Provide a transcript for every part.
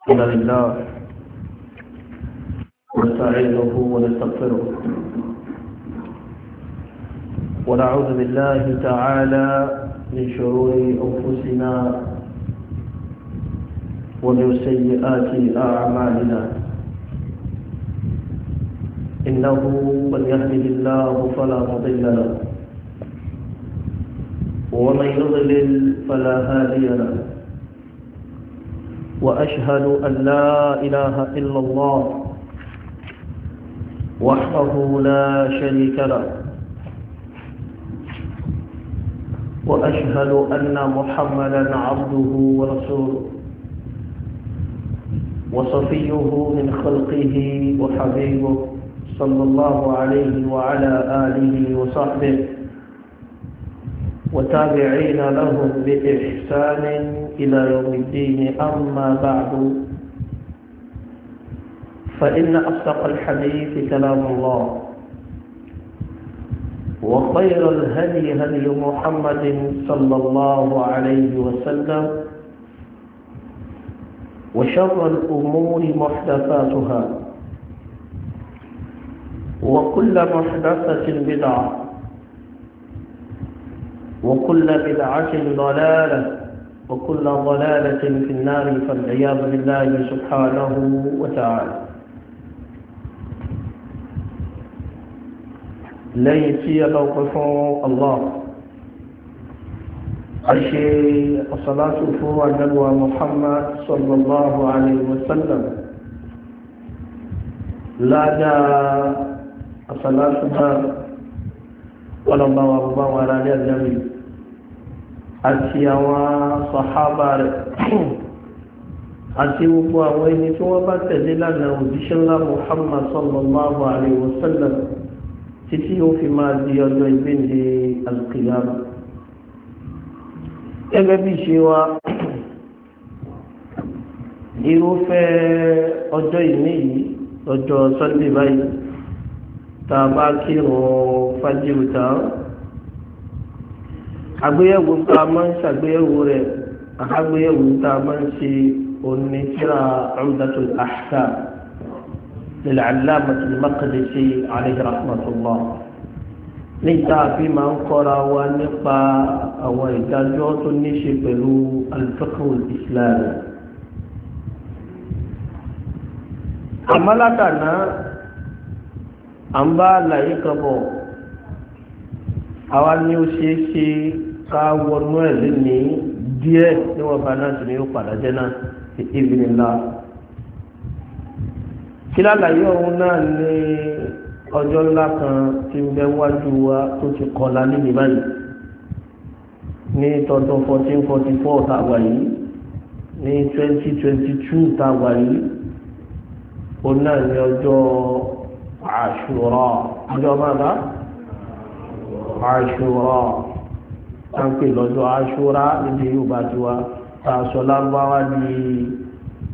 الحمد لله نستعينه ونستغفره ونعوذ بالله تعالى من شرور أنفسنا ومن سيئات أعمالنا إنه من يهده الله فلا مضل له ومن يضلل فلا هادي له وأشهد أن لا إله إلا الله وحده لا شريك له وأشهد أن محمدا عبده ورسوله وصفيه من خلقه وحبيبه صلى الله عليه وعلى آله وصحبه وتابعين لهم بإحسان إلى يوم الدين أما بعد فإن أصدق الحديث كلام الله وخير الهدي هدي محمد صلى الله عليه وسلم وشر الأمور محدثاتها وكل محدثة بدعة وكل بدعة ضلالة وكل ضلالة في النار فالعياذ بالله سبحانه وتعالى ليس يتوقف الله أشي الصلاة فهو محمد صلى الله عليه وسلم لا جاء الصلاة فهو الله وربا ولا جاء النبي àti àwọn sọ̀hábà rẹ̀ àti gbogbo àwọn ẹni tí wọ́n bá tẹ̀lé lànà òjíṣẹ́ ńlá Muhammad sallallahu alayhi wa sallam títí ó fi máa di ọjọ́ ìgbéǹde alqiyam gẹ́gẹ́ bí ṣe wa irúfẹ́ ọjọ́ ìní yìí ọjọ́ Sunday báyìí tá a bá kírun fájìrì tán àgbéyẹ̀wò tá a máa ń ṣàgbéyẹ̀wò rẹ̀ àgbéyẹ̀wò tá a máa ń ṣe onítìrà Umdatul Ahkam lil'allamati al-Maqdisi alayhi rahmatullah níta àfi máa ń kọ́ra wa nípa àwọn ìdájọ́ tó ní ṣe pẹ̀lú al-fiqhul islami. à ń bá àlàyé kan bọ̀ àwa ni ó ṣeé ṣe ká wọnú ẹ̀ lónìí díẹ̀ níwọ̀n bá náà sì ni ó padà jẹ́ náà ti ìbìnrin ńlá. kí lálàyé ọ̀hún náà ní ọjọ́ ńlá kan tí ń bẹ wájú wa tó ti kọlà níbi báyìí ní tọdún fourteen forty four tá a wà yìí ní twenty twenty two tá a wà yìí òun náà ní ọjọ́ àṣùrọ̀ ọjọ́ máa bá àṣùrọ̀ tá ń pè lọ́jọ́ aṣúra níbi yorùbá tiwa tá a sọ lárúbáwá ní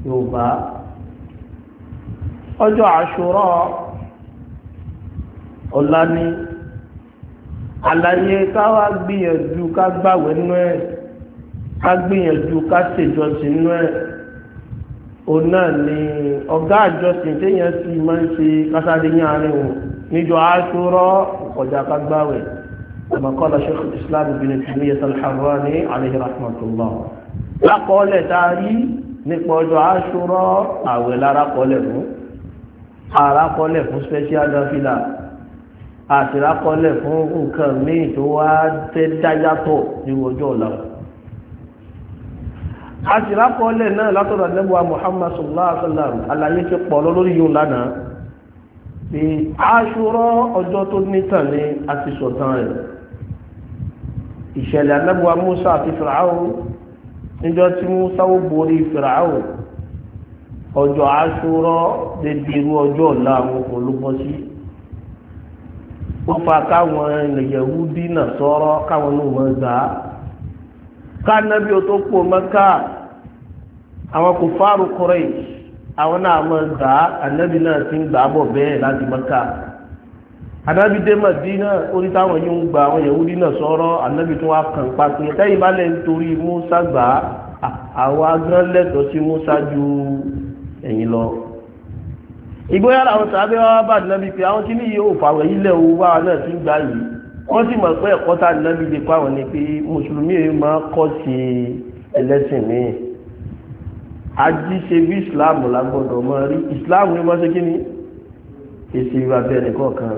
yorùbá ọjọ́ aṣúra ọ̀la ni àlàyé káwá gbìyànjú ká gbàwé nínú ẹ̀ ká gbìyànjú ká ṣèjọsìn nínú ẹ̀ òun náà ni ọ̀gá àjọsìn téèyàn sì máa ń ṣe kásáde ní àárín òun níjọ aṣúra ọ̀kọ̀jà ká gbàwé. كما قال شيخ الإسلام بن تيمية الحراني عليه رحمة الله لا قول تاري نقول عاشوراء أو لا قول له ara kọlẹ̀ fún special dafila àtìrá kọlẹ̀ fún nǹkan míì tó wá tẹ́ dáyàtọ̀ ní ọjọ́ ọ̀la àtìrá kọlẹ̀ náà látọ̀dọ̀ nẹ́bùwà Muhammad sallallahu alaihi wa sallam àlàyé ti pọ̀ lórí yìí lánàá pé aṣọ́rọ́ ọjọ́ tó nítàn ni a ti sọ̀tàn rẹ̀ ìṣẹ̀lẹ̀ anábùwà Musa àti Fìràáwò níjọ́ tí Musa ó borí Fìràáwò ọjọ́ aṣọ́rọ́ débi irú ọjọ́ ọ̀la àwọn olùkọ́ sí ó fa káwọn Yẹhudi náà sọ̀rọ̀ káwọn náà wọ́n gbà á ká nábì ó tó pò Mẹ́kà àwọn kò fárú Kúrẹ́ṣì àwọn náà mọ̀ gbà á ànábì náà ti ń gbà á bọ̀ bẹ́ẹ̀ láti mọ́kà ànábì dé Mádínà orí táwọn yìí ń gba àwọn Yẹhudi náà sọ̀rọ̀ ànábì tó wá kàn pa pé tẹ́yìn bá lẹ́yìn torí Mùsá gbà á àwọn agán lẹ́tọ̀ọ́ sí Mùsá ju ẹ̀yìn lọ ìgbóyà làwọn sàábẹ́ wá bá ànábì pé àwọn kíní yìí ò fàwẹ̀ ilẹ̀ owó wá náà ti ń gbà yìí wọ́n sì mọ̀ pé ẹ̀kọ́ ajíṣe bí islam lágbọ́dọ̀ mọ́ rí islam ní wọ́n ṣe kí ni èsì ìrọ̀bẹ̀ nìkan kan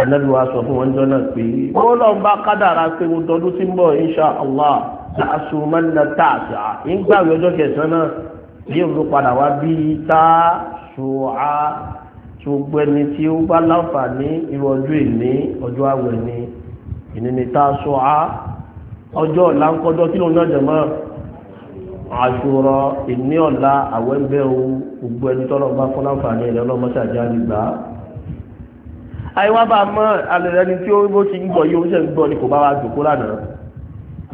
anábíwá sọ fún wọn jọ náà pé wọ́n lọ bá kádàrà pé mo tọdún tí ń bọ̀ insha allah láàṣù mẹ́lẹ̀ tààtà nígbà ọjọ́ kẹsàn-án náà yóò ló padà wá bí tààṣùá gbogbo ẹni tí ó bá láǹfààní irú ìní ọjọ́ àwẹ̀ ni ìní ni tààṣùá ọjọ́ ìlànkọjọ́ kí ló náà jẹ̀ àṣùrọ̀ ìní ọ̀la àwẹ̀ ń bẹ́ o gbogbo ẹni tọ́lọ̀ bá fún láǹfààní ẹ̀rọ ọlọ́mọṣàjá àgbà àìwá bá mọ́ alẹ́rẹ́ ni tí ó bó ti ń gbọ́ yóò ṣe ń gbọ́ ni kò bá wa jòkó lánàá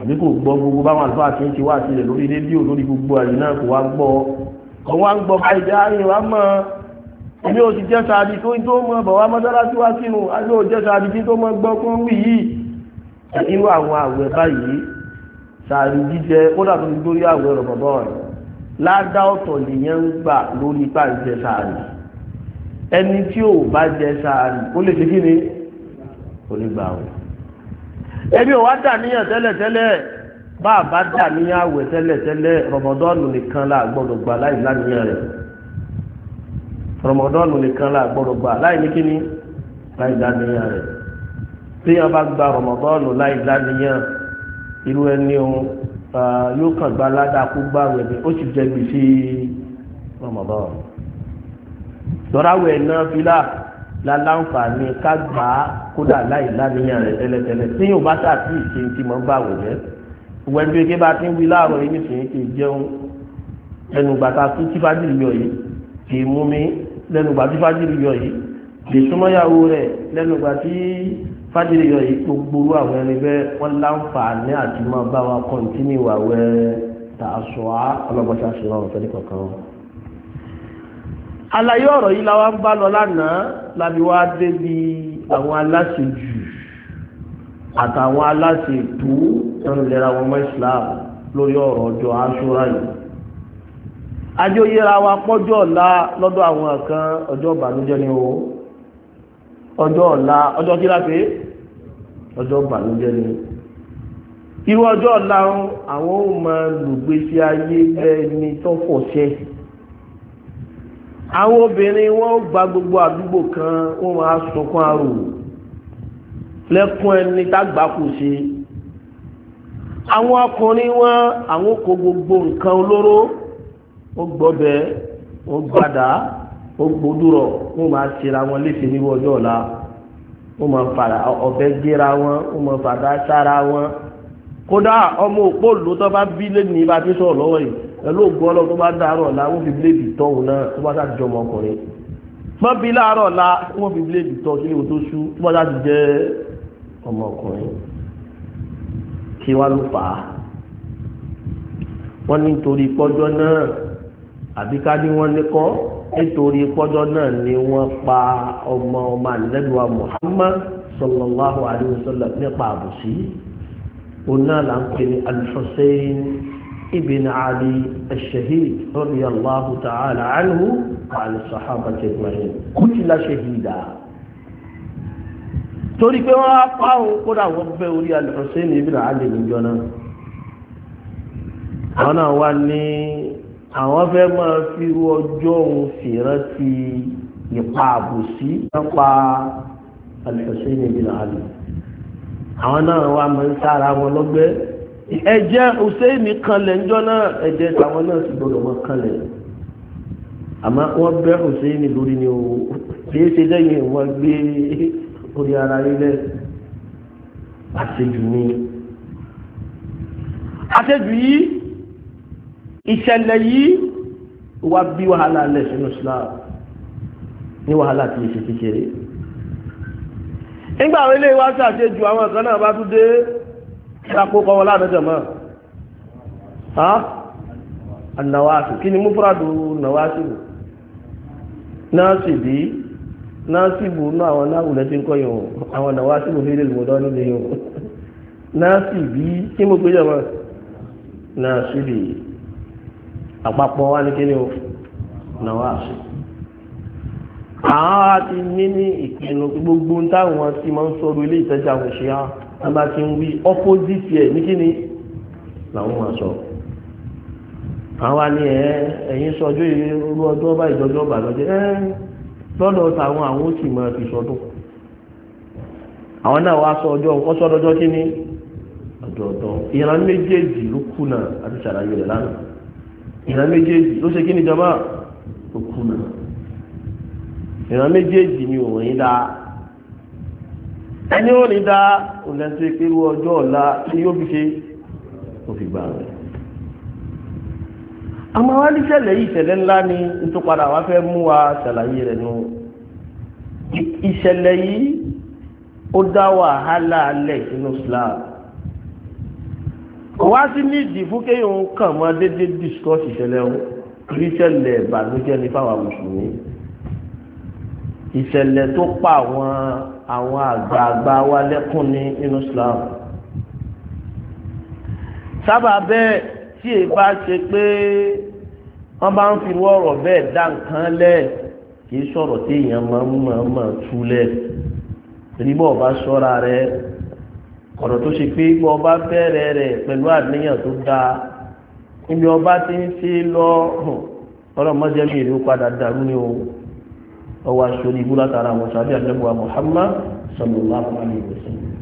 àbí kò gbọ́ gbogbo báwọn àlùfáà tí ń ti wá sílẹ̀ lórí rédíò lórí gbogbo àyè náà kò wá gbọ́ ọ̀hún wá ń gbọ́ báyìí dá ní wá mọ́ ilé òsì jẹ́ sáàdì tó ń tó mọ́ bọ̀ wá mọ́sálásí wá sínú alẹ́ òjẹ́ sáàdì tí tó mọ́ gbọ́ fún wí yìí irú àwọn àwẹ̀ báyìí sàárì jíjẹ ó dàbí lórí àwẹ̀ rọ̀bọ̀bọ̀ rẹ̀ ládá ọ̀tọ̀ lèyẹn ń gbà lórí ipá ìjẹ sàárì ẹni tí ò bá jẹ sàárì ó lè ṣe kí ni ó lè gbà wẹ̀. ẹbí ò wá dà níyàn tẹ́lẹ̀tẹ́lẹ̀ bá a bá dà níyàn àwẹ̀ tẹ́lẹ̀tẹ́lẹ̀ rọ̀mọ̀dọ́nù nìkan là gbọ́dọ̀ gbà láì láníyàn rẹ̀ rọ̀mọ̀dọ́nù nìkan là gbọ́dọ̀ gbà láì ní kí ni láì láníyàn rẹ̀ téèyàn bá gba rọ̀mọ̀dọ́nù láì láníyàn rẹ̀ irú ẹni ohun yóò kàn gba aládàkú gbà wẹ̀ ni ó sì jẹ gbèsè rọmọbọ lọ́ráwẹ̀ náà fílà láláǹfààní ká gbà á kódà láì láníyàn rẹ̀ tẹ́lẹ̀tẹ́lẹ̀ tí yóò bá sà sí ìṣèǹtì mọ́ gbà wẹ̀ jẹ́ wẹ́n bí eke bá ti ń wí láàárọ̀ yìí nísìnyí kì í jẹun lẹ́nu gbàtà tó tí fájìlì yọ yìí kì í mú mi lẹ́nu gbàtà tó fájìlì yọ yìí lè súnmọ́ yàwó rẹ̀ lẹ́nu gbàtà fájìlì yọ yìí gbogbo àwọn ẹni bẹ́ẹ̀ wọ́n láǹfààní àti máa bá wa kọ́ntínì wà wẹ́ tààṣọ á ọlọ́gbọ́sá ṣe rọrùn fẹ́ nìkankan. àlàyé ọ̀rọ̀ yìí làwọn bá lọ lánàá lábí wá débi àwọn aláṣejù àtàwọn aláṣetò tọ́nu lẹ́ra wọn mọ́ Islam lórí ọ̀rọ̀ ọjọ́ aṣọ́ra yìí àjọyẹ̀ra wa pọ́jọ́ ọ̀la lọ́dọ̀ àwọn kan ọjọ́ ìbànújẹ́ ni o ọjọ́ ọ̀la ọjọ́ kí láti ọjọ́ bàlújẹ́ ni irú ọjọ́ ọ̀la àwọn ò máa lùgbèsè ayé ẹni tó fọ̀ṣẹ́ àwọn obìnrin wọn gba gbogbo àdúgbò kan wọn máa sunkún arò lẹ́kún ẹni tágbà kò ṣe àwọn ọkùnrin wọn àwọn kò gbogbo nǹkan olóró wọn gbọbẹ wọn gbàdá ó gbódúrọ̀ wọ́n máa ṣera wọn léṣe níwọ̀ ọjọ́ ọ̀la wọ́n máa fara ọ̀bẹ gẹ́ra wọn wọ́n máa fàdá sára wọn kódà ọmọ òpó ló tó bá bí lẹ́nu ibà tó sọ̀rọ̀ lọ́wọ́ yìí ẹ̀lú ògùn ọlọ́run tó bá dárọ̀ ọ̀la wọ́n fi bíléèdì tọ́hún náà tó bá sáà jọmọ ọkùnrin mọ́ bí láàárọ̀ ọ̀la wọ́n fi bíléèdì tọ́ kí lóò tó sú tó bá sáà jẹ́ ọmọ ọkùnrin kí wá ló fà á wọ́n ní torí pọ́jọ́ náà àbíká ní wọ́n ní kọ́ nítorí pọ́jọ́ náà ni wọ́n pa ọmọ ọmọ àlẹ́lúwa Muhammad sallallahu alayhi wa sallam nípa àbùsí oná là ń pè ní al-Hussein ibn Ali al-Shahid radiyallahu ta'ala anhu wa ala sahabati ajma'in kutila shahida torí pé wọ́n á pa òun kódà wọ́n fẹ́ orí al-Hussein ibn Ali níjọ náà àwọn náà wá ní àwọn fẹ́ máa fi ọjọ́ òun fìrántí ìpa àbòsí nípa àlùfẹ́sẹ́ níbi làálù àwọn náà wà máa ń sára wọn lọ́gbẹ́ ẹ̀jẹ̀ Hùsẹ́ìnì kanlẹ̀ ńjọ́ náà ẹ̀jẹ̀ tàwọn náà sì gbọdọ̀ wọn kanlẹ̀ àmọ́ wọ́n bẹ́ Hùsẹ́ìnì lórí ni o kì í ṣe lẹ́yìn wọn gbé orí ara nílẹ̀ àṣejù ni àṣejù yìí ìṣẹ̀lẹ̀ yìí wá bí wàhálà lẹ̀ sínú Islam ní wàhálà tí ìṣe kékeré nígbà àwọn ilé ìwáṣà ṣe ju àwọn kan náà bá tún dé ìṣàkókọ wọn lánàá mọ́ anáwáṣù kí ni múfúrádù náwáṣù náàṣì bí náàṣì bù ní àwọn náàwùlẹ̀ tí ń kọ́ yìí àwọn náwáṣù bù fílẹ̀ lùmọ́dọ́ nílé yìí náàṣì bí kí mo pè jẹ́ mọ́ náàṣì bí àpapọ̀ wá ní kíni o náwó àṣẹ. àwọn àti ní ní ìpinnu gbogbo táwọn ti ma ń sọ̀rọ̀ ilé ìtẹ́jà àwọn ṣe á wọn bá ń wí opposite ẹ̀ ní kíni làwọn máa sọ. àwa ni ẹ ẹ̀yin sọjọ́ irú ọjọ́ bá ìjọjọ́ bà lọ́jọ́ ẹ lọ́dọ̀ táwọn àwọn ó sì máa fi sọdún. àwọn náà wá sọ ọjọ́ nǹkan sọ́dọ́jọ́ kíni ọ̀dọ̀ọ̀dọ̀ ìran méjèèjì ìran méjèèjì ló ṣe kí ni jọba tó kùnà ìran méjèèjì ni òun yín dáa ẹni ó ní dáa òlẹ́sẹ̀ pé irú ọjọ́ ọ̀la tí yóò fi ṣe tó fi gbà rẹ̀ àmọ́ wá ní ìṣẹ̀lẹ̀ yìí ìṣẹ̀lẹ̀ ńlá ni tó wá fẹ́ mú wa ṣàlàyé rẹ̀ nù ìṣẹ̀lẹ̀ yìí ó dá wàhálà alẹ̀ sínú Islam wá sí ní ìdìbò kéèyàn kàn mọ́ dédé discuss ìṣẹ̀lẹ̀ o ìṣẹ̀lẹ̀ ìbànújẹ́ ní fáwọn mùsùlùmí ìṣẹ̀lẹ̀ tó pa àwọn àwọn àgbààgbà wa lẹ́kùn ní inú Islam sábà bẹ́ẹ̀ tí èyí bá ṣe pé wọ́n bá ń fi wọ́rọ̀ bẹ́ẹ̀ dá nǹkan lẹ̀ kì í sọ̀rọ̀ tí èèyàn máa ń mọ̀ ọ́n mọ̀ túlẹ̀ rí bọ́ọ̀ bá sọ́ra rẹ̀ ọ̀nà tó ṣe pé bí ọba bẹ̀rẹ̀ rẹ̀ pẹ̀lú àníyàn tó dáa níbi ọba ti ń ṣe lọ ọlọ́mọdéjẹ́mí ìlú padà dàrú ni o ọwọ́ aṣọ ní ibú látara àwọn sàbí àdẹ́bùwà Muhammad sallallahu alaihi wasallam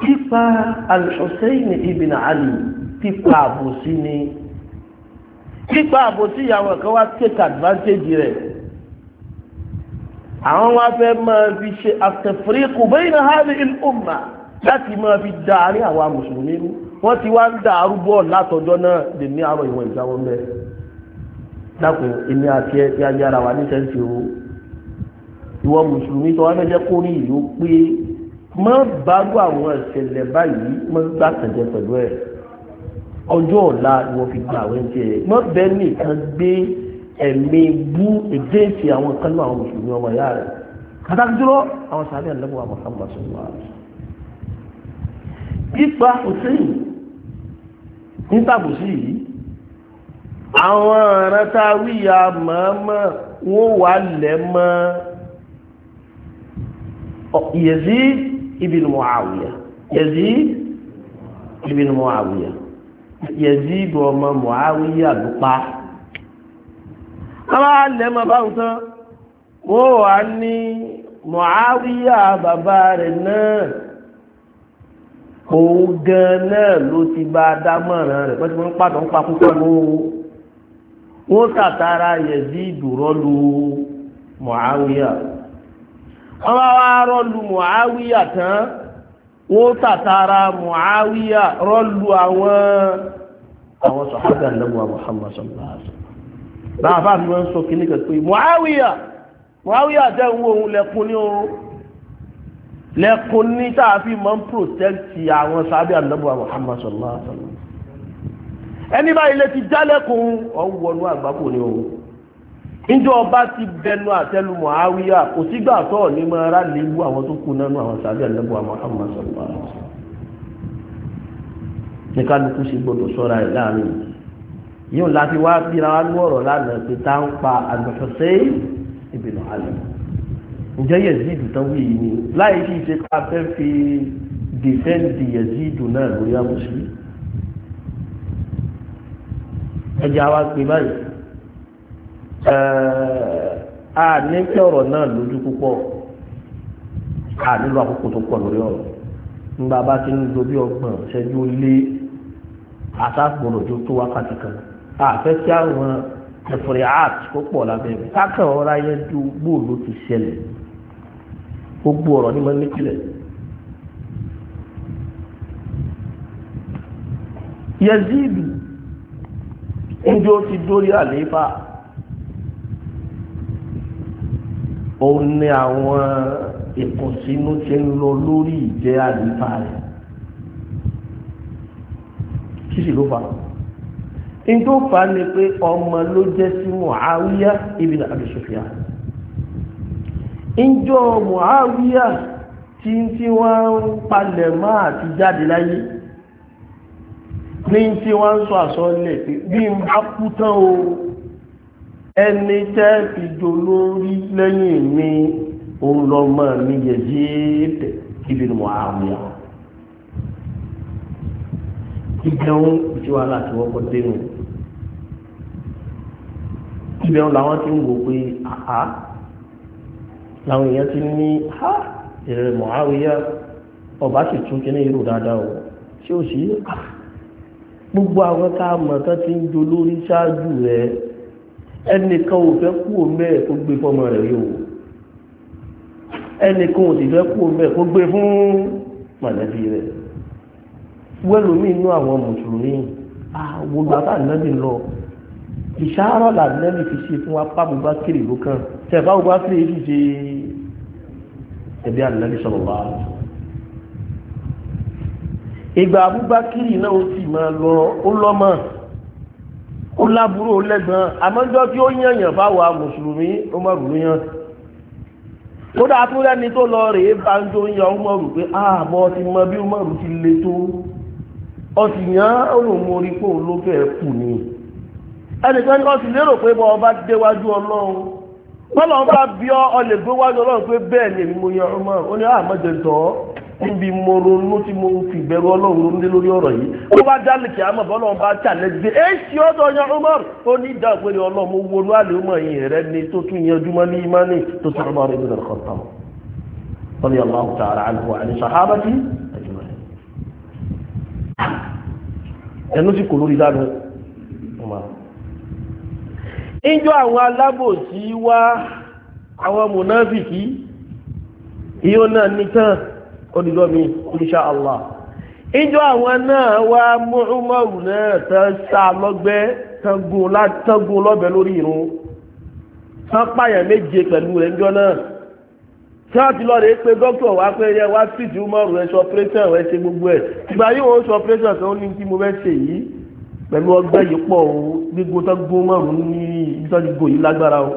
pípa al-Husayn ibn Ali pípa àbòsí ni pípa àbòsí ìyàwó ẹ̀kọ́ wá take advantage rẹ̀ àwọn wá fẹ́ máa fi ṣe àtẹ̀fẹ́ríkù bayna hadhihi al-umma láti máa fi dáárí àwa mùsùlùmí rú wọ́n ti wá ń dà arúgbó látọjọ́ náà lè ní àárọ̀ ìwọ̀n ìjáwọ́ mẹ́ dákun èmi àti ẹ ti ajé ara wa ní sẹ́ńsì o ìwọ mùsùlùmí tó wá fẹ́ jẹ́ kórìí ìlú pé má bàrú àwọn ìṣẹ̀lẹ̀ báyìí má gbà tẹ̀jẹ̀ pẹ̀lú ẹ̀ ọjọ́ ọ̀la ni wọ́n fi gbà wẹ́ńtì ẹ̀ má bẹ́ẹ̀ nìkan gbé ẹ̀mí bú èdè ìsì àwọn kan náà àwọn mùsùlùmí ọmọ ìyá rẹ̀ kàtàkì dúró àwọn sàbẹ̀ ẹ̀lẹ́bùn àwọn Muhammad sọ̀rọ̀ àrùn. pípa Hussein nítàbùsí yìí àwọn ọ̀ràn tá a wí ya mọ̀ọ́mọ́ wọn wà lẹ̀ mọ́ Yazid ibn Muawiya Yazid ibn Muawiya Yazid ọmọ Muawiya ló pa tọ́lá lẹ́mọ̀ báwọn tán wọ́n wà ní Muawiya bàbá rẹ̀ náà òun gan náà ló ti bá a dámọ̀ràn rẹ̀ pẹ́ tí wọ́n ń pàtó ń pa púpọ̀ lóhùn wọ́n tàtàrà yẹ̀dí ìdúrọ́lù Muawiya wọ́n bá wá rọ́lù Muawiya tán wọ́n tàtàrà Muawiya rọ́lù àwọn àwọn sọ̀hádà lẹ́gbọ̀n Muhammad sallallahu alaihi bàbá mi wọ́n ń sọ kíní kan pé Muawiya Muawiya jẹ́ owó òun lẹ́kùn ní oorun lẹ́kùn ní tá a fi máa ń protẹ́kì àwọn sábẹ́ àdúgbò Muhammad sallallahu alaihi wasallam ẹni báyìí lè ti jálẹ̀kùn ọ̀wọ́nú àgbákò ní yóò láti wá bíra wá ní ọ̀rọ̀ lánàá pé tá ń pa àgbàfẹ́sẹ́ ìbìnà àlẹ́ ǹjẹ́ yẹ̀zídù tán wí ni láì sí ṣe ká fẹ́ fi dìfẹ́ǹdì yẹ̀zídù náà lórí àmùsùlù ẹjẹ́ àwa pé báyìí a ní pé ọ̀rọ̀ náà lójú púpọ̀ a nílò àkókò tó pọ̀ lórí ọ̀rọ̀ nígbà bá ti ń lo bí ọgbọ̀n ṣẹ́jú lé àtàkùn ọ̀rọ̀ tó wákàtí kan àfẹ́ tí àwọn ẹ̀fọ̀rẹ̀ art kó pọ̀ lábẹ́ mi kákan ọ̀rọ̀ ayé ju gbòòló ti ṣẹlẹ̀ gbogbo ọ̀rọ̀ ni mo ní kílẹ̀. Yazidu ndí ó ti dórí àlééfà òun ni àwọn ìkùnsínú ti ń lọ lórí ìjẹ́ àlééfà rẹ̀ kí sì ló fà á in tó fà á ni pé ọmọ ló jẹ́ sí Muawiya ibn Abi Sufyan ìjọ Muawiya tí tí wọ́n ń palẹ̀ mọ́ àti jáde láyé ní tí wọ́n ń sọ àsọ́lẹ̀ pé bí n bá kú tán o ẹni tẹ́ fi dolórí lẹ́yìn mi òun lọ́mọ mi Yazid ibn Muawiya ìgbẹ̀hún ìjọ aláàtìwọ́pọ̀ dénú ibẹ̀ làwọn ti ń wò pé àá làwọn èèyàn ti ní ha ìrẹ̀ mọ̀háwíyá ọba sì tún kí ní irú dáadáa o tí ó sì gbogbo àwọn tá a mọ̀ tán ti ń jo lórí ṣáájú rẹ̀ ẹnìkan ò fẹ́ kú òun bẹ́ẹ̀ tó gbé fọmọ rẹ̀ yìí o ẹnìkan ò sì fẹ́ kú òun bẹ́ẹ̀ tó gbé fún mọ̀lẹ́bí rẹ̀ wẹ́lómi inú àwọn mùsùlùmí àwọn gbàgbà náà ìṣàárọ̀ làdínẹ́mì fi ṣe fún apá gbogbo akéré ló kàn tẹ̀fà gbogbo akéré yìí ṣe ẹ̀bí àdínẹ́mì sọ̀rọ̀ wá. ìgbà abúgbákírì náà ó sì máa lọ ó lọ́mọ ó lábúrò ó lẹ́gbọ́n àmọ́jọ́ tí ó yànyàn fáwọn mùsùlùmí ó má rùú yàn kódà tó lẹ́ni tó lọ rèé bá ń jó ń yan ọmọrù pé ah, ààbọ̀ ti mọ bí ọmọrù ti le tó ọ sì yàn án ó lòun orí pé òun ló fẹ́ kù ni ẹnìkan kan sì lérò pé bọ́ ọba déwájú ọlọ́run pọ́lọ́ ọba bí ọ lè gbéwájú ọlọ́run pé bẹ́ẹ̀ ni èmi mo yan ọmọ ó ní àmọ́jẹ ah, tọ́ níbi mo ronú tí mo fi ìbẹ̀rù ọlọ́run ronú dé lórí ọ̀rọ̀ yìí ó bá dálé kí àmọ́ bọ́lọ́ ọba challenge ẹ ṣí ọ̀dọ̀ yan ọmọ ó ní ìdáhùn pé ọlọ́run mo wọnú àlè ọmọ yìí rẹ ni tó tún yanjú mọ́ ní ìmánì tó tún ọmọ rẹ gbọdọ̀ kọ́ta رضي الله تعالى عنه وعن صحابته أجمعين. ẹnu sì kò lórí dáadáa ìjọ àwọn alábòsí wá àwọn mùnáfìkì yíó náà nítàn olùdó mi insha Allah ìjọ àwọn náà wá mọ́rùmọ́rù náà tán sá lọ́gbẹ́ tangun lọ́bẹ̀ lórí irun tán pààyàn méje pẹ̀lú rẹ̀ níjọ náà tí wọ́n ti lọ rèé pé dókítà wá pé yẹ wá sí ìdí mọ́rù ẹ̀ sọ pírẹ́sàn ṣe gbogbo ẹ̀ pẹ̀lú ọgbẹ́ yìí pọ̀ o gbígbó tó gbó márùn ní ìjọ ìgbò yìí lágbára o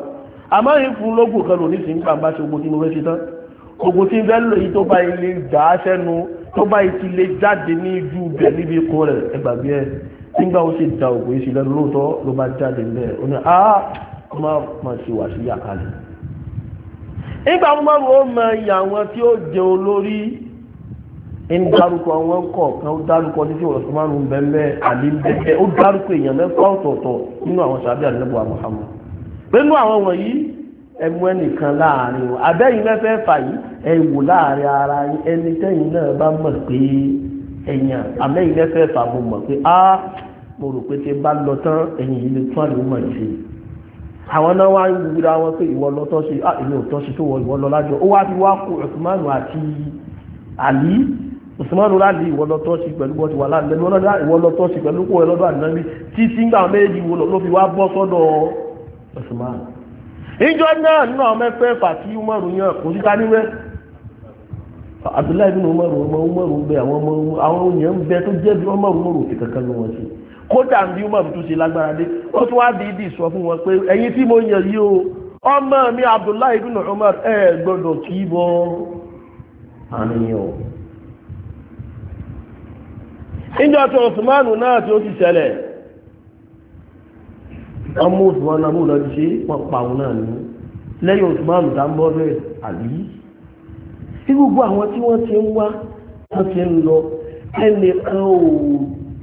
àmọ́ yìí fún lógún kan lòní sí nípa bá ṣe ogun tí mo fẹ́ ṣe tán ogun tí ń fẹ́ lò yìí tó bá ilé dà á sẹ́nu tó bá ti lè jáde ní ju bẹ̀ níbi ikùn rẹ̀ ẹgbàgbé ẹ̀ nígbà ó ṣe da ògùn yìí sí lẹ́nu lóòótọ́ ló bá jáde ń bẹ̀ ó ní a má má ṣe wà sí yàkálẹ̀ nígbà mo máa ń wọ́n mọ tí ó jẹ olórí ń dárúkọ àwọn kọ̀ọ̀kan ó dárúkọ títí ọ̀rọ̀ tó máa ń bẹ̀mẹ̀ àlébẹ̀ẹ́ ó dárúkọ èèyàn mẹ́fà ọ̀tọ̀ọ̀tọ̀ nínú àwọn sàbí àdínlẹ́bùwà Muhammad pẹ̀lú àwọn wọ̀nyí ẹmu ẹnìkan láàrin wọn abẹ́yìn mẹ́fẹ́ fà yìí ẹ wò láàrin ara yín ẹni tẹ́yìn náà bá mọ̀ pé ẹ̀yàn àmẹ́yìn mẹ́fẹ́ fà mo mọ̀ pé á mo rò pé tí bá lọ tán ẹ̀yìn yìí lè tún àlè mọ̀ ṣe àwọn náà wá ń wúra wọn pé ìwọ lọ tọ́ sí èmi ò tọ́ tó wọ ìwọ lọ lájọ ó wá fi wá kó Usman àti Àlí usman rali ìwọlọtọ sí pẹ̀lú ti wà láàrin lẹnu ọlọdà ìwọlọtọ sí pẹ̀lú kó títí wo ló fi wá usman ìjọ náà nínú fàtí umaru abdullahi bin umaru ọmọ umaru bẹ àwọn ọmọ àwọn bẹ tó jẹ bí umaru umaru ti kankan wọn sí kódà bí ọmọ mi abdullahi bin ẹ níjọ́ tó osùmánù náà tí ó ti ṣẹlẹ̀ ọmọ osùmánù náà múlọ ṣe wọ́n pàwọn náà ní lẹ́yìn osùmánù tá ń bọ́ bẹ́ẹ̀ àbí tí gbogbo àwọn tí wọ́n ti ń wá wọ́n ti ń lọ ẹnìkan ò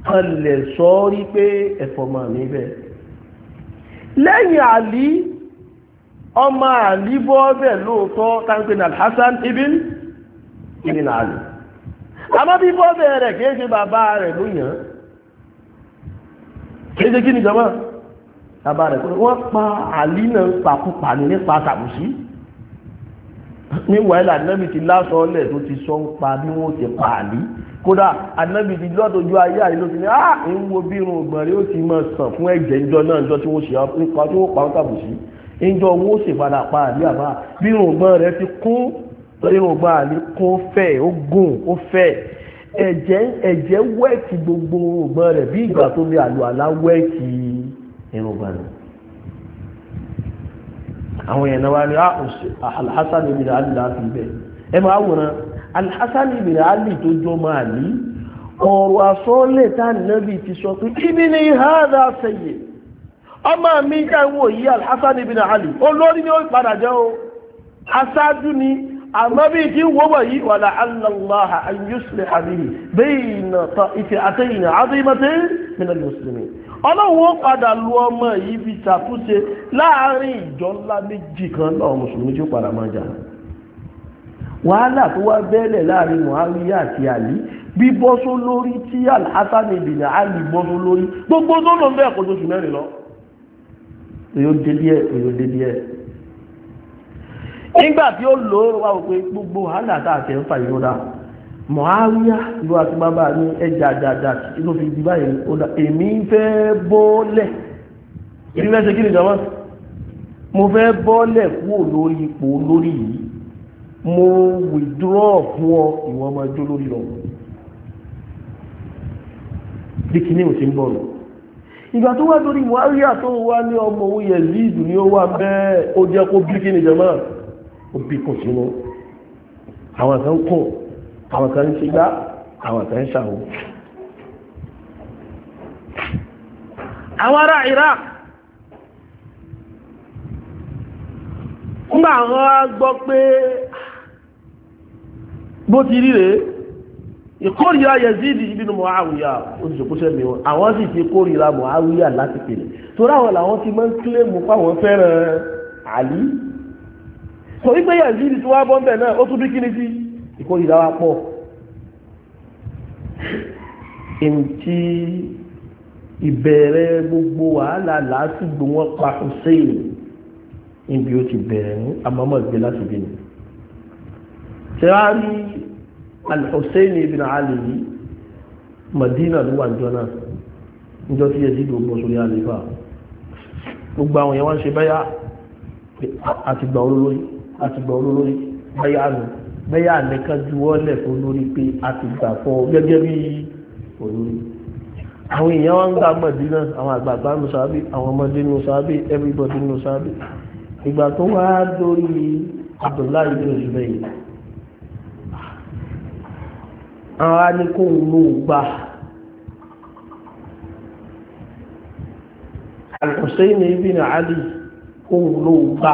kalẹ̀ sọ rí pé ẹ̀fọ́ mà níbẹ̀ lẹ́yìn àlí ọmọ àlí bọ́ lóòótọ́ táǹpẹ̀ ní alhassan ibn ibn ali àmọ́ bí bọ́ọ̀bẹ̀ rẹ̀ kìí ṣe bàbá rẹ̀ ló yàn án kìí ṣe kí ni jọmọ́ bàbá rẹ̀ kúrò wọ́n pa àlí náà pàkúpà ní nípa àtàbùsí ní wàhálà anábì ti lásán lẹ̀ tó ti sọ ń pa bí wọ́n ti pa àlí kódà anábì ti lọ́dọ̀jú ayé àyè ló ti ní ah ń wo bí irun ògbọ̀n rẹ̀ ó ti máa sàn fún ẹ̀jẹ̀ ìjọ náà ìjọ tí wọ́n ṣe nípa tí wọ́n pa ń tàbùsí ìjọ wọn ó ṣèpadà pa àlí àbá bí irun ògbọ̀n rẹ̀ ti kún torí mo gba àlékún ó fẹ̀ ó gùn ó fẹ̀ ẹ̀jẹ̀ ẹ̀jẹ̀ wẹ́ẹ̀kì gbogbo ògbọ́n rẹ̀ bí ìgbà tó lè àlò àlá wẹ́ẹ̀kì irùngbọ̀n rẹ̀ àwọn èèyàn náà wá ní ah, alhassan ibn ali láti ibẹ̀ ẹ máa wòran alhassan ibn ali tó jọ máa ní ọ̀rọ̀ àsọ́ọ́lẹ̀ tá nàbì ti sọ pé ibi ni hádà sẹ́yẹ̀ ọmọ mi káwọ́ yìí alhassan ibn ali olórí ni ó padà jẹ́ o aṣáájú ni àmọ́ bí kí wọ́n bọ̀ yìí wàlá aláàláha ayúṣlẹ̀ àbíyí bẹ́ẹ̀ na ta ìfẹ́ àtẹ́yìn àdìmọ́tẹ́ nínú mùsùlùmí ọlọ́wọ́ padà lu ọmọ yìí fi ṣàtúnṣe láàrin ìjọ méjì kan náà mùsùlùmí tí ó padà máa jà wàhálà tó wá bẹ́ẹ̀lẹ̀ láàrin Muawiya àti Àlí bí bọ́só lórí tí Al-Hasan ibn Àlí lórí gbogbo tó lọ bẹ́ẹ̀ nígbà tí ó lò ó wà wípé gbogbo hálà tààtẹ̀ ń fa ìrora mọ̀háríà ìlú àti bàbá ní ẹjà àjàjà ló fi di báyìí ó èmi fẹ́ bọ́ọ̀lẹ̀ èmi fẹ́ kí ni jọmọ́ mo fẹ́ bọ́ọ̀lẹ̀ kúrò lórí ipò lórí yìí mo withdraw fún ọ ìwọ̀n ọmọ ẹjọ́ lórí lọ bí kí ní ò ti ń bọ̀rọ̀ ìgbà tó wá lórí mọ̀háríà tó wá ní ọmọ òun yẹ̀ líìdù ni ó wà bẹ́ẹ̀ ó jẹ́ kó bí kí ni jọmọ́ ó bí kò sínú àwọn kan kùn àwọn kan ń ṣigbá àwọn kan ń ṣàwò àwọn ará Iraq nígbà àwọn gbọ́ pé bó ti rí rèé ìkórìíra Yazid ibn Muawiya oṣìṣẹ́kóṣẹ́ mi wọn àwọn sì ti kórìíra Muawiya láti pèlè torí àwọn làwọn ti máa ń kílèmù fáwọn fẹ́ràn Ali sọ wípé yazid tí wá bọ́m̀bẹ̀ náà ó tún bí kíni sí ìkórìíra wa pọ̀ ntí ìbẹ̀rẹ̀ gbogbo wàhálà làásìgbò wọn pa hussein níbi ó ti bẹ̀rẹ̀ ní amọ́mọ́ ìgbé láti bí ni tẹ́wárí al-hussein ibn ali yìí madina ló wà níjọ́ náà níjọ́ tí yazid gbogbo sórí àlefa gbogbo àwọn yẹn wá ń ṣe báyà àti gbà olólóyìn àti gbà olórí bẹ́yà nù bẹ́yà nìkan juwọ́ lẹ̀ fún olórí pé a ti gbà fọ́ gẹ́gẹ́ bí olórí àwọn èèyàn wọn ń gbà Mẹdínà àwọn àgbààgbà nù sábì àwọn ọmọdé nù sábì everybody nù sábì ìgbà tó wá dórí Abdullahi bin Zubair àwọn ló gbà Ali kóhùn ló gbà.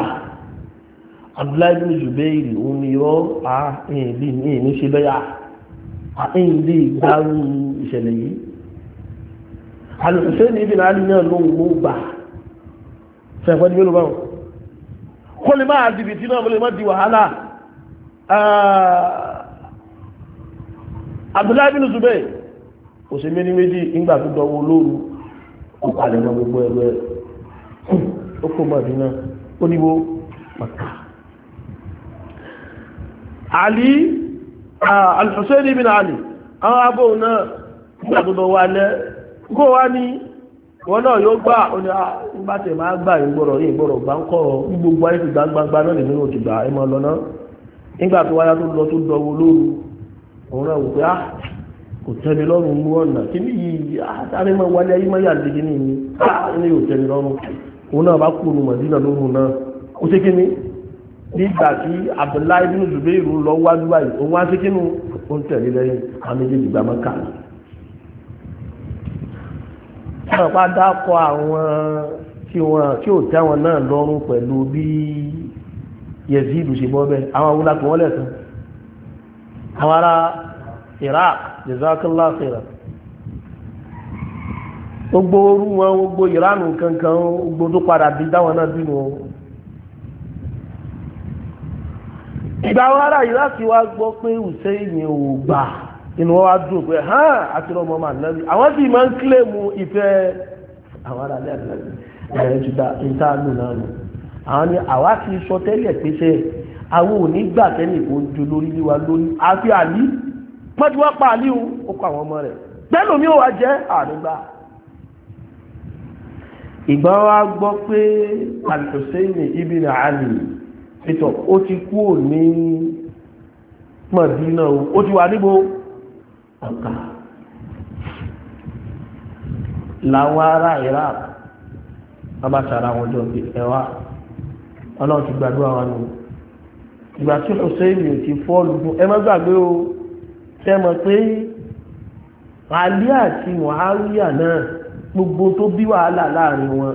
abdullahi bin zubairi òun ni irọ́ a ẹ̀yìn ní ṣe bẹ́yà a ah, ah, ẹ̀yìn lè gbárù ìṣẹ̀lẹ̀ yìí alùsùsẹ́ni ibi náà nìyàn ló ń gbó gbà fẹ̀fẹ́ ní mélòó báwọn kó lè máa dìbìtì náà lè má di wàhálà ah, abdullahi bin zubairi kò sí méní méjì nígbà tó dọwọ́ lóru ó palẹ̀ mọ́ gbogbo ẹgbẹ́ ó kó mọ̀ dínà ó níbo pàtàkì ibn ah, ali àwọn abóhùn náà gbàgbọ́dọ̀ wà lẹ́ kó wá ní wọn náà yóò gbà ó ní máa ah, gbà yín gbọ́rọ̀ gbà ń kọ́ gbogbo ayé ti gbangba náà nínú òtù gbà lọ náà nígbà tó wáyá tó lọ tó dọwọ́ lóru òun náà ah, kò lọ́rùn mú ọ̀nà kí ní àtàrí wálé ayé kí ní ní yóò nígbà tí Abdullahi bin Zubairu lọ wájú báyìí òun á sí kínú ó ń tẹ̀lé lẹ́yìn àmì ọ̀pá dákọ̀ àwọn tí wọ́n tí ò tẹ́wọn náà lọ́rùn pẹ̀lú bí Yazidu ṣe bọ́ bẹ́ àwọn awúlákùn wọ́n lẹ́sàn àwọn ará Iraq jazakallah khairan gbogbo orú wọn gbogbo ìránù kankan gbogbo tó padà bí dáwọn náà bínú ìgbà wọn ara yìí láti wá gbọ́ pé Hussein ò gbà inú wọn wá dùn pé hàn àti ọmọ màá nàbí àwọn sì máa ń kílèmù ìfẹ́ àwọn ará lẹ́yìn ẹ̀rẹ́ jùlọ níta lù náà nù àwọn ni àwa ti sọ tẹ́lẹ̀ pé ṣe àwọn ò ní gbà tẹ́lẹ̀ kó ju lórí wíwa lórí àfi àlí pọ́jú wá pa àlí ó kọ àwọn ọmọ rẹ̀ bẹ́ẹ̀ mi ò wá jẹ́ àdúgbà ìgbà wa gbọ́ pé al Ali ìtọ̀ ó ti kúrò ní mọ̀dínà ó ti wà níbo ọ̀kà láwọn ará iraq abáṣára wọn jọ bí ẹwà ọlọ́run ti gbàdúrà wọn nù ìgbà tí hussein ò ti fọ́ọ̀lù fún ẹ gbàgbé o tẹ́mọ̀ pé Ali àti Muawiya náà gbogbo tó bí wàhálà láàrin wọn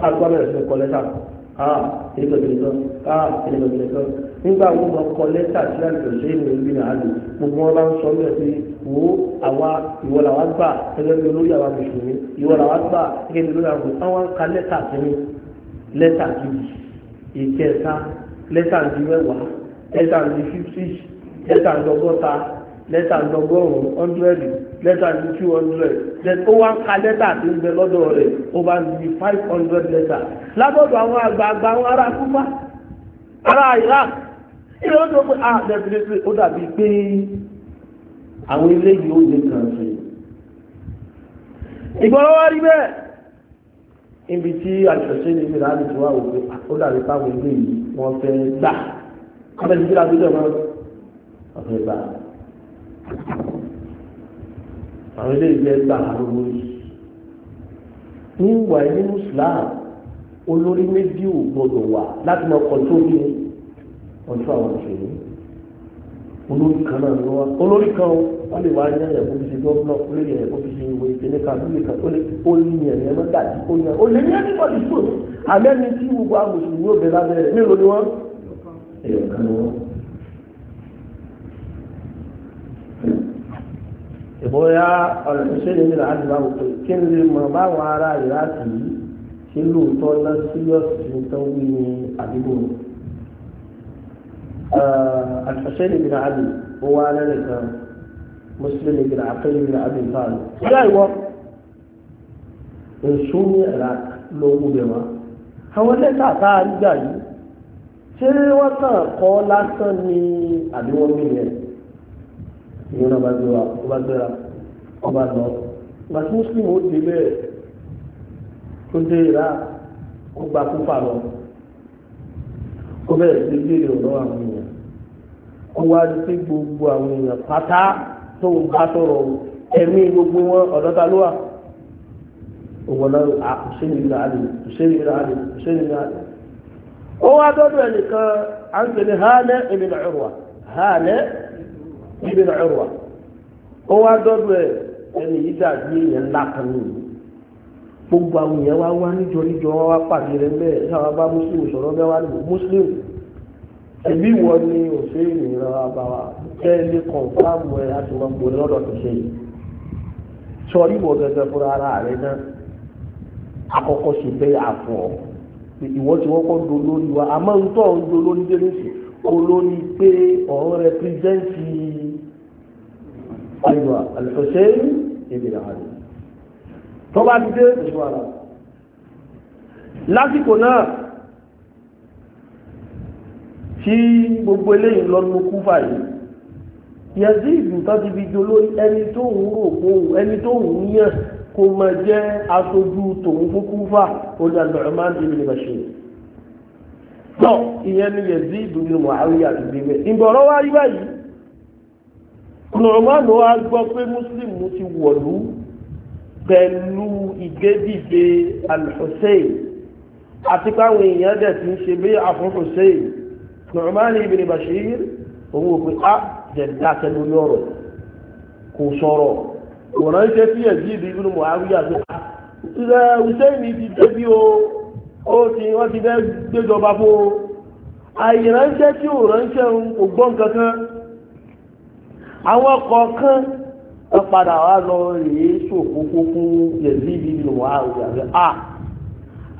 agbábẹ̀rẹ̀ sí kọ lẹ́tà ah èdè kìnìkan ah èdè kìnìkan nígbà wo ma kọ lẹ́tà sí àlùfẹ́ ìlú ìlú ìlú àlù gbogbo wọn bá ń sọ bẹ́ẹ̀ pé wo àwa ìwọ làwa gbà gẹ́gẹ́ bí olóyè àwa mùsùlùmí ìwọ làwa gbà gẹ́gẹ́ bí olóyè àwa mùsùlùmí àwọn ka lẹ́tà kìíní lẹ́tà kìíní ìkẹta lẹ́tà ní mẹ́wàá lẹ́tà ní fífí lẹ́tà ní ọgọ́ta lẹ́tà lọ́gọ́rùn-ún hundred lẹ́tà ní two hundred then ó wá ń ka lẹ́tà tí ń bẹ lọ́dọ̀ rẹ̀ over the five hundred lẹ́tà látọ̀dọ̀ àwọn àgbààgbà àwọn ará kúfà ará iraq ilé ó tó pé ah definitely ó dàbí pé àwọn ilé yìí ó lè kàn sí ìgbọ́lọ́wọ́ rí bẹ́ẹ̀ níbi tí àjọṣe ní ìlú láti tí wà wò pé ah, ó dàbí táwọn ilé yìí wọ́n fẹ́ gbà abẹ́ni tí láti jọba wọ́n fẹ́ gbà àwọn ilé ìgbẹ́ gbà lówó yìí níwà ilé Islam olórí méjì ò gbọdọ̀ wà láti máa kọ̀tó bí ọjọ́ àwọn òṣèlú olórí kan náà ló wá olórí kan wọ́n lè wá yẹn ẹ̀kọ́ fi ṣe gọ́ọ̀nà ó lè yẹn ẹ̀kọ́ fi ṣe ìwé ìpínlẹ̀ kan ó lè kan ó lè ó lè mọ́ dàjú ó yẹn ó ní ẹni bọ́ọ̀lù fún un àmẹ́ni tí gbogbo àwọn òṣèlú yóò bẹ̀rẹ̀ abẹ́rẹ́ mélòó ìbóyá ọ̀rọ̀ tó ṣe níbi láti bá wọ́pẹ́ kí n lè mọ̀ báwọn ará rẹ̀ láti yí ṣe lóòótọ́ ná síríọ̀sì tó wí ní àdúgbò rẹ̀. àtúnṣe níbi láti ó wá lẹ́nu kan mùsùlùmí níbi láti yí ní àdúgbò báyìí. ìyá ìwọ èso ní ẹ̀rá ló wú bẹ̀ wá. àwọn lẹ́tà tá a ń gbà yìí ṣé wọ́n kàn kọ́ lásán ní àdúgbò mi yẹn. ìyẹn bá gbé wa ó bá lọ ìgbà muslim ó dé bẹ́ẹ̀ tó dé ìlà ó gba lọ ó bẹ̀rẹ̀ sí àwọn èèyàn ó gbogbo àwọn èèyàn pátá tó ń bá sọ̀rọ̀ ẹ̀mí gbogbo wọn ló wà òwò náà ìlà ìlà ìlà ó wá dọ́dọ̀ à ń pè ní hálẹ́ ìmìlẹ̀ ọ̀rọ̀ hálẹ́ ibn Urwa ó wá dọ́dọ̀ ẹ̀ ẹni yìí dàbí èèyàn ńlá kan nìyí gbogbo àwọn èèyàn wá wá níjọ níjọ wá wá pàdé rẹ ńbẹ ṣáà bá muslim sọ̀rọ̀ bẹ́ẹ̀ wá lò muslim ẹbí wọ ni òfin ìrìnà àbáwá kẹ́lẹ́ kọ̀ǹfàmù ẹ̀ láti wọn gbòòrò lọ́dọ̀ tó ṣe yìí sọrí wọ gẹ́gẹ́ fúnra ara rẹ náà àkọ́kọ́ sì bẹ àfọ ìwọ tí wọn do lórí wa àmọ́ ń ń do lórí dé lóṣù olórí pé ọ̀rọ̀ rẹ pírẹsẹ̀ntì àyùwà al-Husayn ibn Ali tó bá ti dé ìṣòwàrà lásìkò náà tí gbogbo eléyìí lọ́nu Kúfà yìí Yazid tó ti fi jolórí ẹni tó ń rò kó ẹni tó ń yàn kó ma jẹ́ aṣojú tòun fún Kúfà olú Nu'man ibn Bashir tọ́ ìyẹn ni Yazid ibn Muawiya àti bíbẹ̀ ìbọ̀rọ̀ wáyé báyìí nùrọ̀mánù wa gbọ́ pé mùsùlùmù ti wọ̀lú pẹ̀lú ìgbédìde al-Hussein àti káwọn èèyàn dẹ̀ ti ń ṣe bí àfún Hussein nùrọ̀mánù ibn Bashir òun ò pé á ah, jẹ̀dá tẹnu lọ́rọ̀ kò sọ̀rọ̀ kò ránṣẹ́ sí Yazid ibn Muawiya àti ah, ìṣẹ́ Hussein ránṣẹ́ tí ò ránṣẹ́ kankan àwọn kọ̀ọ̀kan ẹ padà wá lọ rèé ṣòkókó fún yẹ̀lí ìlú wa òjàgbé a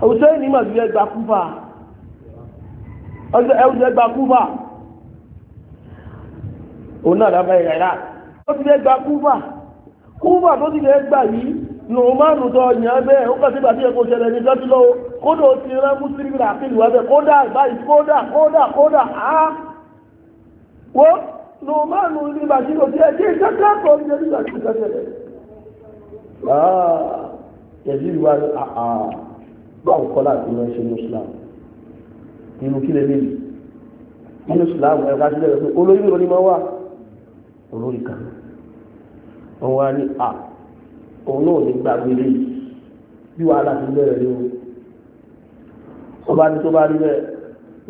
àwùjọ yìí ní màbí ẹgbà kúfà ọjọ́ ẹwùjọ ẹgbà kúfà òun náà dábàá ìrẹ̀ rà ó ti lè gba kúfà kúfà tó ti lè gbà yìí nù márùn tó yàn bẹ́ẹ̀ ó kàtí gbàtí ẹ̀kọ́ ṣẹlẹ̀ ní jọ́jú lọ́wọ́ kódà ó ti rán mùsùlùmí àti ìlú abẹ́ kódà báyìí kódà kódà kódà á wọ́n nùmánù ní bàṣírò tí ẹjẹ́ ìjọ́jọ́ kọ́ ní ẹjọ́ ìjọ́jọ́ tẹ̀lẹ̀. Àà yẹ̀dí ìwà ní àà bá ń kọ́ láti rán ṣe Mùsùlùm. Irú kí lè léyìí? Nínú Sùlám ẹ̀ka sílẹ̀ rẹ̀ pé olóyún ló ní máa wà. Olórí kan. Wọ́n wá ní à ah, òun náà ní gbàgbé léyìí. Bí wàhálà ti bẹ̀rẹ̀ ni o. Ọba ní tó bá rí bẹ́ẹ̀.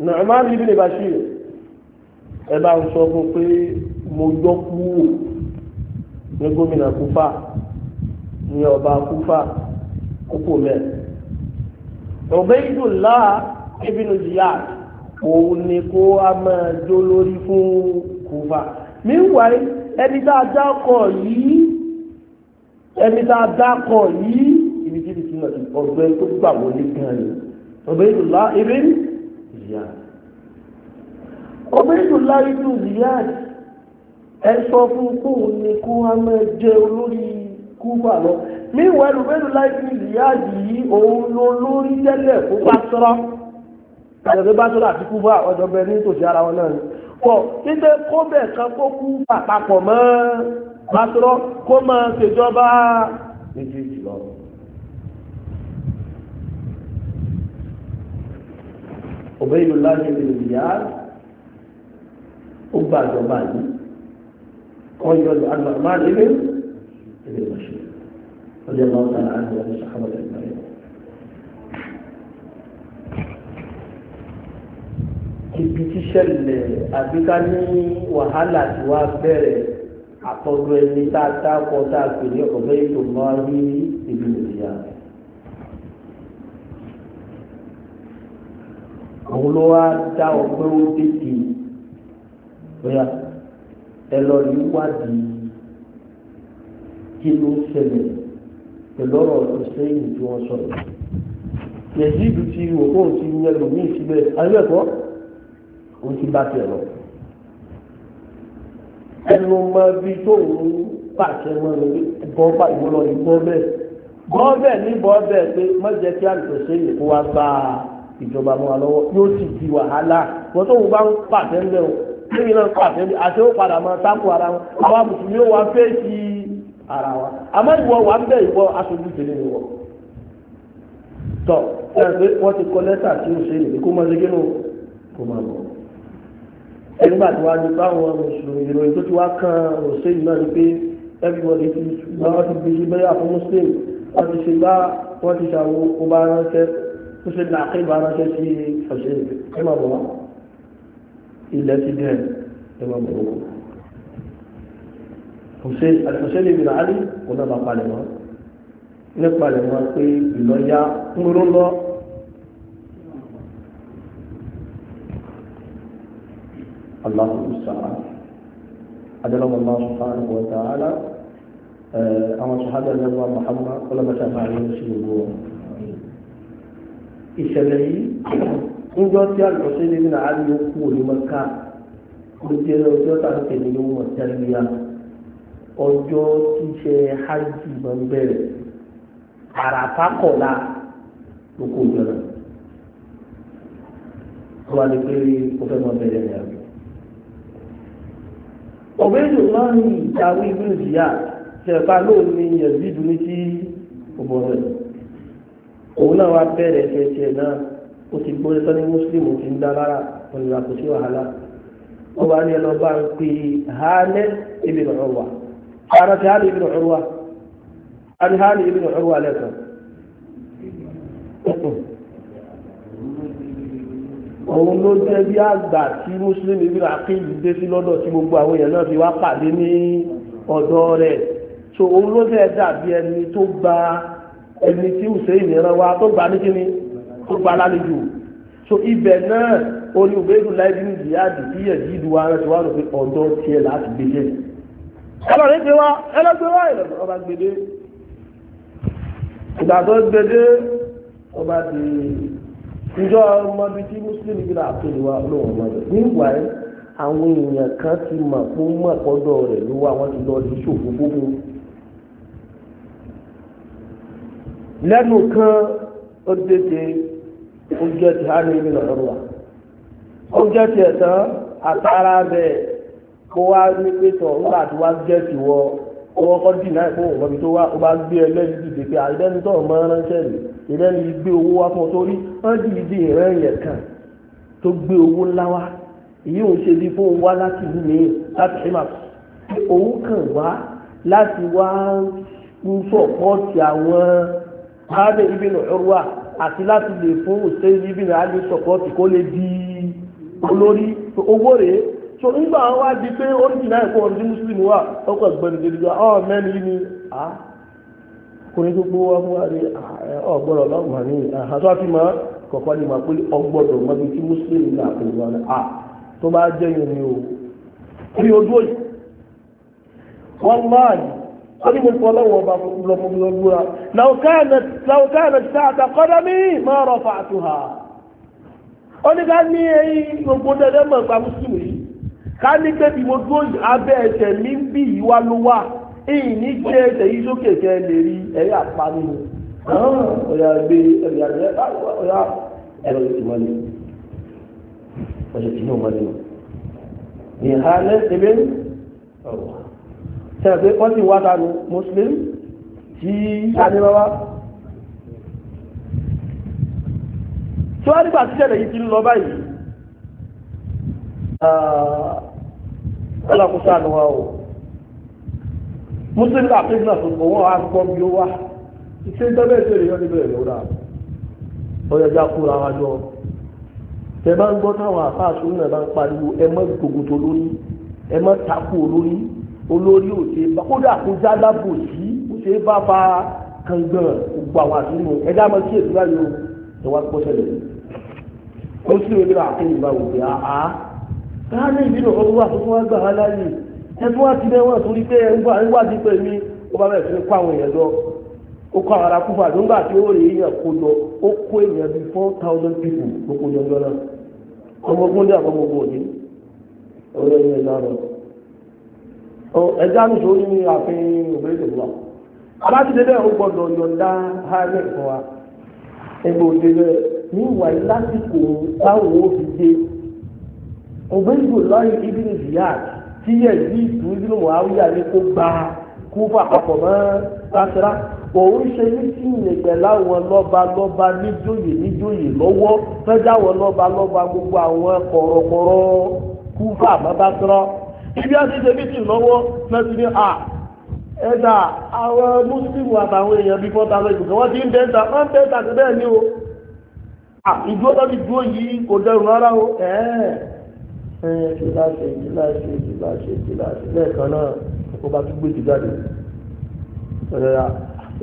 Nùmánù ibi ní bàṣírò ẹ bá ń sọ fún pé mo yọ kúrò ní gómìnà kúfà ní ọba kúfà kókò mẹ Ubaydullah ibn Ziyad òun ni kó a máa jó lórí fún kúfà meanwhile ẹni tá a dákọ̀ yìí ẹni tá a dákọ̀ yìí ibi tí ibi tí ọgbẹ́ tó gbà wọlé gan ni Ubaydullah ibn Ziyad kọ̀mẹ́tò láìdù riyad ẹ sọ fún kóun ni kó a máa jẹ olórí kúbà lọ níwọ̀n ẹlòmẹ́tò láìdù riyad yìí òun ló lórí tẹ́lẹ̀ fún Basra àjọ̀dé Basra àti kúbà ọ̀dọ̀ bẹ ní tòsí ara wọn náà ni pọ̀ títẹ́ kó kan kó kú pàpapọ̀ mọ́ Basra kó máa ṣèjọba méjèèjì lọ. òbẹ́yìn lọ́lá ní ó gba àjọba yìí kan yọ lọ àgbà máa lélẹ̀ ilé ìwọ̀ṣẹ́ ọjọ́ máa ń ta àjọ ìṣàkóso ìgbà yẹn. ibi tíṣẹ̀lẹ̀ àbíká ní wàhálà tí wàá bẹ̀rẹ̀ àtọ́jú ẹni tá a tá a kọ́ tá a pè ní ọ̀bẹ ètò máa rí ibi ìrìyà. òun ló wá dá ọgbẹ́ ó tètè bóyá ẹ lọ rí wádìí kí ló ṣẹlẹ̀ pẹ̀lú ọ̀rọ̀ ìṣẹ́yìn tí wọ́n sọ̀rọ̀ yẹ̀sí ìlú ti òkú ti ń yẹlò ní ìsíbẹ̀ ayẹ́kọ́ ó ti bá tiẹ̀ lọ. ẹnu máa bí tóun pàṣẹ máa lọ bọ́ bá ìwọlọ ìbọn bẹ́ẹ̀ bọ́ bẹ́ẹ̀ ní bọ́ bẹ́ẹ̀ pé má jẹ́ kí àlùfẹ́sẹ̀ yìí kó wá gba ìjọba mọ́ wa lọ́wọ́ yóò sì di wàhálà wọ́n tóun bá pàṣẹ ńlẹ̀ o lẹ́yìn náà kọ́ àtẹ́bí àti ó padà máa sápò ara wọn àwa mùsùlùmí ó wá fẹ́ sí ara wa àmọ́ ìwọ wà ń bẹ̀ ìwọ aṣojú tèlé ni wọ. tọ́ ẹ pé wọ́n ti kọ lẹ́tà tí ó ṣe nìyí kó máa ṣe kínú kó máa bọ̀. nígbà tí wàá di báwọn mùsùlùmí ìròyìn tó ti wá kan òṣèlú náà ni pé everybody ti gba wọ́n ti bíi bẹ́yà fún muslim wọ́n ti ṣe gbá wọ́n ti ṣàwọn ọba ránṣẹ́ tó ṣe dàkẹ́ ìbá sí ọ̀ṣẹ́ ìgbẹ́ إلا تجاه إمام أبو حسين الحسين بن علي ولا ما قال ما نقال ما في بلويا أمر الله الله المستعان أدلم الله سبحانه وتعالى آه، أما شهادة الله محمد ولا ما شاء الله يسلمه إسلامي níjọ́ tí àlùfáà lè nà áyù kú olùmọ̀ ká ló jẹ́ ọjọ́ tá à ń tẹ̀lé ní wọn tẹ́lẹ̀yà ọjọ́ tíṣe hajj máa ń bẹ̀rẹ̀ àràfà kọ̀ọ̀la ló kó jọ náà wọ́n wá ní pé ó fẹ́ máa bẹ̀rẹ̀ ní àgbẹ̀. ọ̀bẹ ìlú náà ní ìjáwé ìlú ìjìyà ṣẹ̀fà lónìí yẹ̀bí ìdúró sí ọ̀bọ̀n rẹ̀ òun náà wá bẹ̀rẹ̀ ṣẹ̀ṣẹ̀ náà ó ti gbóni tán ní mùsùlùmí ti ń dá lára ònìyàn kò sí wàhálà wọ́n bá ní ẹ lọ bá ń pè hálẹ́ ibn Urwa ara ti hálẹ́ ibn Urwa a ní hálẹ́ ibn Urwa lẹ́kọ̀ọ́ òun ló jẹ́ bí àgbà tí mùsùlùmí ibi àkéyìí dé sí lọ́dọ̀ tí gbogbo àwọn èèyàn náà fi wá pàdé ní ọ̀dọ̀ rẹ̀ so òun ló fẹ́ dàbí ẹni tó gba ẹni tí hùsẹ́yìn rán wa tó gba ní kíni tó gba alálejò so ibẹ̀ náà ó ní òbẹ́rù láìpẹ́ ní ìyáàdì yíyẹ̀ yìí ìlú ara ti wá lọ pé ọ̀dọ́ tiẹ̀ láti gbé dé ẹlọ́rin gbé wá ẹlọ́gbé wá ìrọ̀lọ́ ọba gbèdé ìgbà tó gbèdé ọba ti ìjọ ọmọbi tí muslim gbéra àtòlù wa lóun ọmọdé nígbà yẹn àwọn èèyàn kan ti mọ̀ fún mọ̀kọ́dọ̀ rẹ̀ ló wá wọ́n ti lọ sí ṣòfò gbogbo lẹ́nu kan ó dédé hujjati hami ibn urwa hujjati ẹ̀tàn àtàrà bẹ́ẹ̀ kó wá ní pé tọ̀ nígbà tí wá jẹ́tì wọ owó kọ́ dì náà fún òun tó wá ó bá gbé ẹlẹ́ni dìde pé àìdẹ́ni tó mọ ránṣẹ́ rẹ̀ ìdẹ́ni gbé owó wá fún ọ torí wọ́n dìde ìrẹ́ yẹn kan tó gbé owó ńlá wá èyí ò ṣe bí fún wa láti ìlú mi láti ṣe máa òun kàn wá láti wá ń sọ̀pọ̀tì àwọn Hadi ibn Urwa àti láti lè fún òṣèlú níbi náà lè sọ̀pọ̀tì kó lè di olórí owó rèé so nígbà wọn wá di pé oríjìnà ẹ̀kọ́ ọ̀rọ̀ tí mùsùlùmí wà ọkọ̀ ìgbẹ́ni dédúgbà ọ̀ mẹ́ni yìí ni a kò ní tó gbówó fún wa ní ọgbọ́dọ̀ lọ́gbà ní àhàtọ́ àti mọ́ kọ̀ọ̀kan ni mà pé ọgbọ́dọ̀ mọ́bi wọ́n ní mo fọ́ lọ́wọ́ ọba كانت ọgbúra làwùkáàna sáàtà kọ́dá mi máa rọ fàtó ha ó ní ká ní eyín gbogbo dẹ́dẹ́ mọ̀ nípa mùsùlùmí yìí ká ní pé bí mo tó abẹ́ ẹsẹ̀ mi ń bí yìí wá ló wà èyí ní gbé ẹsẹ̀ yìí sókè kẹ́ ẹ lè rí ẹ̀yà pa nínú ọ̀yà gbé ẹ̀yà rẹ̀ ọ̀yà ẹ̀rọ ìtìmọ́lẹ̀ ọ̀yà ìtìmọ́lẹ̀ ìhàlẹ́ ẹ̀mẹ́ ọ̀wà tẹ́lẹ̀ wọ́n sì wá tánú muslim tí adébáwá tí wọ́n nígbà tí ṣẹlẹ̀ yìí ti ń lọ báyìí ọlọ́kùnṣà àlùwà o muslim àti ìgbà tó kọ̀ wọ́n á gbọ́ bí ó wá ṣe ń tẹ́lẹ̀ ìṣẹ̀lẹ̀ yọ níbẹ̀ ìlú rà ọ̀yọ̀já kúra wájọ́ tẹ bá ń gbọ́ táwọn àfáàṣù náà bá ń pariwo ẹ mọ́ gbogbo tó lórí ẹ mọ́ tako lórí olórí ò ṣe bá kódà kó jálá bò sí ó ṣe bá fa kàngàn gbogbo àwọn àtúntò ẹ dá máa kí èsì báyìí o ẹ wá pọ́ sẹ́lẹ̀ ó sì rèé rà kí ìgbà òkè àá káàní ìbínú ọdún wà fún wọn gbà á láyè ẹ tún wá ti bẹ́ẹ̀ wọ́n torí pé ń wá ń wá dípẹ́ mi ó bá bẹ̀rẹ̀ sí kó àwọn èèyàn lọ ó kọ àwọn arákùnfà àdúgbà tí ó rèé yàn kó lọ ó kó èèyàn bíi four thousand people ló kó yọjọ náà ọmọ ogun dé àbọ̀mọ̀ ogun òní ọ̀rẹ́ yẹn lára ẹja ní sòrí ní ààfin òbẹ̀rẹ̀ tó wà aláṣẹ bẹ́ẹ̀ ó gbọ́dọ̀ yọ̀ǹda hajj fún wa ẹgbẹ́ òde bẹ́ẹ̀ ní ìwà yìí lásìkò táwọn ó fi dé tó ibi ní tí yẹ ní kó gba mọ́ òun ṣe ní gbogbo àwọn kọ̀rọ̀kọ̀rọ̀ ibi àti ṣe bí ìnáwó mẹ́sì ní à ah, ẹ̀dà àwọn mùsùlùmù àtàwọn èèyàn bí fọ́ta lẹ́gbẹ̀ẹ́ kan wọ́n ti ń dẹ́ta wọ́n ń dẹ́ta sí bẹ́ẹ̀ ni o ah, ìdúró tọ́bi dúró yìí kò dẹrù rárá o ẹ̀ẹ́ ẹ̀ẹ́ kí láṣẹ kí láṣẹ kí láṣẹ kí láṣẹ lẹ́ẹ̀kan náà kó bá tún gbé ti jáde ọ̀rẹ́ra ah,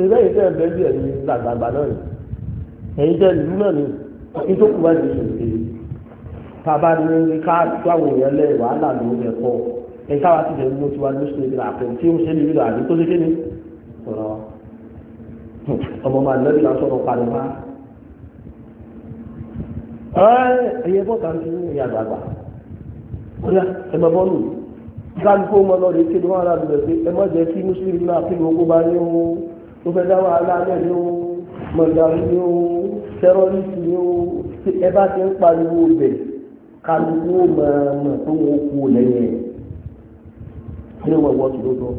ẹgbẹ́ yìí tẹ̀ bẹ́ẹ̀ bí ẹ̀yin làgbàgbà náà ni ẹ̀yin tẹ̀ lù náà ni kí tó kù bá ti sùn sí i tá a bá ní ká tó àwọn èèyàn lẹ́yìn wàhálà ló ń yẹ kọ́ ọ ẹ̀ka wa ti dẹ̀rù lóṣù wa lóṣù ìdílé àpẹ tí ó ń ṣe nílò àbí tó ṣe kéde sọ̀rọ̀ ọmọ máa lẹ́bi náà sọ̀rọ̀ parí wá. ẹyẹ bọ́ta ń fi ìyá àgbààgbà ọ̀yà ẹgbẹ́ bọ́ọ̀lù kálukú ọmọ náà lè kéde wọn aláàbò rẹ̀ pé ẹ má jẹ́ kí mùsùlùmí náà kí gbogbo bá ní o ó fẹ́ dá wàhálà alẹ́ ní o mọ̀gàrí ní o tẹ́rọ́lìsì ní o ẹ bá ti ń pariwo bẹ̀ kálukú ọmọ tó wọ́n kú lẹ́yìn ẹ̀ ní wọ́n wọ́n tó lọ́dọ̀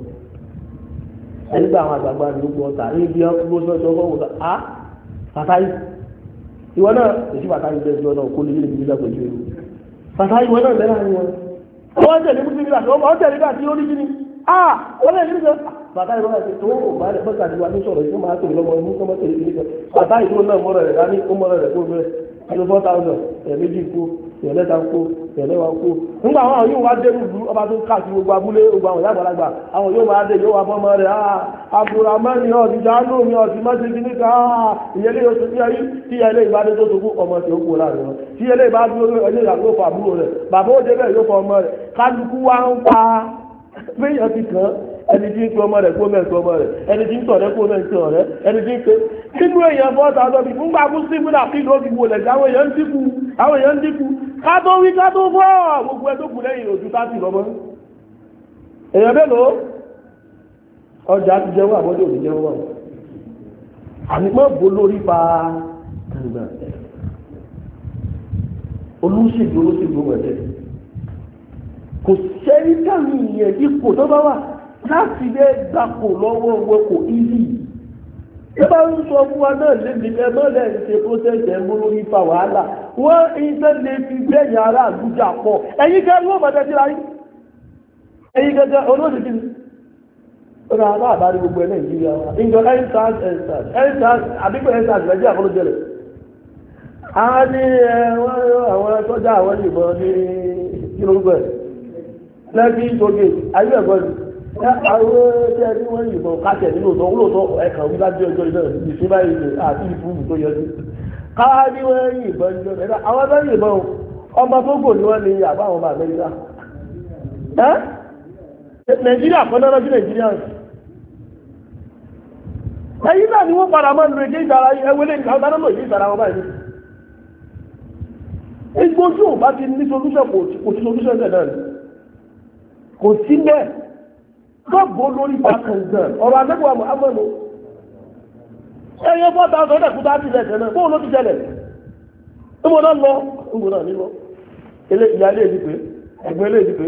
ẹgbẹ́ àwọn àgbàgbà ní gbogbo ọ̀tà ní ibi ọgbọ́sọ̀tọ̀ ọgbọ́n wò á fàtáyì ìwọ náà èsì fàtáyì bẹ́ẹ̀ sí ọ̀nà òkú nílé ìgbésà pẹ̀lú ìlú fàtáyì ìwọ náà bẹ́ẹ̀ láàrin wọn. wọ́n tẹ̀lé kúkú nígbà tí wọ́n tẹ̀lé nígbà tí ó ní kíni a wọ́n lè nígbà fàtáyì wọ́n ti tó bá rẹ̀ fọ́ta ti wá ní sọ̀rọ̀ yìí máa tẹ̀lé lọ́mọ inú kọ́mọ́ tẹ̀lé kíni fàtáyì tó náà mọ́rọ̀ rẹ̀ dání ó mọ́rọ̀ rẹ̀ kó tẹ̀lẹ́ ta kó tẹ̀lẹ́ wa kó nígbà àwọn yóò wá dẹ́rù lu ọba tó káàkiri gbogbo abúlé gbogbo àwọn ìyá àgbàlagbà àwọn yóò máa dé yóò wá bọ́ ọmọ rẹ̀ áà ah, abdulrahman yóò ti dá lóò mi ọ̀sìn má ti di níta áà ah, ìyẹn lè oṣù tíyẹ yìí tíyẹ lè ìbá dé tó tó kú ọmọ tí ó kú láàrin wọn tíyẹ lè ìbá dúró ẹni ìyá yóò fọ àbúrò rẹ̀ bàbá ó débẹ̀ yóò fọ ọmọ rẹ̀ kálukú wá ń pa péyàn ti kàn ẹni tí ń pe ọmọ rẹ̀ kó mẹ́ pe ọmọ rẹ̀ ẹni tí ń tọ̀rẹ́ kó mẹ́ pe ọ̀rẹ́ ẹni tí ń pe nínú èèyàn fọ́ta lọ́bi fúngbà kú sí fúnà kí ló fi wọlé jáwé yẹn ń síkú àwọn èèyàn ń dínkù ká tó wí ká tó fọ́ gbogbo ẹ tó kù lẹ́yìn ojú tátì lọ́mọ́ èèyàn mélòó ọjà ti jẹ́wọ́ àbọ́dé òní jẹ́wọ́ àmìpọ́ bò lórí pa kàngbà olóṣèlú olóṣèlú wẹ̀lẹ̀ kò sẹ́rí kàmì ìyẹn ipò tó bá wà láti lè gbapò lọ́wọ́ wọn kò ẹ bá ń sọ fún wa náà lébi ẹ mọ́ lẹ́yìn ṣe protest ẹ̀ mú lórí fa wàhálà wọ́n iṣẹ́ lè fi gbẹ̀yìn ará àbújá pọ̀ ẹ̀yin kẹ́ ló mọ̀tẹ́ síra yín ẹ̀yin kẹ́kẹ́ gbogbo ẹ nàìjíríà wa ìjọ àwọn àwọn ní àwọn ẹgbẹ́ ẹni wọ́n yìnbọn káṣẹ̀ nínú ọ̀tọ̀ olóòótọ́ ẹ̀ka wí lájọ́ ọjọ́ ìbẹ̀rẹ̀ níbi ṣé báyìí àti ìfúnbù tó yọjú káwá ní wọ́n yìnbọn jọ ẹ̀dá àwọn ẹgbẹ́ yìnbọn ọmọ fógò ni wọ́n ní àbá àwọn ọmọ Amẹ́ríkà Nàìjíríà kan náà sí Nàìjíríà ẹ̀yìn náà ni wọ́n padà máa ń lo èdè ìdára ẹwẹ́lẹ́ ìdára igbó náà kò sí gbọ́gbọ́ lórí bákànjẹ́ ọ̀rọ̀ àdẹ́gbọ̀n muhammadu ẹ̀yẹ bọ́ta ọ̀sán ẹ̀kú tá a ti lẹ̀ tẹ̀lé bóun ló ti jẹlẹ̀ ìmọ̀ náà lọ ìmọ̀ náà nílọ ilé ìyá ilé èdè pé ẹ̀gbọ́n ilé èdè pé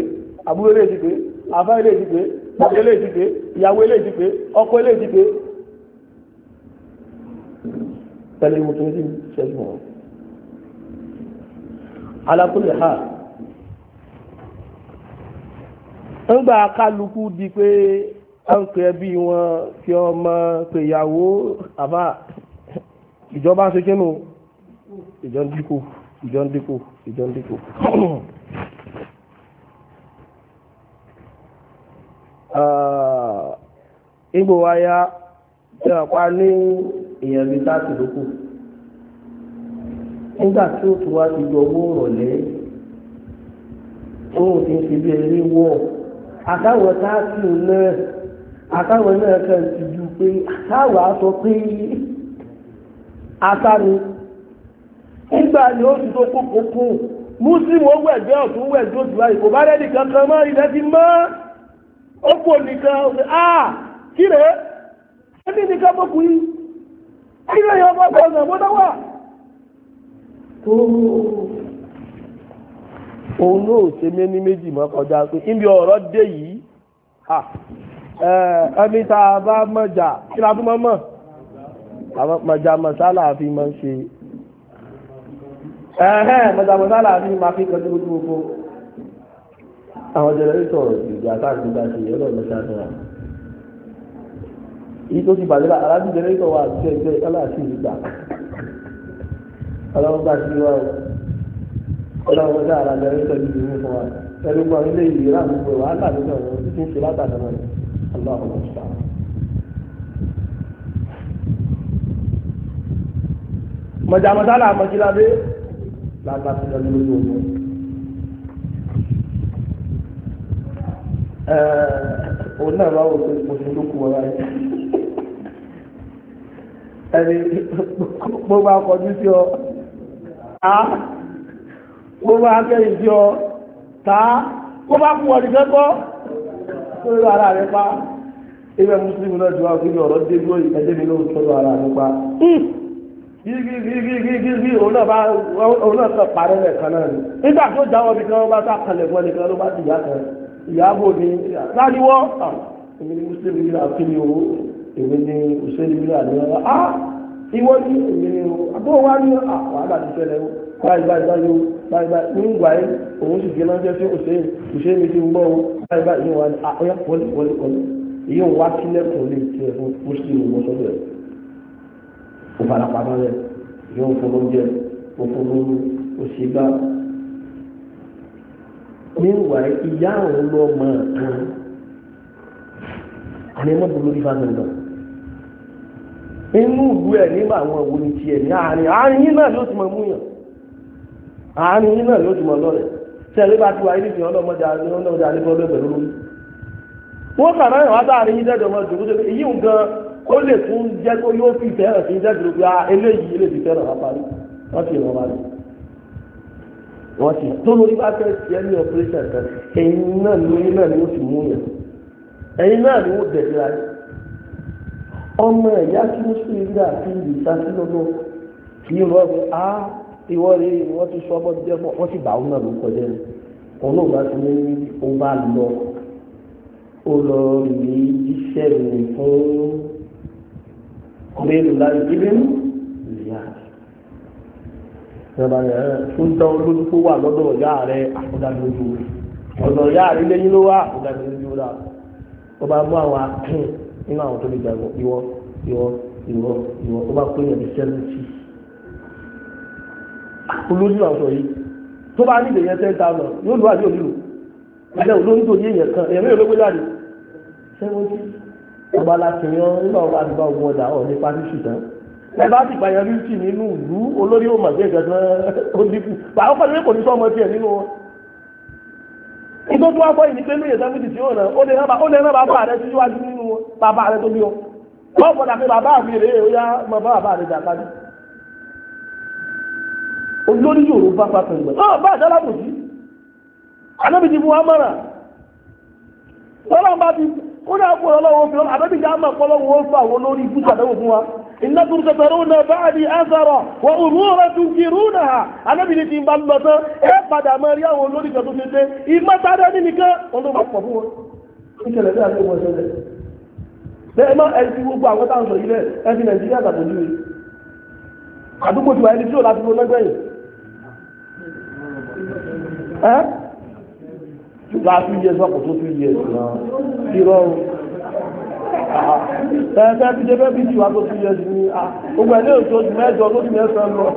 àbúrò ilé èdè pé àbá ilé èdè pé bàbá ilé èdè pé ìyàwó ilé èdè pé ọkọ ilé èdè pé tẹ̀lé ìwòsàn ìdí ìṣẹ́jú wọn. alákùnrin ha ńgbà kálukú di pé ọ̀nkẹ́ ẹbí wọn fi ọmọ pèyàwó àbá ìjọba ṣe kínú ìjọ ń dínkù ìjọ ń dínkù ìjọ ń dínkù. Ìgbò wa ya ṣe ọ̀pá ní èèyàn bíi lókù. Nígbà tí ó tún wá ti yọ owó rọ̀lẹ́, tóun ti ń ṣe bí ẹni wọ̀ àtàwọn táàkì náà àtàwọn náà kàn ti ju pé àtàwọn aṣọ pé àtàrí nígbà ni ó ti tó kókó kún múslímù ó wẹ̀gbẹ́ ọ̀tún wẹ̀gbẹ́ òsì láì kò bá rẹ́dì kankan mọ́ ilẹ̀ ti mọ́ ó pò nìkan ọ̀sẹ̀ àà kí rẹ̀ ó ní nìkan bókù yìí kí rẹ̀ yọ ọmọ ọ̀sán mọ́tọ́wà òun náà ò ṣe mẹ́ni méjì mọ́ kọjá pé níbi ọ̀rọ̀ dé yìí ẹni tá a bá mọ̀jà kí la fún mọ́ mọ̀ àwọn mọ̀jà mọ̀sálà fi máa ń ṣe mọ̀jà mọ̀sálà fi máa fi kọjú gbogbo àwọn jẹnẹrétọ̀ ìgbà táàkì bá ṣe ọlọ́run ṣáájú wa èyí tó ti bàjẹ́ aláàbí jẹnẹrétọ̀ wa àti ẹgbẹ́ aláàfin ìgbà ọlọ́run bá ṣe wá o ọlọ́run dára lẹ́rú pẹ̀lú ìlú fún wa ẹ̀rú pa ilé ìlú rà gbogbo wàhálà nínú ọ̀rọ̀ títí ń ṣe látàdá náà ọlọ́run ló ṣá. mọ̀jàmọ́tà là mọ̀jìlábé làbá ti lọ lórí òun. òun náà wáá wò pé mo ti lókun wọn láyé ẹni gbogbo akọjú sí ọ bó bá kẹ́rì sí ọ tàá kó bá kú ọdí kẹ́kọ́ tó lọ ara rẹ̀ pa ibẹ̀ mùsùlùmí náà jùlọ kí ni ọ̀rọ̀ dé dúró ẹjẹ́ mi ló ń tọ́jú ara rẹ̀ pa gígígígígí hmm. òun náà kàn parẹ́ rẹ̀ kan náà ni nígbà tó jáwọ́ bí kan wọ́n bá sá kalẹ̀ fún ẹnìkan ló bá ti yá kan ìyáàbò ni láníwọ́ ah, èmi ni mùsùlùmí yìí náà kí ni o èmi ni òṣèlú yìí náà ni wọ́n á ìwọ́n ní èmi ni o àbọ̀ wá ní àwọn àgbà ti fẹ́lẹ̀ o báyìí báyìí báyìí o báyìí báyìí ní ìgbà yìí òun sì gbé lọ́jọ́ sí òṣèlú òṣèlú mi ti ń gbọ́ o báyìí báyìí yóò wá ní àkọ́yà ah, wọlé wọlé wọlé èyí ò wá sílẹ̀kùn lè tiẹ̀ fún mùsùlùmí wọn sọ́dọ̀ ẹ̀ kò fara pamọ́ rẹ̀ yóò fọwọ́ jẹ òfòló òṣèlú ní ìgbà yìí ìyá òun lọ mọ̀ kan àní mọ́ bolórí fáwọn náà inú ìlú ẹ̀ nígbà àwọn òwò ní tiẹ̀ ní àárín àárín yìí náà ló ti mọ̀ múyàn àárín yín náà yóò jùmọ̀ lọ́rẹ̀ tí ẹ̀rí bá ti wà yín ìfihàn ọlọ́mọdé àti ọlọ́mọdé àti ọlọ́mọdé lórí. wọ́n kàrá ẹ̀wá láàrin yín dẹ́dọ̀ ọmọ ìdòwú tó èyí ń gan ó lè tún jẹ́ kó yóò fi ìfẹ́ hàn sí dẹ́dọ̀ pé ah, eléyìí lè fi fẹ́ ràn wá parí wọ́n ti ràn wá lọ. wọ́n ti tó lórí bá fẹ́ ti ẹni ọ̀pẹ́sẹ̀ kan ẹ̀yin náà ni ẹ̀yin náà ni ó ti mú yẹn ẹ̀yin náà ni ó dẹ̀ ọmọ ẹ̀yà tí mo ìwọ rí wọ́n ti sọ bọ́dé jẹ́ wọ́n ti bà ó náà ló kọjá ní òun náà bá ti ní ó bá lọ ó lọ rí iṣẹ́ mi fún ọ̀rẹ́lù láti ilé mú ìyá ìjọba rẹ̀ tó ń dán lójú tó wà lọ́dọ̀ ọ̀yá rẹ̀ àkọ́dájọ́jú ọ̀dọ̀ ọ̀yá rẹ̀ lẹ́yìn ló wà àkọ́dájọ́jú rà ó bá mú àwọn akín nínú àwọn tó lè gbàgbọ́ ìwọ ìwọ ìwọ ìwọ ó bá pé yẹn ti sẹ́lẹ̀ sí i olórí náà yìí tó bá nílò yẹn ten thousand yóò lò àbí ònílò ẹgbẹ́ olórí tó ní èèyàn kan èèyàn mélòó ló gbé ọba láti yan nígbà wọn bá ti bá ogun ọjà ọ̀ọ́ni tán ẹ bá ti gbàyàn fífì nínú ìlú olórí ó sí ẹ̀jẹ̀ tán ó dínkù báwọn pẹ̀lú kò ní sọ ọmọ tiẹ̀ nínú wọn ìtò tó wá bọ́ ìní pé lóye sẹ́fìtì tí ó rẹ̀ ó lè rábà ó bá rẹ̀ síwájú nínú bàbá rẹ̀ tó bí ọ. wọ́n gbọ́dọ̀ olórí yòrò bá papọ̀ ìgbẹ̀ náà bá àdálábò sí anábì ti fún amára tọ́lá bá ti kó ní àpò ọlọ́wọ́ fi ọlọ́wọ́ àbẹ́bí já máa pọ́lọ́wọ́ ó fà wọ́n lórí ikú sàdẹ́wò fún wa iná tó ń wọ́n ọ̀rọ̀ ti ń bá lọ tán ẹ padà rí àwọn olórí kan tó ṣe ìmọ̀ sáré ní nìkan ló máa pọ̀ fún wọn ìṣẹ̀lẹ̀ bí ìṣẹ̀lẹ̀ bẹ́ẹ̀ ẹ ti gbogbo àwọn táwọn sọ yìí ẹ́ ṣùgbọ́n two years ọkọ̀ tó two years náà ti rọrùn ẹ̀ẹ́fẹ́ fi jẹ́ fẹ́ fi jù wá tó two years ní gbogbo ẹ̀ ní òṣù oṣù mẹ́jọ lóṣù mẹ́sàn-án lọ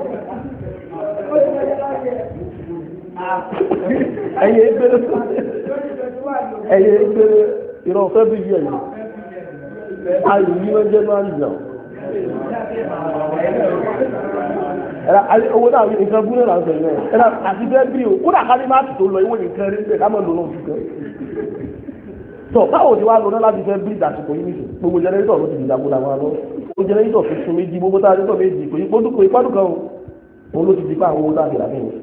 ẹ̀yẹ ìgbèrè ẹ̀yẹ ìgbèrè ìrọ̀fẹ́ bí i ẹ̀yẹ ayò ní wọ́n jẹ́ máa ń jẹun owó náà nǹkan bú náà sọ yìí ẹ̀rọ àti bẹ́ẹ̀ bí o kódà ká ní má tó lọ ìwé nǹkan rí bẹ́ẹ̀ ká mọ̀ lọ́nà ojú kan tọ báwo ni wàá lọ́nà láti fẹ́ bí ìdásùkò yìí nìyí gbogbo jẹnẹrétọ̀ ló ti dìdàgbò làwọn alọ́ gbogbo jẹnẹrétọ̀ fi sun méjì gbogbo tá a jẹ́tọ̀ méjì kò yí pọ́dúkọ ìpọ́dù kan òun ló ti di pa àwọn owó tá a fi rà fẹ́yìn.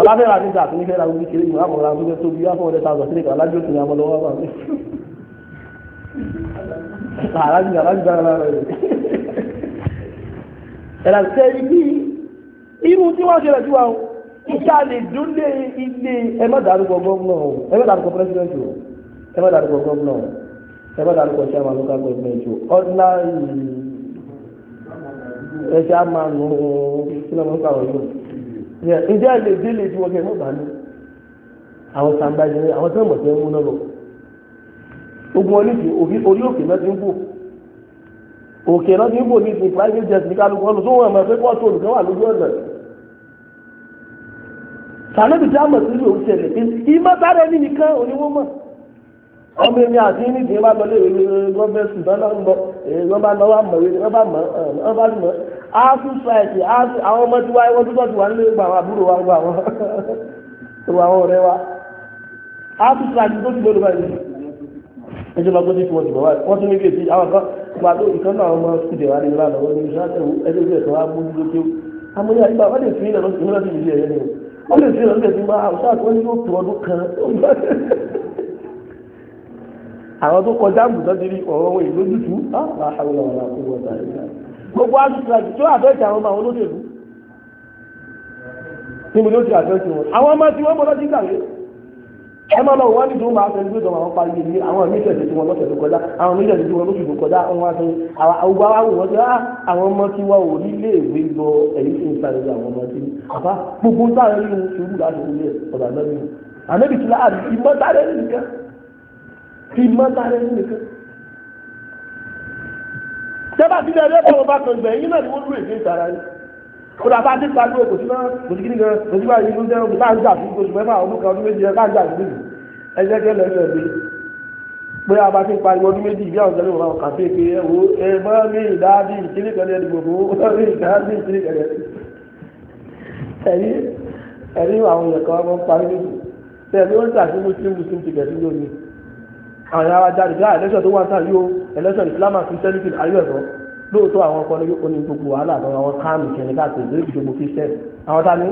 ọba fẹ́ ra ní ìta àtúnifẹ́ ra orí kiri ìmọ̀ àmọ̀ra tó fẹ́ tóbi wá fọ́ọ̀dẹ́ ta àgbàsílẹ̀ kan alájọ́ ti ní amọ̀ lọ́wọ́ ẹ̀rà sẹ́yìn bí irú tí wọ́n ṣe rẹ̀ sí wa o ìta lè dúnlé ilé ẹ̀mọ́dàrúkọ gọ́ọ̀nà o ẹ̀mọ́dàrúkọ president o ẹ̀mọ́dàrúkọ gọ́ọ̀nà o ẹ̀mọ́dàrúkọ chairman local government o ordinary ẹ̀ṣẹ̀ àmàlù sílẹ̀mọ́sà ọ̀yọ́ ǹjẹ́ ẹ̀ lè délé tí wọ́n kẹ́ ẹ̀mọ́ bá ní àwọn sàǹdà ìjẹun àwọn sẹ́mọ̀tẹ́ ń mú náà lọ ogun ọlẹ́sìn orí òkè mẹ́tí ń bò òkè náà ti ń bò ní ìsìn private jet ní kálukú ọ̀nà tó wọ̀n mọ̀ pé pọ́ọ̀tù olùkọ́ wà lójú ọ̀nà sàlẹ́bì tí a mọ̀ sí ìlú òṣèlè ìmọ̀ sáré ní nìkan oníwọ́n mọ̀ ọmọ àti ní lọlé ìwé gọ́ọ̀mẹ̀sì ń bọ̀ mọ̀ wà ló nǹkan náà ọmọ kùdẹ̀ wà ní ìlànà wọn ní ìṣàtẹ̀wò ẹgbẹ́ ìgbẹ́ tó wá mú ní lójú amóyá ìgbà wọn lè fi ìlànà ìmúlá ti ìlú ẹ̀yẹ ni wọn lè fi ìlànà ìlú ẹ̀yẹ àwùjọ àti wọn ní yóò tó ọdún kan àwọn tó kọjá àbùtọ́ ti rí ọ̀rọ̀ wọn ìlójútu ah, gbogbo àtúntò àti tó àtọ́jà àwọn ọmọ àwọn olóṣèlú níbi ló ti àtọ́jú wọn àwọn ọmọ tí wọ́n mọ́ lọ́jí gbàgbé ẹ máa lọ wọ́n ní ìdúró máa tẹ̀lé ìdúró àwọn parí ní àwọn mílíọ̀nù tí wọ́n lọ́sẹ̀ tó kọjá àwọn mílíọ̀nù tí wọ́n lóṣù tó kọjá wọn wá fún àwọn àwọn wọn ṣe á àwọn ọmọ tí wọn ò ní lè wé lọ ẹ̀yìn tí ń sáré lọ àwọn ọmọ tí àbá gbogbo sáré nínú ṣubú láti ilé ọ̀dà lọ́bì ànábì tí láàbì ìmọ̀ sáré nìkan ìmọ̀ sáré nìkan. tẹ́bà tí ilé ẹgbẹ́ bọ̀ kó lọ bá dé pa ló kò sí náà kò sí kí nìkan kò sí báyìí ló ń jẹun kò bá ń jà fún oṣù mẹ́fà ọdún kan ọdún méjì ẹ bá ń jà fún mi ẹ jẹ́ kí ẹ lọ́ọ́ ṣẹ̀bi pé a bá ti pa ìwọ ọdún méjì bí àwọn ìjọba ìwọ̀n kàfé pé ẹ wo ẹ mọ́ mi ìdáàbí ìkíní kan ẹni gbogbo ó mi ìdáàbí ìkíní kan ẹni ẹni àwọn èèyàn kan wọ́n parí nìkú tẹ̀lé ó ń tà sí muslim muslim ti gẹ̀ẹ́sì lónìí àwọn ìyára jáde bí i ẹlẹ́sọ̀ tó wà ń tà yóò ẹlẹ́sọ̀ ìsìlámà lóòótọ́ àwọn ọkọ níbi oní gbogbo wàhálà àtàwọn àwọn kánù kẹrin káàkiri lórí ìdìbò christian àwọn tani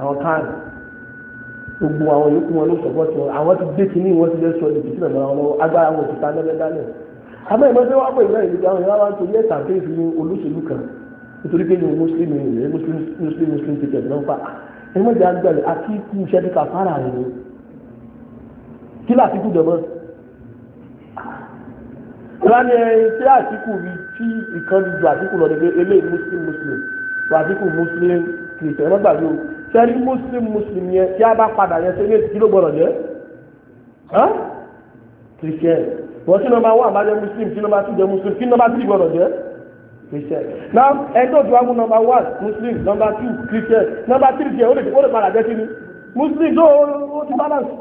àwọn kánù gbogbo àwọn yòókù wọn ló sọ̀pọ̀ tí wọn àwọn ti dé kínní wọn ti lè sọ ìdìbò sílẹ̀ mọ́ra wọn agbára wọn ti ta lẹ́lẹ́ dálẹ̀ àmọ́ ìmọ̀ tí wọ́n pè náà ìdíje àwọn ìyáwó àti orí ẹ̀sà pé ìfìyín kan nítorí pé ní mùsùlùmí rẹ̀ mùsùlùmí mùsùlùmí ti tẹ̀sán pa ẹ̀mọ́ ìjà gbẹ̀rẹ̀ àti ikú iṣẹ́ ti kà fara wọ́n ní ẹyin tí àtìkù rí tí ìkànnì ju àtìkù lọ nígbẹ́ eléyìí muslim muslim tó àtìkù muslim kìrìtẹ̀ ẹ̀rọ gbàgbé o sẹ́ni muslim muslim yẹn tí a bá padà yẹn sẹ́ni èsì kìló gbọ́dọ̀ jẹ́ kìrìtẹ̀ wọ́n tí nọ́mbà wà bá jẹ́ muslim tí nọ́mbà tù jẹ́ muslim tí nọ́mbà tì gbọ́dọ̀ jẹ́ kìrìtẹ̀ náà ẹjọ́ ju àwọn nọ́mbà wà muslim nọ́mbà tù kìrìtẹ̀ nọ́mbà tì jẹ́ ó lè padà jẹ́ kí ni muslim tó o ti balance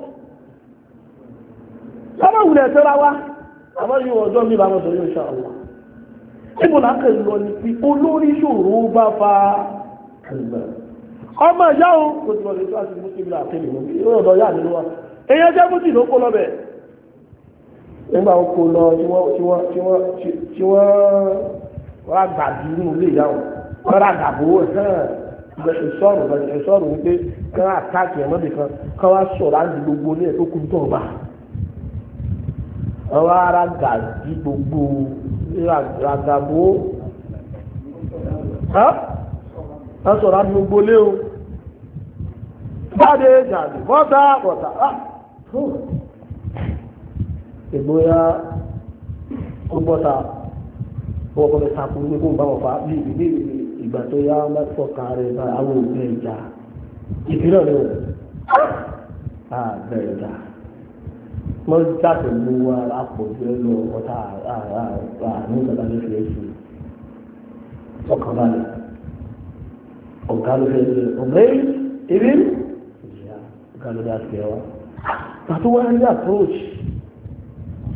àmọ́ yóò ọjọ́ mi làwọn ọ̀dọ́ yóò ṣe àwọn níbo là ń kẹ́ lọ ní pé olórí ṣòro bá fa ọmọ ìyá o kò tí wọ́n lè tó àti mùsùlùmí àtẹ́lẹ̀ lórí ọ̀dọ́ yà nínú wa èèyàn jẹ́ mùsùlùmí ló kó lọ bẹ̀ nígbà ó kó lọ tí wọ́n tí wọ́n tí wọ́n tí wọ́n wọ́n gbàdú nínú ilé ìyá wọn wọ́n rà dàbò ẹ̀hán ìsọ̀rọ̀ ìsọ̀rọ̀ wípé kán àtàkì ẹ̀mọ́bì kan kán wá sọ̀rọ̀ àti gbogbo ní ẹ̀ tó ọba ọwọ́ ara gà sí gbogbo ràgàbó ẹ sọ̀rọ̀ àti gbogbo lé o jáde jáde bọ́tà bọ́tà ìgbóyà ó bọ́tà wọ́n kọ́ bẹ́ẹ̀ sàkúrú pé kó n bá wọn fa bí ìbí ìgbà tó yá mẹ́fọ́ kan rẹ̀ bá àwọn òbí ẹ̀já ìbílẹ̀ rẹ̀ o àbẹ̀rẹ̀ dáa wọ́n já pẹ̀lú ara àpòjù ẹ lọ ọ̀tá àrùn ìgbàlá ló fi èsì ọkàn balẹ̀ ọ̀gá ló fi èsì ọ̀gá ìrìn ọ̀gá ló dá sí ẹ wá. pàtó wá ní approach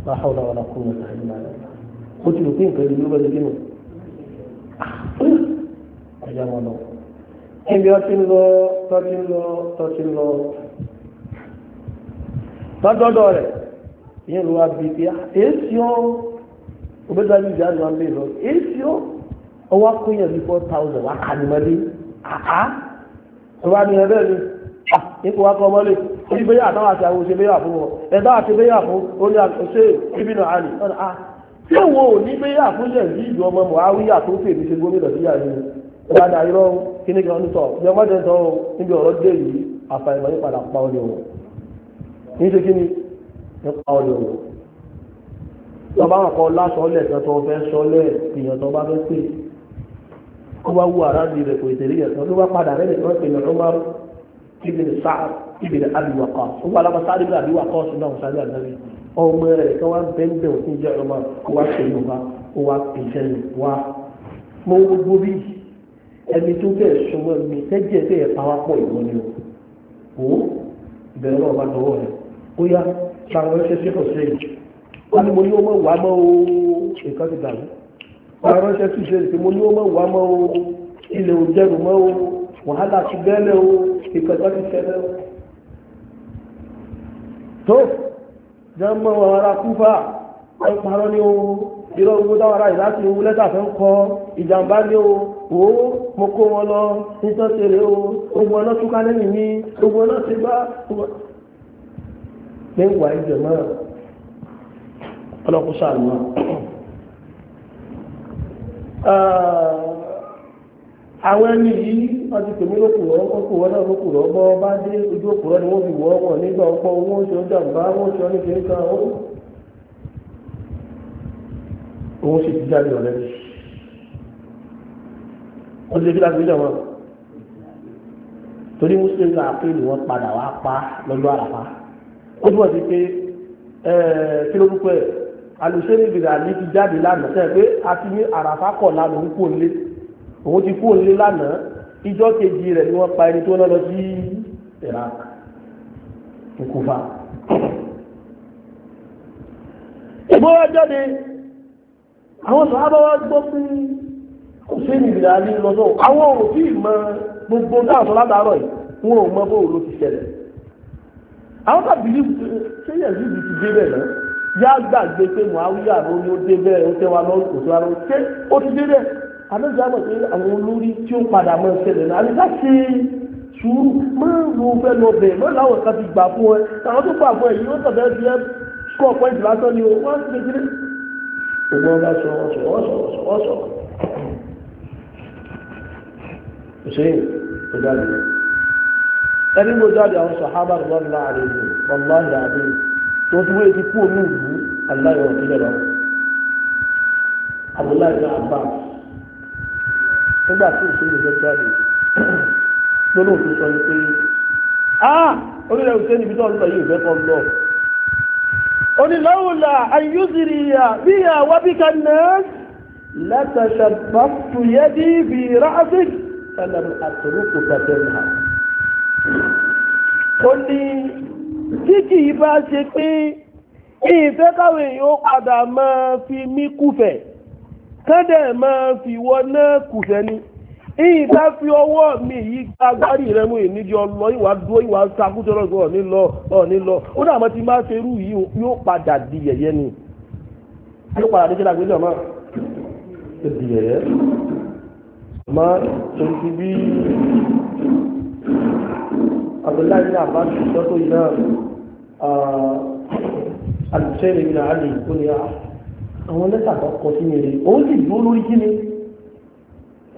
bá hàwọn àwọn akóhùn ọ̀tá ìlú náà ó ti rò pé nǹkan ìlú bẹ́ẹ̀ dínú. ọjà wọn lọ. ẹnbi ọtí ń lọ tọ́tí ń lọ tọ́tí ń lọ. tọ́jọ́dọ̀ rẹ̀ ìyẹn ló wá bí i pé èsì ó òbẹ́dà ní ìjà náà lè lọ èsì ó ọwọ́ akóyàn ní four thousand wá kànímọ́lé àá ọba ní ẹ̀rẹ́ mi ah, ipò wá kọ́ mọ́lé orí bẹ́yà àtàwọn àti àwọn òṣèlú yà fún wọn ẹ̀dá àti bẹ́yà fún orí àṣẹ ìbínú àlè ọ̀nà à tí òun ò ní bẹ́yà fún ìlú ọmọ tó ṣe gómìnà sí pa ní ṣe kí ni nípa ọ̀dọ̀ wò tọba àkọ́ lásọ̀ọ́lẹ̀ kan tó fẹ́ sọ́lẹ̀ èèyàn tó bá fẹ́ pè kó bá wú ara di rẹ̀ kò ìtẹ̀rí yẹn tó bá padà rẹ̀ nìkan pè ní Umar ibn Sa'd ibn Abi Waqqas ó wà lábá sáré bí Abi Waqqas náà wọ́n sáré àgbẹ̀rẹ̀ ọmọ rẹ̀ kan wá bẹ́ńbẹ́ òfin jẹ́ Umar kó wá ṣe ló bá ó wá pèsè ló wá mọ gbogbo bí ẹni tó bẹ̀ sọmọ mi tẹ́jẹ́ bẹ́ẹ̀ pàwápọ̀ ìwọ ni o ìbẹ̀rẹ̀ náà bá kóyá ṣàwọn ẹṣẹ́ sí ọ̀sẹ̀ yìí wọ́n ni mo ní ọmọ wà mọ́ o nǹkan ti dàrú ṣàwọn ẹṣẹ́ sí ṣe ṣe mo ní ọmọ wà mọ́ o ilẹ̀ òjẹ̀rù mọ́ o wàhálà ti bẹ́ẹ̀lẹ̀ o nǹkan tó ti ṣẹlẹ̀ o. tó jẹ́mọ́ ara kúfà ẹ parọ́ ní o irọ́ owó dáwàrà yìí láti owó lẹ́tà fẹ́ ń kọ ìjàmbá ní o o mo kó wọn lọ nítorí o ogun ọlọ́túnkálẹ́mì mi ogun ọlọ́túnkálẹ́mì mi mẹ́wàá ìjọmọ́ ọlọ́kúsà náà ah, àwọn ẹni yìí wọ́n ti pèmí lókùrọ̀ ọkùnrin náà lókùrọ̀ ọgbọ́ bá dé ojú òkùrọ̀ ni wọ́n fi wọ́ wọn nígbà ọpọ owó ṣe ọjà bá wọ́n ṣe ọ́nìkè ń ka owó òun sì ti jáde ọ̀rẹ́ wọ́n ti lè fi láti gbé jọ̀wọ́ torí muslim làákè ni padà wá pa lọ́jọ́ àràpá ó túbọ̀ sí pé kí ló púpọ̀ ẹ̀ àlùsẹ́ níbi rà ní ti jáde lánàá sẹ́yìn pé a ti ní àràfá kọ̀ lánàá òun kò lé òun ti kó lé lánàá ìjọ kejì rẹ̀ ni wọ́n pa ẹni tó lọ́lọ́ sí Iraq ìkúfà ìgbówó jáde àwọn sọ̀hábáwá gbọ́ pé kò sí ní ìrìnà ní lọ́sọ̀ àwọn òfin mọ gbogbo dáàtọ̀ látàárọ̀ yìí wọn ò mọ bóòrò ti ṣẹlẹ̀ àwọn kan bìlíf ṣé yẹ̀sí ti dé bẹ́ẹ̀ lọ yá gbàgbé pé muhawiya ló ní ó dé bẹ́ẹ̀ ó tẹ́ wa lọ kò tó wa lọ ṣé ó ti dé bẹ́ẹ̀ àmẹ́sì àmọ̀ pé àwọn olórí tí ó padà mọ́ ṣẹlẹ̀ náà àti ká ṣe sùúrù mọ́ ló fẹ́ lọ bẹ̀ mọ́ láwọn kan ti gbà fún ẹ àwọn tó gbà fún ẹ yìí wọ́n tọ̀ bẹ́ẹ̀ fi ẹ kọ́ pọ́ìntì lásán ni o wọ́n ti kékeré ṣùgbọ́n bá sọ wọ́n sọ wọ́n sọ wọ́n sọ wọ́n sọ ẹni ló jáde àwọn sàhábà lọ́nà láàrin ìlú ọ̀nà ìlàdé tó tún wéé ti kú òní ìlú aláyọ̀ ìlẹ̀ lọ. Abdullahi bin Abbas nígbà tí òṣèlú ìjọ jáde lọ́nà òfin sọ ni pé a orílẹ̀ òṣèlú ibi náà lọ yìí ìfẹ́ kan lọ. onílọ́wùlà ayúzìrì bí àwa bí kan náà látàṣàbàtúyẹ́dì bí ráásì sálàmù àtòrókò kàtẹ́ńhà ó ní tí kì í bá ṣe pé ìfẹ́ káwọn èèyàn ó padà máa fi mí kúfẹ̀ kẹ́dẹ̀ máa fi wọ́n náà kùfẹ́ ni ìta fi ọwọ́ mi yìí agbárí rẹ mú ìníjọ lọ ìwà dúró ìwà sakúṣọ lọ́sọ̀ ọ̀ nílọ ọ̀ nílọ ó dà mọ́ ti máa ṣe irú yìí yóò padà di yẹ̀yẹ́ ni yóò padà di kíláàgbé jọ̀mọ́ di yẹ̀yẹ́ mọ́ torí ti bí abdullahi bin abbas sọ́tò iná alùsẹ́rì bin ali tó ní a àwọn lẹ́tà kan kọ sí mi rè òun sì dúró lórí kí ni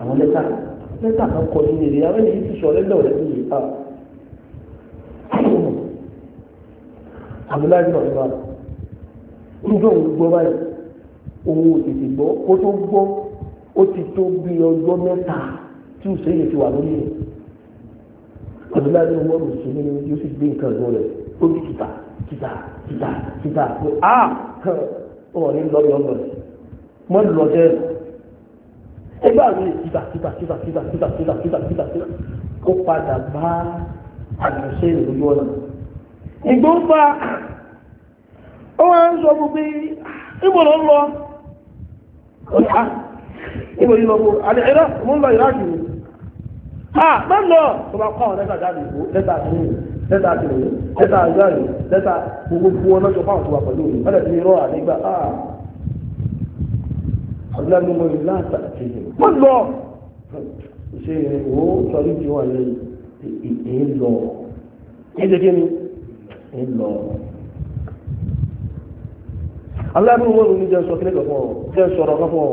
àwọn lẹ́tà lẹ́tà kan kọ sí mi rè àwọn èyí ti sọ lẹ́tà ọ̀rẹ́ mi yìí ta ah. abdullahi bin abbas ń jọ òun gbọ́ báyìí òun ò tètè gbọ́ kó tó gbọ́ ó ti tó bí ọjọ́ mẹ́ta tí ò sẹ́yìn ti wà lórí rẹ̀ abdullahi owó mùsùlùmí ni yóò sì gbé nǹkan gbọ́ rẹ̀ ó ní kìtà kìtà kìtà kìtà pé a ọ̀ ní lọ́ọ̀bì ọ̀gbọ̀n rẹ̀ mọ́ lọ jẹ́ ẹgbẹ́ àwọn èèyàn kìtà kìtà kìtà kìtà kìtà kìtà kìtà kìtà kìtà ó padà bá àdùnsẹ́ ìlú yọ̀nà ìgbó ń fa ó wá ń sọ fún pé ìbò ló ń lọ ìbò yìí ah, lọ fún àlẹ́ ìrà mú ń lọ ìrà jù ah má lọ tó bá kọ́ àwọn lẹ́tà dáàbò ìbò lẹ́tà àtúnyẹ lẹ́tà àtúnyẹ lẹ́tà àgbáyé lẹ́tà fún ọ lọ́jọ́ fáwọn tó wà pẹ̀lú òní ọ̀dẹ̀ tí mi rọ́ àdégbà ah ọ̀dọ́ mi mọ̀ ní láàtà lọ ṣe ìwò sọrí tí wà lẹ́yìn èyí lọ ẹ̀jẹ̀ kí ni èyí lọ. aláàbò wọn ò jẹ́ sọ kílẹ̀ kọ̀ fún jẹ́ sọ̀rọ̀ kọ̀ fún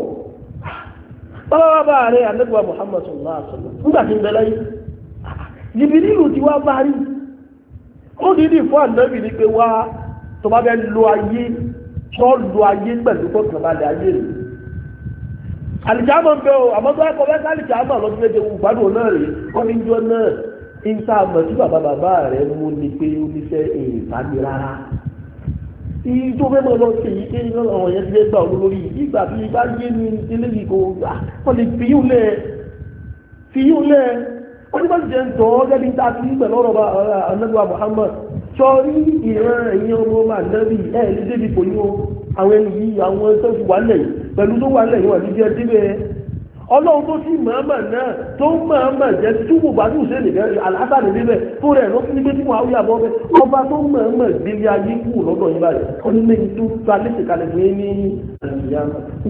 bọ́lọ́wọ́ bá rẹ̀ àlẹ́gbà Muhammad sallallahu alaihi wasallam nígbà tí ń bẹ láyé Jìbìrìlù ti wá bá rí ó dídì fún ànábì ní pé wá tó bá bẹ́ lo ayé tó lo ayé pẹ̀lú kọ̀ọ̀kan bá lè ayé rẹ̀ àlìjáàmọ̀ ń bẹ o àmọ́ tó ẹ̀kọ́ bẹ́ẹ̀ àlìjáàmọ̀ lọ́dún méje gbádùn náà rẹ̀ kọ́ ní jọ náà ń sáà tí bàbá bàbá rẹ̀ mú ni pé ó níṣẹ́ èèfà ní rárá iye tó fẹ́ mọ̀ lọ sí èyí tí iná àwọn yẹn ti fẹ́ gbà olórí yìí ìgbà tí ibà yé mi eléyìí kò gbà wọ́n lè fi yíò lẹ̀ fi yíò lẹ̀ wọ́n ti bá ti jẹ́ ń tọ́ gẹ́gẹ́ bí tá a ti ń pẹ̀ lọ́rọ̀ bá anágbà Muhammad sọrí ìran ẹ̀yìn ọmọ ọba nẹ́bí ẹ̀ lè débi kò ní o àwọn ẹni yìí àwọn tó fi wà lẹ̀ pẹ̀lú tó wà lẹ̀ yìí wà ní jẹ́ débẹ̀ ọlọ́run tó sì mọ̀ọ́mọ̀ náà tó ń mọ̀ọ́mọ̀ jẹ́ túbù gbádùn ṣe nìkan alásàlẹ̀ níbẹ̀ tó rẹ̀ ló fún nígbẹ́tí wọn àwùjọ àbọ̀ bẹ́ ọba tó mọ̀ọ́mọ̀ délé ayé kù lọ́dọ̀ yín báyìí ó ní lẹ́yìn tó ta lẹ́sì kalẹ̀ fún yín ní àyíyá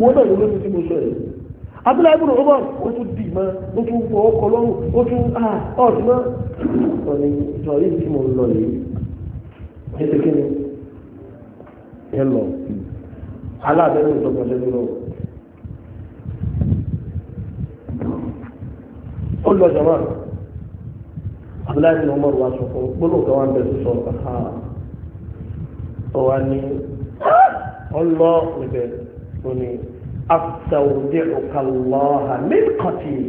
wọn náà ló lóṣù tí mo sọ yìí abúlé ibùdó ọmọ ó tún dì mọ́ ó tún fọ ọkọ̀ lọ́rùn ó ah, ó lọ jọ̀wọ́ abdullahi bin umar wa sọ fún gbólóhùn kan wà ń bẹ sísọ ọ̀hà ó wà ní ọlọ ah, níbẹ̀ ó ní astawdi'uka Allaha min qatil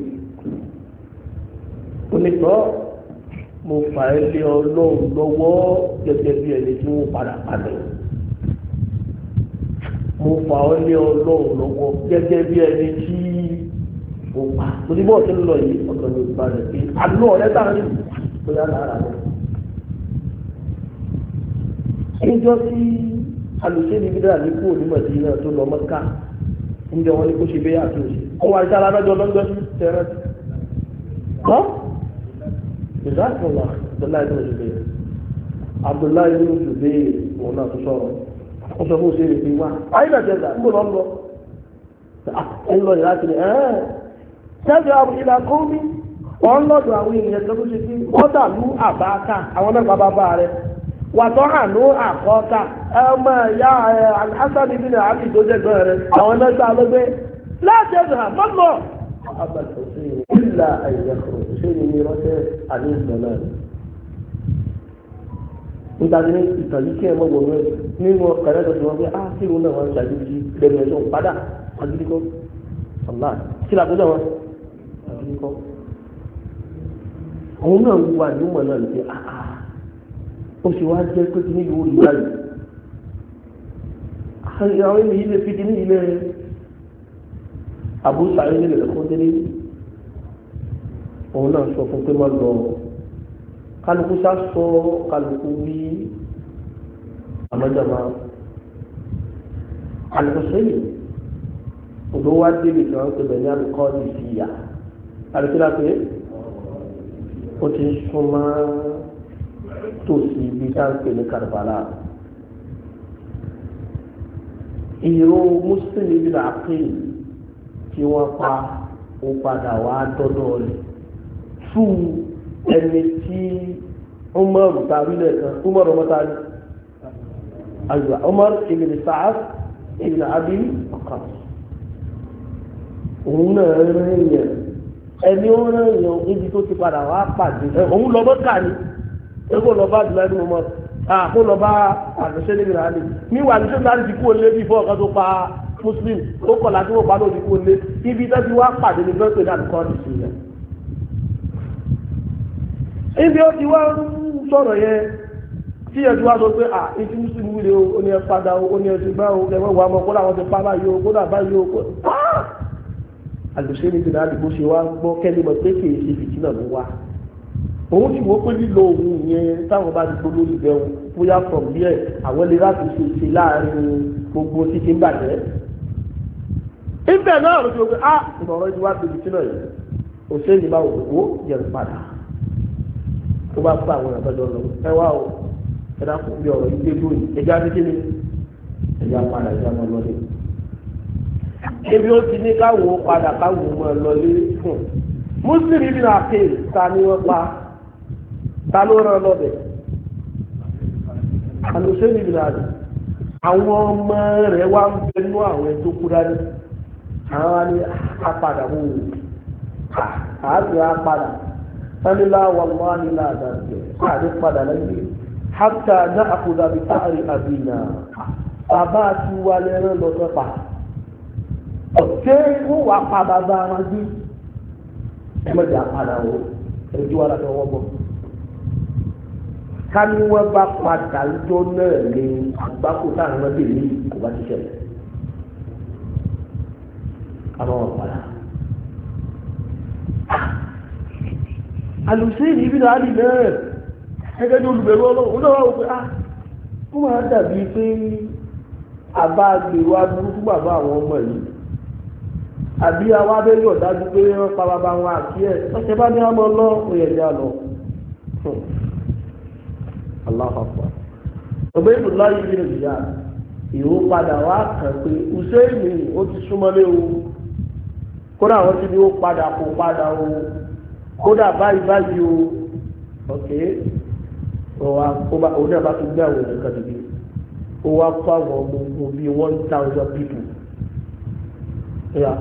ó ní tọ́ mo fà á lé ọlọ́run lọ́wọ́ gẹ́gẹ́ bí ẹni tí wọ́n padà padà mo fà á lé ọlọ́run lọ́wọ́ gẹ́gẹ́ bí ẹni tí kó pa torí bọ́ọ̀ tó ń lọ yìí ọ̀tọ̀ ló bá rẹ̀ pé àlọ́ ọ̀rẹ́ tá a rí tó yá lára rẹ̀. níjọ́ tí alùsẹ́ ní bídà ní kúrò ní mọ̀tìrínà tó lọ mọ́ká níjọ́ wọn ni kó ṣe bẹ́ẹ̀ àtúnṣe ọwọ́ àti alábẹ́jọ́ lọ́jọ́ tẹ̀rẹ̀ kọ́ ìdáàkùnlá abdullahi ibn zubair abdullahi ibn zubair òun náà tó sọ̀rọ̀ ó sọ fún òṣèré pé wá ayé bàjẹ́ lọ́ tẹ́lẹ̀ àwọn ìlà gómi wọ́n lọ́dọ̀ àwọn èèyàn tó ṣe sí wọ́n dàlú àbáta àwọn mẹ́fà bàbá rẹ̀ wàtọ́ àánú àkọ́ta ọmọ ìyá alhassan ibi ní àbí tó rẹ̀ àwọn mẹ́fà lọ́gbẹ́ láti ẹ̀sùn hàn mọ́tò. nítorí ní ìtàn yìí kí ẹ nínú wọ́n fi ah, náà wọ́n ṣàdúgbò yìí lẹ́nu ẹ̀ padà ọ̀la kí làkúndà sí kọ́ òun náà ń wà ní ìmọ̀ náà ní pé ah, ah, ó ṣe wá jẹ́ pé kí ní ìwò ìgbà yìí àwọn ènìyàn yìí lè fi di ní ilé àbúṣà yìí lè lọ́kọ́ délé òun náà sọ fún pé má lọ kálukú sá sọ kálukú wí àmọ́jàmá àlùkò sẹ́yìn òdó wá débi kan pẹ̀lú ní àlùkò ìfìyà àdìsílá pé ó ti súnmọ́ tòsí ibi tá à ń pè ní Karbala ìró muslim ibi là pé tí wọ́n pa ó padà wá dọ́dọ̀ rẹ̀ fún ẹni tí Umaru tàbí lẹ́ẹ̀kan Umaru mọ́ta ni aywa Umar ibn Sa'ad ibn Abi Waqqas òun náà rẹ̀ yẹn ẹni ó rán èèyàn níbi tó ti padà wá pàdé òun lọ mọ́kà ni kó lọ bá àdúrà ẹni mo mọ́ kó lọ bá àlùsẹ́ níbi rà ní níwà àlùsẹ́ níbi rà ní ti kú olé bí fọ́ọ̀ká tó pa muslim ó kọ̀ láti wọ́n pa lóde kú olé ibi tó ti wá pàdé ní fẹ́ pé náà kọ́ ní ìṣẹ̀lẹ̀. ibi ó ti wá sọ̀rọ̀ yẹn tí ẹ̀ tí wá sọ pé à ìtí muslim wúlò ó ní ẹ padà ó ní ẹ ti gbá ó ẹ wọ́n wà mọ́ kó làwọn ti pa báyìí ó kó àlùsẹ́ ní ìdílé àdìgbò ṣe wá gbọ́ kẹ́lí mọ̀ pé kì ṣe fìtí náà ló wá òun ti wọ́n pé lílo òun yẹn táwọn bá ti gbóló lù bẹ́ẹ̀ bóyá from there àwọn lè láti ṣe ṣe láàrin gbogbo títí ń bàjẹ́ ibẹ̀ náà ló ti wọ́n pé ah ìmọ̀ràn ìdíwá ti fìtí náà yìí òṣèlú máa wò ó yẹn padà tó bá fún àwọn àgbàdo lọ ẹ wá o ẹ dákun bí ọ̀rọ̀ ìgbé lóyún ẹja ebi ó ti ní káwọn padà káwọn mọ̀ lọlé fún hmm. muslim ibi náà ké ta ni wọ́n pa ta ló rán lọ́bẹ̀ àlùsẹ́ni ibi náà àwọn ọmọ rẹ̀ wá ń bẹnu àwọn ètò kúrá ní àwọn ni apadà wò ó àti apadà sanilá wàlúwà nílá àdàbẹ̀ káàdé padà lẹ́yìn hàtà náà àkùdàbí táàrí àbínà bàbá àti wàlẹ́rán lọ́sọ̀pàá ọ̀tẹ́ ń wà pa bàbá wọn bí ẹ má jà padà wò ojú ara tó wọ́n bọ̀. ká ní wọ́n bá padà lójó náà lé àgbákò táwọn ọmọdé yìí kò bá ti ṣẹlẹ̀. ká má wọ́n padà. Ah! àlùsíìnì ibi náà rí náà gẹ́gẹ́ bí olùbẹ̀rù ọlọ́run náà wọ́n pé ah ó máa dàbí pé àbá gbèrò aburú fún bàbá àwọn ọmọ yìí àbí àwa bẹ́ẹ̀ yóò dájú pé wọ́n pa bàbá wọn àti ẹ̀ ọ̀sẹ̀ bá ní àmọ́ lọ òye ẹ̀jẹ̀ àlọ́ aláfàfà ọ̀bẹ ìdùnnà yìí ní ìyá ìwò padà wá kàn pé Hùsẹ́ẹ̀nì ó ti súnmọ́lé o kódà wọ́n ti ní ó padà kó padà o kódà báyìí báyìí o ọ̀kẹ́ ọ̀wà ọba òun náà bá tún gbé àwọn èèyàn kan dìde ó wá kó àwọn ọmọ ogun bíi one thousand people. Yeah.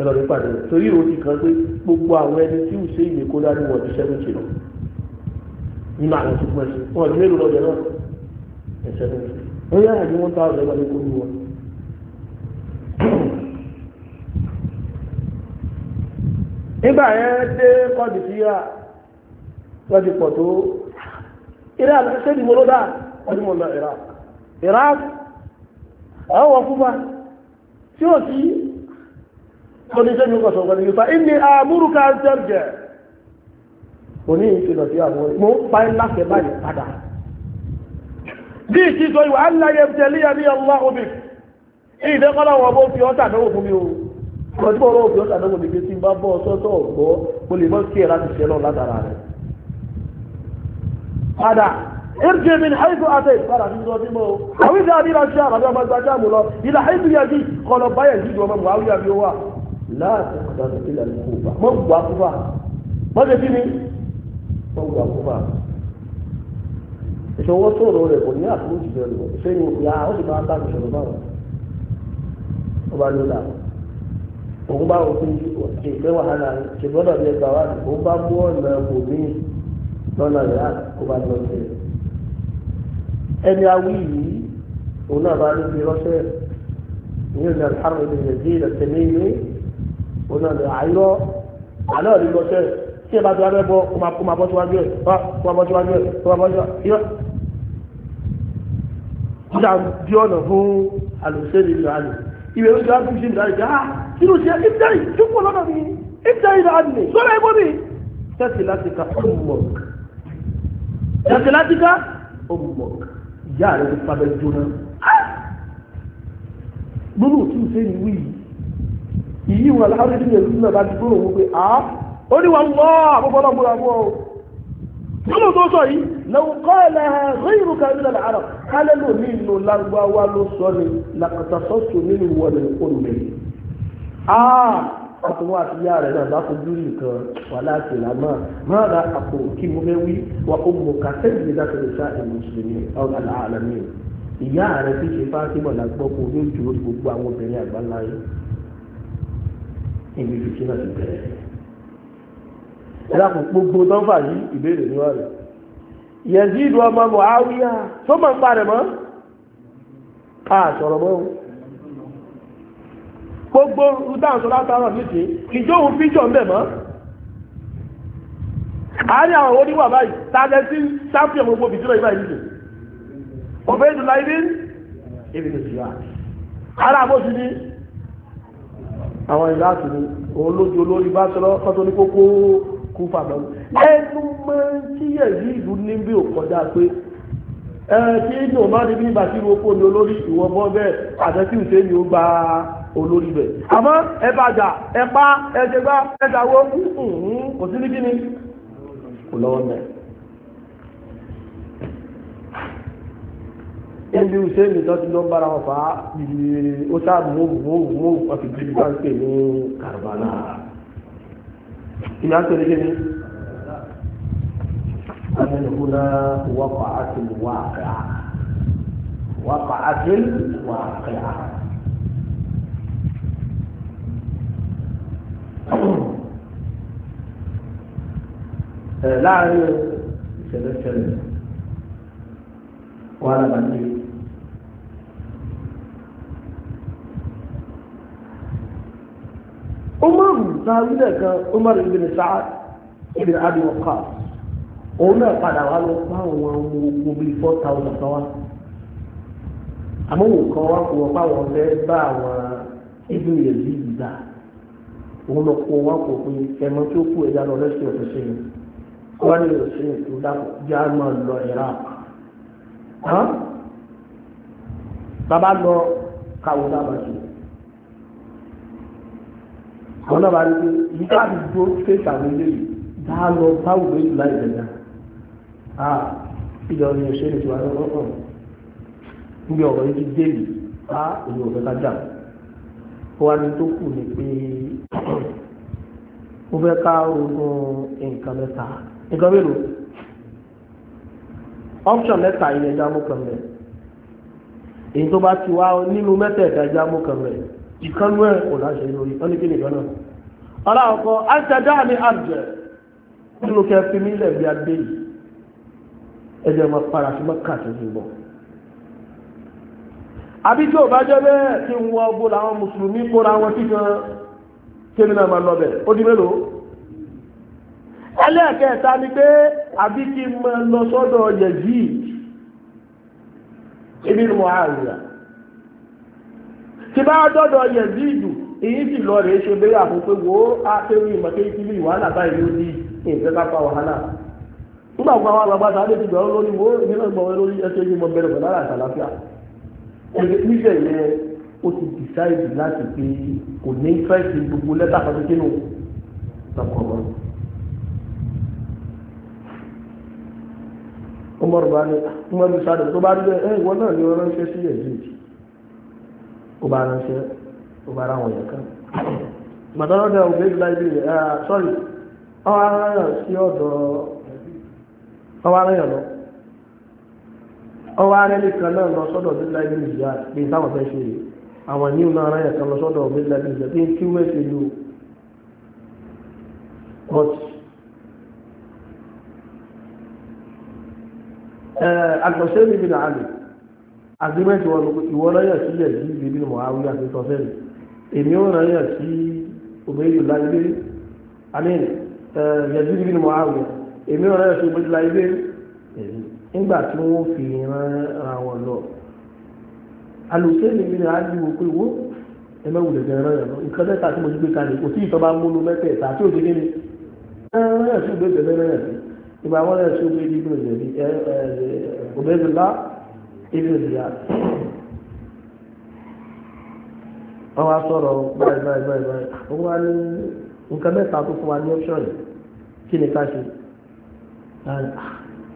ẹlọ́dún pàdé torí ìròyìn kan pé gbogbo àwọn ẹni tí ìṣe ìwé kó dání wọ́n ti ṣẹ́gun jìnnà nínú àwọn tó gbọ́n sí wọn ọdún mélòó lọ́jọ́ náà ẹ̀ṣẹ́ ló ń fi ó yára ní wọ́n táwọn ẹ̀rọ ní kó ní wọn. nígbà yẹn dé kọ́ọ̀dù sí yá wọ́n ti pọ̀ tó ilé àti ìdìbò ló dáa wọ́n mọ̀ lọ ìrà ìrà àwọn wọ̀ tí ó tó ní sẹ́yìn kọ̀sọ̀ pẹ̀lú yóò fa ìní àmúrùkà jẹ́jẹ́ òní ìfilọ̀ sí àwọn mo ń pa láṣẹ báyìí padà bí ìtì sọ ìwà aláyẹ tẹ̀lé yà ní ọlá omi ìdẹ́kọ́lá wọn bó fi ọ́tà náwó fún mi o ọ̀rọ̀ tí mo rọ́ òfin ọ̀tà náwó mi gbé tí n bá bọ́ sọ́tọ̀ ọ̀gbọ́ mo lè mọ́ sí ẹ̀ láti ṣẹ́ náà látara rẹ̀ padà ارجع من حيث اتيت قال láti kọ̀dọ̀ ilẹ̀ kúfà mọ́ wà kúfà mọ́ ṣe kí ni mọ́ wà kúfà ìṣòwò sọ̀rọ̀ rẹ̀ kò ní àtúntì rẹ̀ lọ ìṣẹ́yìn ìyá ó sì máa bá ìṣòro báwọn ọba lọ́la òun bá òfin ṣe ìfẹ́ wàhálà ṣe gbọ́dọ̀ bí ẹgbàá wa òun bá mú ọ̀nà òmí lọ́nà rẹ̀ kó bá lọ sí ẹni awí yìí òun náà bá ní fi rọ́ṣẹ́ ní alḥàmúlẹ̀ ìrẹ̀jì ìrẹ̀tẹ̀lẹ́yìn ọ̀nà ni àìrọ́ àlọ́ ní lọ sẹ́ẹ̀ tí ẹ bá ti wá fẹ́ bọ́ kó máa bọ́ síwájú ẹ̀ kó máa bọ́ síwájú ẹ̀ kó máa bọ́ síwájú ẹ̀ kúta bí ọ̀nà fún àlùsẹ́ni ìlú àlè ìwé ojú á fún sí ìlú àlè jẹ́ ah inú ṣe ìbíjáì jókòó lọ́dọ̀ mi ìbíjáì náà nì sọ́dọ̀ ẹ̀bọ́ mi tẹ́sí láti ka ọmọk tẹ́sí láti ka ọmọk ìyá rẹ̀ ti fa bẹ́ẹ̀ jóná gbólóòtú sẹ́yìn wíyì ìyí wọn aláwọ̀ ìdí ìlú náà bá ti gbóòrò wọn pé a ó ní wọn wọ́ àbúgbọ́lọ́ múra mọ́ o nínú tó sọ yìí lọ́wọ́ kọ́ ẹ̀lẹ́ rírù kàrí lọ́la àrọ̀ kálẹ̀ ló ní ìlú lágbáwá ló sọ ni làkàtà sọ́sù nínú wọlé olùgbé a àtúwọ́ àti ìyá rẹ̀ náà bá fojú nìkan wà láti làmà máa ra àpò kí mo fẹ́ wí wà ó mọ kàtẹ́ẹ̀dì nígbà tó lè sá ìlú mùsùlùmí ọ̀gá àlàmì ìyá rẹ̀ ti ṣe fásitì mọ̀ lágbọ́kọ̀ lójú gbogbo àwọn obìnrin àgbáńlá yìí ibi ìfìtí náà ti bẹ̀rẹ̀ ẹ̀dàkùn gbogbo tó ń fà yí ìbéèrè ní wà rẹ̀ Yazid ọmọ Muawiya tó mọ̀ ń parẹ̀ mọ́ a sọ̀rọ̀ mọ́ gbogbo rúdáǹsọ látàrọ̀ nìṣe ìjóhun fíjọ ń bẹ̀ mọ́ àárín àwọn oníwà báyìí tààdẹ sí champion gbogbo bìtìrọ̀ ìbá ìlú ọ̀fẹ́ ìdúlá ibi ìbìnú sí wa ara àbóṣù àwọn ìlú àtúnú òun lójú olórí bá sọ́rọ́ kọ́tọ́ ní kókó kú fàbọ̀lù ẹnu mọ́ tí ẹ̀yí ìlú ní bí ò kọjá pé tí ìjọ bá ní bí ìgbà tí ìwọ fóònù olórí ìwọ bọ́ bẹ́ẹ̀ àtẹ́tí ìṣe ni ó gba olórí bẹ̀ àmọ́ ẹ bàjá ẹ pa ẹ ṣe gbá ẹ dàwó kò sí ní kíni kò lọ́wọ́ mẹ́rin níbi hussein tó ti lọ bára wọn fà á ìlú ó sáà mú mú mú ọtí bíbí bá ń pè ní Karbala ìyá sọ̀rọ̀ yẹn amẹnukuna wakọ àti wàkà wakọ àti wàkà. láàrin ìṣẹ̀lẹ̀ ṣẹlẹ̀ wàhálà bá dé. umaru sáájú náà kan umaru ibi ní sáà ibi ní adi wọ́n kà òun náà padà wà lọ pa àwọn ọmọ ogun bíi four thousand kan wá àmọ́ wò kan wá kó wọ́n pa àwọn ọ̀fẹ́ bá àwọn ibi ní èyí gbà òun lọ kó wá kó pé ẹ̀mọ́ tí kú ẹ̀dá lọ lẹ́sìn ọ̀sẹ̀ sí i wọ́n ní ọ̀sẹ̀ tó dákọ̀ bí a máa lọ iraq bàbá lọ kàwé bàbá sí àwọn náà bá rí pé nígbà tí tó ṣe ìṣàwọn ilé yìí bá lọ báwò méjì láì dẹ̀dá à ìjọ ni òṣèré ti wà lọ́wọ́ ọ̀hún níbi ọ̀rọ̀ yìí ti dé yìí bá òun ò fẹ́ ká jà ó wá ní tó kù ní pé ó fẹ́ ká ogun nǹkan mẹ́ta nǹkan mélòó option mẹ́ta yìí ẹja mú kan bẹ̀ èyí tó bá ti wá nínú mẹ́tẹ̀ẹ̀ta ẹja kan bẹ̀ ìkánú ẹ̀ kò láṣẹ lórí ọ́ kí nìkan náà ọ̀la ọ̀kọ́ àjàdá mi àjẹ́ nínú kẹ́ fi mí lẹ̀ bí adé yìí ẹjẹ́ máa para sí mọ́kà tó ti bọ̀ àbí tí ò bá jẹ́ bẹ́ẹ̀ tí ń wọ ọgbó làwọn mùsùlùmí kóra wọn sí kan kémi náà máa lọ bẹ̀ ó di mélòó ẹlẹ́ẹ̀kẹta ni pé àbí kí n máa lọ sọ́dọ̀ Yazid ibn Muawiya tí bá dọ́dọ̀ Yazid èyí sì lọ rèé ṣe bẹ́ẹ̀ àfúnpé wo á tẹ́wé ìmọ̀tẹ́ ìtìlú ìwàhálà báyìí ló ní ìfẹ́ ká fa wàhálà nígbà kan wà lọ́gbà sáré ti gbọ́ lórí wo ìyẹn náà gbọ́ lórí ẹsẹ̀ yìí bẹ̀rẹ̀ pẹ̀lú àrà àtàlàfíà níṣẹ́ yẹn ó ti decide láti pé kò ní interest gbogbo lẹ́tà kan tó Umar bá ní Umar bí sáré tó bá rí bẹ́ẹ̀ ẹ̀ eh, ìwọ náà ni wọ́n ránṣẹ́ sí Yazid ó bá ránṣẹ́ ó bá ráwọn yẹn kan gbàdọ́rọ́dọ̀ ah, kan alùpàṣẹ́lì ibi náà alù agreement wọn ìwọ náà sí yẹ̀dí ibi náà àwọn àti sọfẹ́lì èmi ò náà yẹ̀ sí obìnrin láyé àmín yẹ̀dí ibi náà àwọn èmi ò náà yẹ̀ sí obìnrin láyé nígbà tí wọ́n fi ran ara wọn lọ alùpàṣẹ́lì ibi náà alù wò pé wó ẹmẹ́ wùlẹ̀ jẹ́ ẹran nǹkan mẹ́ta tí mo ti gbé kalẹ̀ kò sí ìtọ́ bá múnú mẹ́tẹ̀ẹ̀ta tí ò ìgbà wọn lè ṣubú ibi ìlú ìlú ọ̀bẹ́bìlá ibi ìlúyà wọn wá sọ̀rọ̀ báyìí báyìí báyìí báyìí wọn wá ní nǹkan mẹ́ta tó fún wa ní option yìí kí ni ká ṣe ah,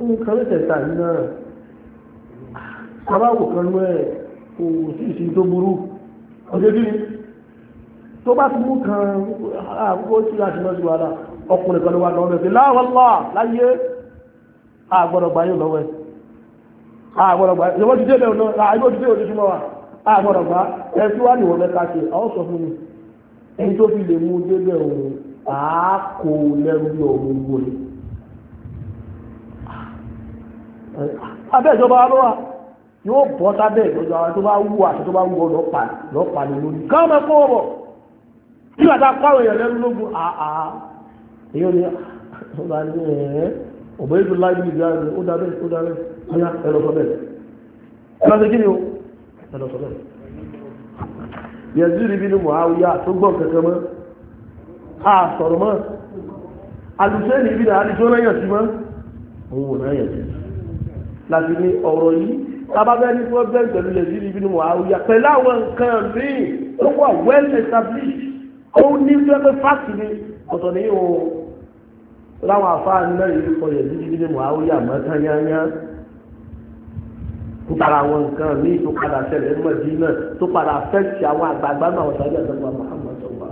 nǹkan mẹ́tẹ̀ẹ̀ta yìí náà sábàwò kan ló ẹ̀ kò sí ìsìn tó burú ọjọ́ kí ni tó bá ti mú kan àkókò ah, tí láti lọ sí wàhálà ọkùnrin kan ló wà lọ́wọ́ ẹ̀fẹ́ láwọ́lá láyé àgbọ̀dọ̀gbà yóò lọ́wọ́ ẹ̀ àgbọ̀dọ̀gbà ìwọ́n ti dé lẹ́wọ̀n náà àìbò ti dé òjòjúmọ́ wa àgbọ̀dọ̀gbà ẹ̀sí wà níwọ̀n mẹ́ta ṣe àwọn sọ fún mi ẹni tó fi lè mú débẹ̀ òun àákò lẹ́rú bí ọ̀hún gbòòrè abẹ́ ìjọba ló wà yóò bọ́ sábẹ́ ìjọba tó bá wù àti tó bá wù ọ lọ́pàá lọ́pàá lórí káwọn ẹ̀kọ́ ọ̀bọ̀ nígbà tá a kọ́ àwọn èèyàn lẹ́rú lógún àá èyí ni ọba ní ẹ̀ẹ́ ọ̀bọ̀ ètò láì bí ìgbà rẹ̀ ó dábẹ́ ó dábẹ́ ọ̀yá ẹ̀rọ sọ bẹ́ẹ̀ ẹ̀rọ sọ kí ni o ẹ̀rọ sọ bẹ́ẹ̀ Yazid bin Muawiya tó gbọ́n kẹ̀kẹ́ mọ́ a sọ̀rọ̀ mọ́ alùsẹ́ ní ibi náà alùsẹ́ náà yàn sí mọ́ òun wò náà yàn sí láti ní ọ̀rọ̀ yìí tábàbẹ́ ní problem pẹ̀lú Yazid bin Muawiya pẹ̀lú àwọn nǹkan míì ó wà well established ó ní fẹ́fẹ́ fásitì ọ̀tọ̀ ní ìhòòhò láwọn afáà mẹ́rin yìí kọ yẹn títí nínú àwòyà mọ́tán yányá ń tara àwọn nǹkan míì tó padà ṣẹlẹ̀ ní Mẹdínà tó padà fẹ́ẹ̀tì àwọn àgbààgbà náà wọ́n sábẹ́ àtọ́gbà Muhammad sọ̀rọ̀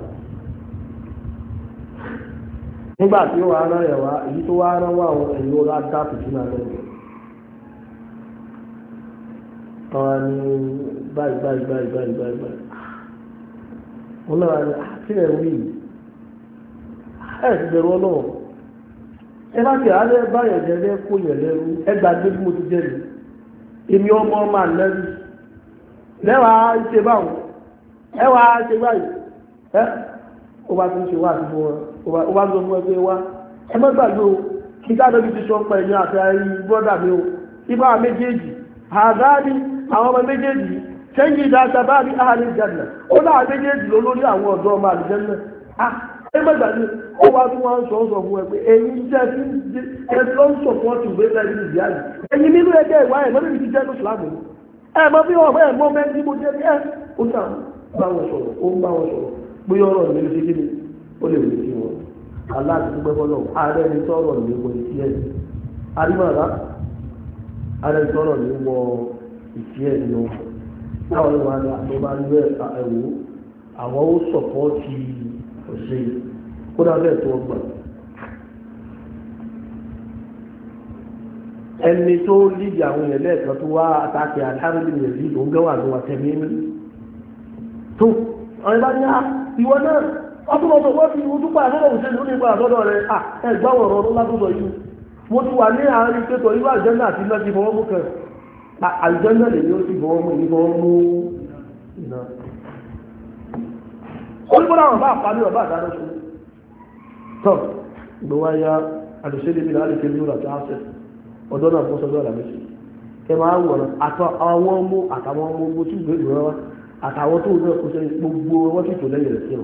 nígbà tí wàá rán yẹn wá èyí tó wàá rán wá àwọn ẹ̀yìn ọ̀rọ̀ adá fìtínà lẹ́yìn tọ́ra ní báyìí báyìí báyìí báyìí báyìí báyìí wọn náà wà ní àkíyèwì ah, ah, ẹ̀ ti bẹ̀rù ọlọ́run. ẹ bá tẹ̀ báyọ̀ jẹ́ lẹ́ kó yẹ̀ lẹ́rú ẹ gbàgbé bí mo ti jẹ́ mi èmi ọmọ ọmọ àlẹ́rú lẹ́wàá ṣe báwọn ẹ ṣe báyìí ẹ ó bá tún ṣe wá àti fún wọn ó bá tún fún wá ẹ má gbàgbé o kí ti sọ ẹ̀yìn àti bọ́dà mi o ibà méjèèjì àwọn ọmọ méjèèjì ó náà méjèèjì lólórí àwọn ọ̀dọ́ ọmọ àlùjẹ́ náà ah, ẹgbẹ́gbà ni ó wá tún wá ń sọ ọ́sọ̀ fún ẹ pé ẹ̀yin jẹ́ sí ẹ lọ ń sọ fún ọtí ìwé bẹ́ẹ̀ ní ìyá yìí ẹ̀yin nínú ẹgbẹ́ ìwà ẹ̀ mọ́tò ti jẹ́ lóṣù láàmú ẹ mọ bí wọn ẹ mọ mẹ́rin tí mo jẹ́ ní ẹ ó ní àwọn bá wọn sọ̀rọ̀ ó ń bá wọn sọ̀rọ̀ bóyá ọ̀rọ̀ mi ló ṣe kí ni ó lè wù sí wọn aláàdúgbẹ́ fọlọ́ ààrẹ ni tọ́rọ̀ mi wọ ìtí ẹ̀ arímọ̀lá àwọn ó sọ̀pọ̀ kò sí kódà bẹ́ẹ̀ tó gbà ẹni tó lídìí àwọn èèyàn lẹ́ẹ̀kan tó wá àtàkì àtàrídì rẹ̀ sí ìlú gẹ́wà ló wà tẹ̀mí mi tó àwọn ìbá ní ìwọ náà ọdún ọdún wọ́n fi ojú pa àtọ́dọ̀ òṣèlú ló ní ipa àtọ́dọ̀ rẹ̀ à ọ̀rọ̀ ọdún yìí mo ti wà ní àárín pẹ́tọ̀ irú àjẹ́ńdà àti ti fọwọ́ mú kan lè ní ó ti fọwọ́ olùgbọ́dọ̀ wọn bá àpàdé ọba àdáná ṣe tọ́ gbowó ayá àdùsílẹ̀ mi láti kéde àti àṣẹ ọjọ́ náà fún sọ́jọ́ ọ̀là méjì máa wọ̀ ọ́ àwọn ọmọ àtàwọn ọmọ ogun tí ìgbé ìgbé wa àtàwọn tó náà kó sẹ́yìn gbogbo wọn tò lẹ́yìn rẹ̀ sí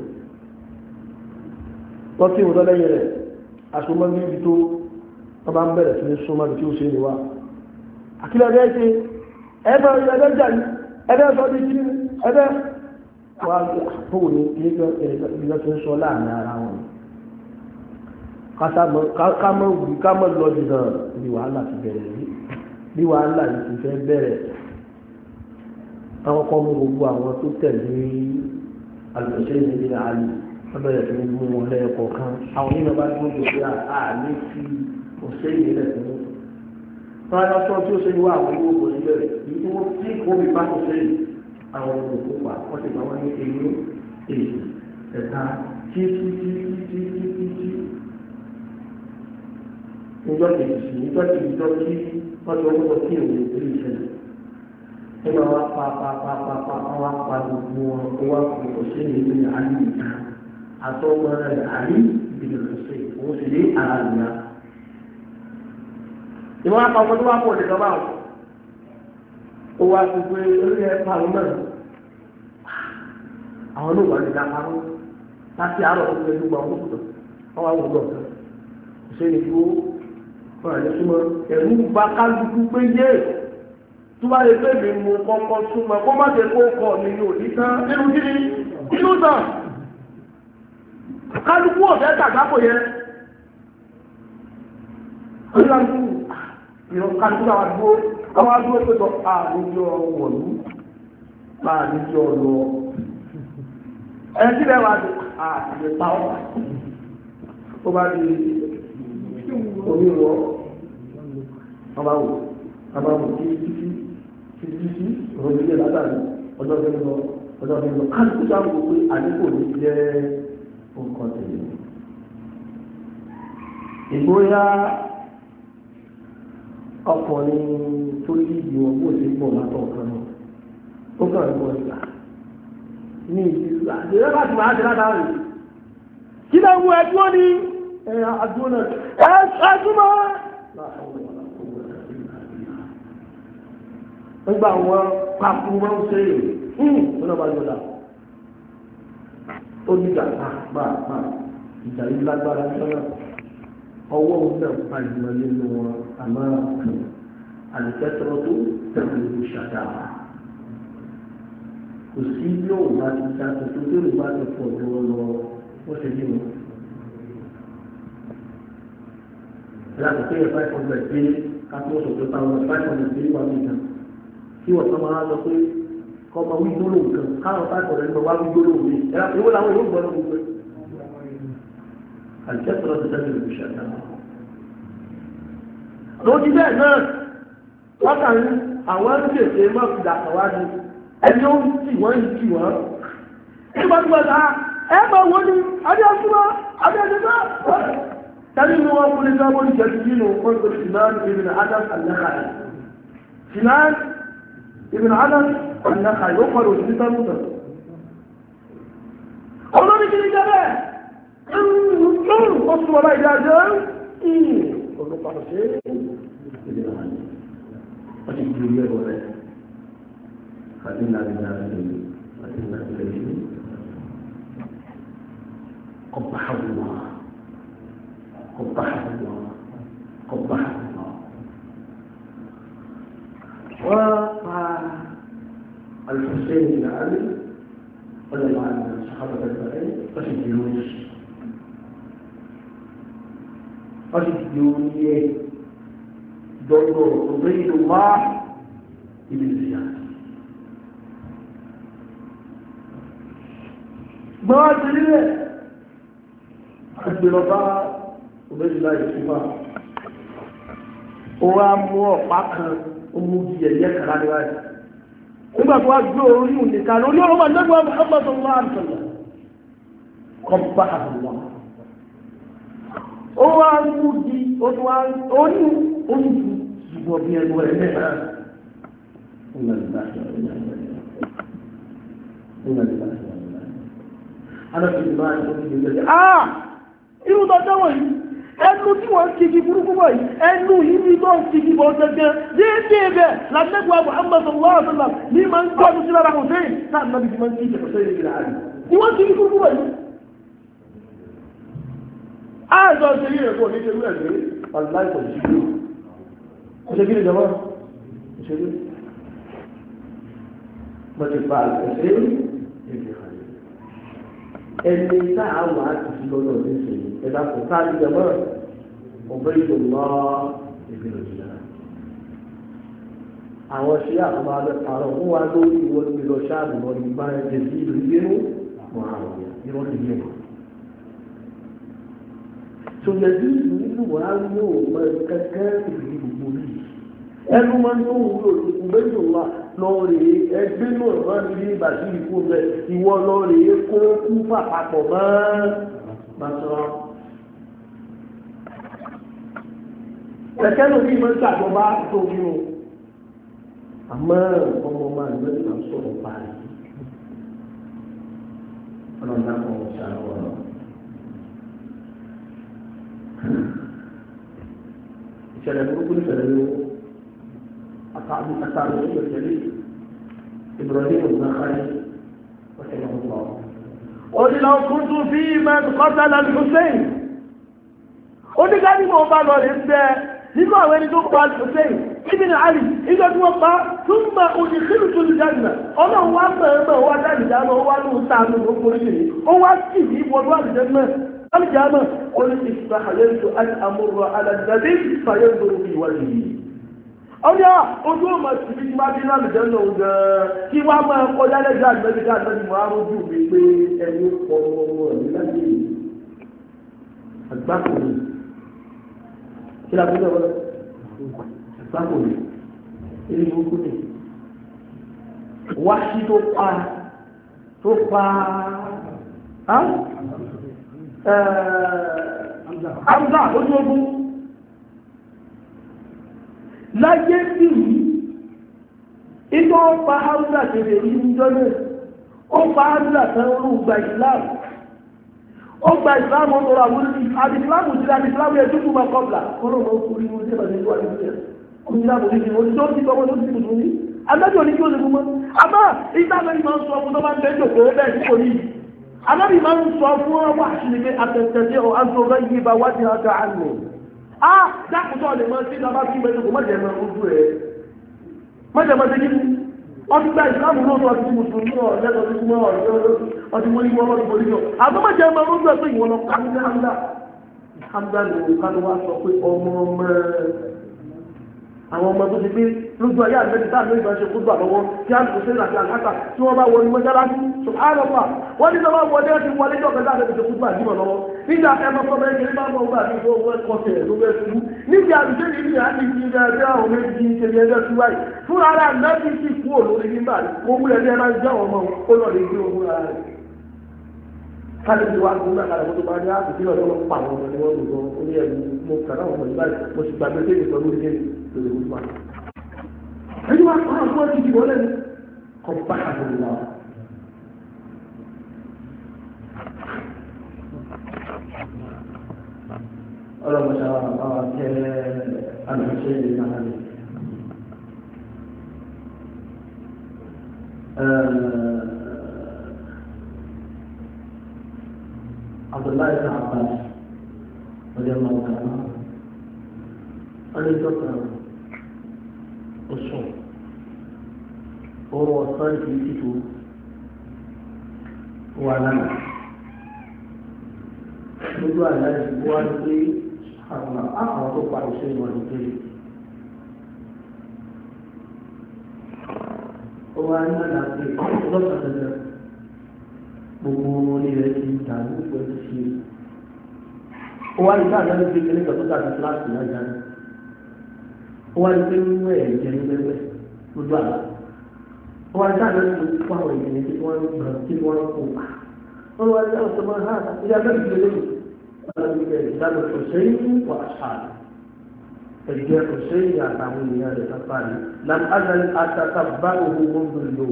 wọ́n lẹ́yìn rẹ̀ ibi tó wọ́n bá ń bẹ̀rẹ̀ sí ní tí ó ṣe ní wa. wá fóun ní ilé ìlọsọ sọ láàrin ara wọn kámọ́ wù kámọ́ lọ jùlọ bí wàhálà ti bẹ̀rẹ̀ rí bí wàhálà yìí ti fẹ́ bẹ̀rẹ̀ àwọn kan mú gbogbo àwọn tó tẹ̀lé alùpùpù ní ìlà àlè lọ́bẹ̀rẹ̀ tó ń mú wọn lẹ́ẹ̀kọ̀ kan àwọn onímọ̀ bá tó ń lò pé àlè fi òṣè ìrẹ̀lẹ̀ tó ń lò. wọ́n á lọ sọ tí ó ṣe wá àwọn owó kò níbẹ̀rẹ̀ ìdí tí wọ́n tí kò bí bá kò àwọn olùkópa wọ́n ti gbàwọ́ ní èrò èyí ẹ̀ka tí tí tí tí tí tí tí níjọ́ kejì níjọ́ kejì tó kí wọ́n ti wọ́n kí èrò ìlú ìṣẹ̀lẹ̀ ó máa wá pa pa pa pa pa wá pa gbogbo wọn ó wá kó kò sí ní ìlú àárí ìta àtọ́gbọ́n rẹ̀ àárí ìbílẹ̀ lọ́sẹ̀ òun sì ní àárí ìta. ìwọ́n apá ọmọdé wá pọ̀ nìkan ó wá sí pé orí ẹ parun náà àwọn náà wà ní ìdá parun láti àárọ̀ ọ̀gbìn ẹ̀dùn gba ọmọ kùtù wọ́n wá wọ̀ lọ́ọ̀tọ̀ ṣé ni kú wọ́n rà ní súnmọ́ ẹ̀rú bá kálukú pé yé tó bá lè pé mi mú kọ́kọ́ súnmọ́ kó má ṣe kó kọ́ mi ní tán nínú kí ni inú tán kálukú ọ̀fẹ́ tàgbákò yẹn oníkálukú ah, ìrọ̀ kálukú àwọn àdúgbò àwọn adúgbò pé tọ́ àníjọ ah, wọ̀lú máa níjọ ah, lọ ẹni tí lẹ́wà ní àtìlẹ́ ah, pàwọ́ ó bá di oníwọ̀ ọmọwò ọmọwò tí títí títí tí òròlélé látàrí ọjọ́ fẹ́ lọ ọjọ́ fẹ́ lọ káàkiri sáwọn pé àdínkù ní jẹ́ nǹkan tẹ̀lé ìgbóyà ọkùnrin tó yí ìdí wọn kó ṣe pọ̀ látọ̀ kan náà ó kàn ń bọ̀ ìgbà ní ìdílé àdéhùn bá ti wà á ti látà rè kí ló wù ẹdúró ní àdúró náà ẹdúró nígbà wọn papò wọn ṣe é wọn náà bá yọ dà ó ní ìjà pàápàá ìjà yìí lágbára nígbà náà ọwọ́ náà pàjùmọ̀ nínú wọn àmọ́ àlùkẹ́tọ̀ tó tẹ̀lé ìṣàdá kò sí yóò bá ti ta tuntun tó lè bá ti pọ̀ jù ọ lọ ó ṣe ní wọn. lákòókò yẹ five hundred pé kátó sọ pé táwọn five hundred pé wà mí gan kí wọ́n sọ máa lọ pé kọ́ máa wí gbólóhùn kan káwọn five hundred máa wá wí gbólóhùn mi ẹ̀rọ ìwé làwọn yóò gbọ́ lọ́wọ́ gbogbo. الكثرة تدل بشأنها lójú bẹ́ẹ̀ náà lọ́kàn àwọn ẹgbẹ̀ẹ́sẹ̀ máa fi dàpọ̀ wá ní ẹni ó ń tì wọ́n ń tì wọ́n nígbà tí wọ́n ta ẹ máa wọ́n ní adéṣúná adéṣúná tẹ́lú ni wọ́n kúrò sábọ́ ní jẹ́jú nínú kọ́ńtò sinan ibn adam al-nakhai sinan ibn adam al-nakhai ó kọ́ lóṣù ní sábọ́ olórí kìíní jẹ́ bẹ́ẹ̀ Oṣù ọlá ìdájọ́ olùpàdé ṣe wọ́n ti ju ilé rẹ̀ àti nàìjíríà ṣe àti nàìjíríà ṣe ọba àwọn ọba àwọn ọba àwọn. Wọ́n pa alùpùpù ṣe ìlànà ọlọ́wọ́ àwọn ṣàkàtàkàtà rẹ̀ wọ́n ti di lóṣù. wọ́n sì fi orí ẹ̀ dọ́gbọ̀ ọ̀gbẹ́ ìlú wá ibi ìsìyà. gbọ́n ti nílẹ̀ àgbèrọ̀bá ọ̀gbẹ́ ìlú láì fún wa ó wá mú ọ̀pá kan ó mú di ẹ̀yẹ kan láti wáyé nígbà tó wá gbé orí òun nìkan lórí ọ̀rọ̀ máa ń dẹ́gbẹ́ ọmọ ọmọ tó wá àtọ̀lá kọ́ bá àbúrò wọn ó wá ń kú di oyún oyún ju ọ̀bí ẹnu rẹ̀ mẹ́ta. Ah! Irú tọ́jọ́ wọ̀nyí, ẹnu tí wọ́n kìkì burúkú wọ̀nyí, ẹnu yìí ni tó ń kìkì bọ̀ gẹ́gẹ́, déédé bẹ̀ látẹ́gbà Muhammad sallallahu alaihi wasallam ní máa ń gbọ́dún sí lára Hussein, táà náà bí ti máa ń kìkì Hussein ìgbìyànjú. Ni wọ́n kìkì burúkú wọ̀nyí àìsàn ṣe rí ẹ̀kọ́ ní ṣerú ẹ̀gbẹ́ aláìsàn ìṣẹ́lú ṣe kí ni jọba ìṣẹ́lú bọ́tí pa ẹ̀ṣẹ́ ìṣẹ́lú ẹni tá a wà á ti fi lọ́nà ní ìṣẹ́lú ẹ̀dá kò tá a ti jọba ọ̀bẹ ìṣòwò ìbílẹ̀ ìṣẹ́lú àwọn ṣe àkọ́bá àrọ̀ fún wa lórí ìwọ́n ti lọ ìgbà ẹ̀jẹ̀ sí ìlú ìgbéru mọ̀ tòyẹ̀dú ìlú wa ní òmọ kẹ́kẹ́ ìlú gbogbo rí ẹnu máa ń tó wúlò ìgbésò wa lọ́ọ̀rẹ́ ẹgbẹ́ náà máa ń rí bàtí ìkó bẹ ìwọ lọ́ọ̀rẹ́ kó kú pàpapọ̀ mọ́ bàtọ́. kẹ̀kẹ́ ló fi máa ń ṣàjọba tóbi o àmọ́ ọmọ máa ń lọ́ọ́ sọ̀rọ̀ báyìí ọlọ́dà kan ṣàlọ́ ọ̀rọ̀ ìṣẹ̀lẹ̀ burúkú ìṣẹ̀lẹ̀ yóò àtàlù àtàlù ìṣẹ̀lẹ̀ ìṣẹ̀lẹ̀ ìbùrọ̀lẹ́ òun náà kárí ọ̀sẹ̀ lọ́wọ́ lọ. ó ní lọ kún tún fi ìmọ̀ ẹ̀dùkọ́sá lọ́dún Hussein ó ní ká ní mo bá lọ rí bẹ́ẹ̀ nínú àwọn ẹni tó pa Hussein ibi na ali ìjọ tí wọ́n pa tún mọ òní kílù tó lè dáná ọmọ wa mọ̀ ẹ́ mọ̀ wá dáná ìdáná ó wá lóhùn sáà ó الجامع قل استحللت أن أمر على النبي فينظر في وجهي ọ̀rọ̀ yà ojú ọmọ tìbí tí wàá bí náà lè jẹun náà gan-an kí wàá máa kọjá lẹ́jọ́ àgbẹ̀bí ká àgbẹ̀bí mọ́ àrùjù mi pé ẹni pọ̀ ọmọ rẹ̀ láyé àgbákùnrin kí la fi lọ́wọ́ àgbákùnrin eré burúkú ni wáṣí tó pa tó pa á. Eh, Hamza lójú ogun láyé sí yìí iná pa Hamza tèrè yìí ń jọ́nà ó pa Hamza tán ó gba ìsìláàmù ó gba ìsìláàmù ó tọrọ àwọn àdìsìláàmù ti àdìsìláàmù ẹ̀jú kú máa kọ́bla kó ló máa kú rí mo débà nínú àdìsìláàmù ọmọdé àbòrí ni ojú ó ti gbọ́ wọn ó ti bùdùn ní adájọ́ ní kí ó lè mú mọ́ àmọ́ ìtàgbẹ́ ìmọ̀ sọ ọmọdé máa ń bẹ́ẹ̀ jòkó bẹ́ẹ̀ sí kò ní yìí anábì máa ń sọ fún ọwọ́ àṣìlẹ̀ àtẹ̀tẹ̀lẹ̀ ọ̀ azọ̀rọ̀ yìí bá wájú àlọ́ dákùtọ̀ lè mọ sí bàbá kí kò ojú ẹ̀ gba ìsìlámù náà tó ọdún mùsùlùmí náà lẹ́nu ọdún mọ́ ọdún mọ́ ìwọ ọdún mọ́ ìwọ àbọ̀ mọ̀jẹ̀ mọ ojú ẹ̀ pé ìwọ lọ sọ pé ọmọ àwọn ọmọ tó ti pé lójú ayé àgbẹ̀dì tá àgbẹ̀dì ìbáṣe kó gbà lọ́wọ́ tí a ń kó sílẹ̀ àti àlàkà tí wọ́n bá wọ ní mọ́ṣáláṣí ṣùgbọ́n wọ́n ní sọ́wọ́ wọlé ti wọlé jọ̀kẹ́ tá àgbẹ̀dì kó gbà jùmọ̀ lọ́wọ́ nígbà ẹ̀mọ́ sọ́bẹ̀ ìṣẹ́lẹ̀ bá bọ̀ gbà nígbà owó ẹ̀kọ́ tẹ̀ ló bẹ́ ṣubú nígbà àdúgbò yìí ni a ti fi ẹgbẹ́ ẹgbẹ́ àwọn méjì ìṣẹ̀lẹ̀ ẹgbẹ́ ṣubú báyìí fún ara ẹ̀mẹ́jì sì kú olórí nígbà owó ẹgbẹ́ máa ń jẹ́ ọmọ ó lọ lè gbé owó ara rẹ̀ kálíbi wa gbóná kalẹ̀ mọ́tò bá dé àbùkí ọ̀dọ́ lọ pa àwọn ọmọ ni wọ́n lò lọ ó ní ẹ̀mí mo kàn náà wọ̀ للمطلق حلوة أقوات يجيب ولد قبحه الله ألم شاء الحسين المهدي عبد الله بن عباس رضي الله تعالى عنه أن يتوقع ó sùn oorun ọ̀sán ti títò wà lánàá lójú àlá ìdìbò wá ní pé àwọn àwọn tó parí sí ìwọ̀n ní pé ó wá ní àlá pé lọ́sàn-án dandan gbogbo orí rẹ̀ ti ń dàrú pẹ̀lú sí i ó wá ní sáà lẹ́nu pé kí tó dàbí kíláàsì náà jáde ó wá rí pé nínú ẹ̀ jẹ́ ní wẹ́wẹ́ lójú àlá ó wá rí sáà lọ́sí kó àwọn ìgbìmọ̀ tí wọ́n ń gbà tí wọ́n ń kó pa ó wá rí àwọn ọ̀sán máa ń yá lọ́sí lé lónìí ìdájọ́ òṣèlú wà ṣáà ẹ̀jẹ̀ òṣèlú àtàwọn ènìyàn rẹ̀ pápá ni lam azal atata báwo gbogbo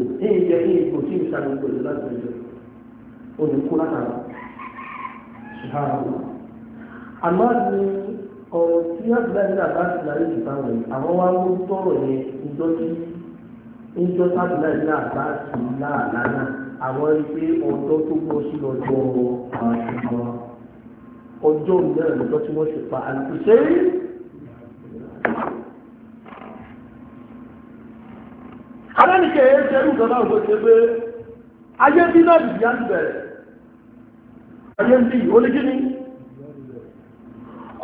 ọ̀rọ̀ tí wọ́n ti láti náà bá ti láyé jù báwọn yìí àwọn wá mú tọ̀rọ̀ yẹn níjọ́ tí níjọ́ sábì láti náà bá ti láàlá náà àwọn ilé ọjọ́ tó gbọ́ sí ọjọ́ àṣùgbọ́ ọjọ́ mìíràn lọ́jọ́ tí wọ́n ṣe pa àlùkùsẹ́ alẹ́nìkẹ́ yẹn ṣe irú kan náà tó ṣe pé ayé bí náà dìbì á ti bẹ̀rẹ̀ ayé ń bí oníkíní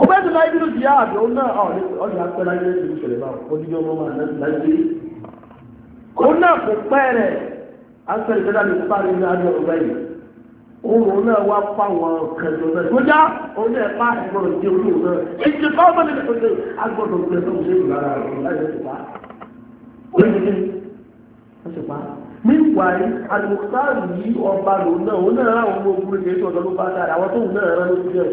ọgbẹ́ ti láyé nínú ti yá àbí òun náà ah, ọ̀lẹ́ apẹ́ láyé nínú ìṣẹ̀lẹ̀ báwọn oníjọ́ ọmọ máa náà láyé òun náà kò pẹ́ rẹ̀ aṣọ ìgbẹ́dá mi pa nínú adé ọgbẹ́ yìí òun náà wá fáwọn kẹjọ náà tó já òun náà pa ìgbọ̀rọ̀ ìdí olú náà ètò ìfọwọ́ bá nílẹ̀ pẹ̀lú agbọ̀dọ̀ ìgbẹ́ tó ń ṣe ìgbàlá rẹ̀ láyé ti pa níwáyé alùpùpù yìí ọba lòun náà òun náà ráwọn ọmọ ogun rẹ̀ kì í ṣe ọ̀dọ́ ló bá dára àwọn tóun náà rán ló ti jẹun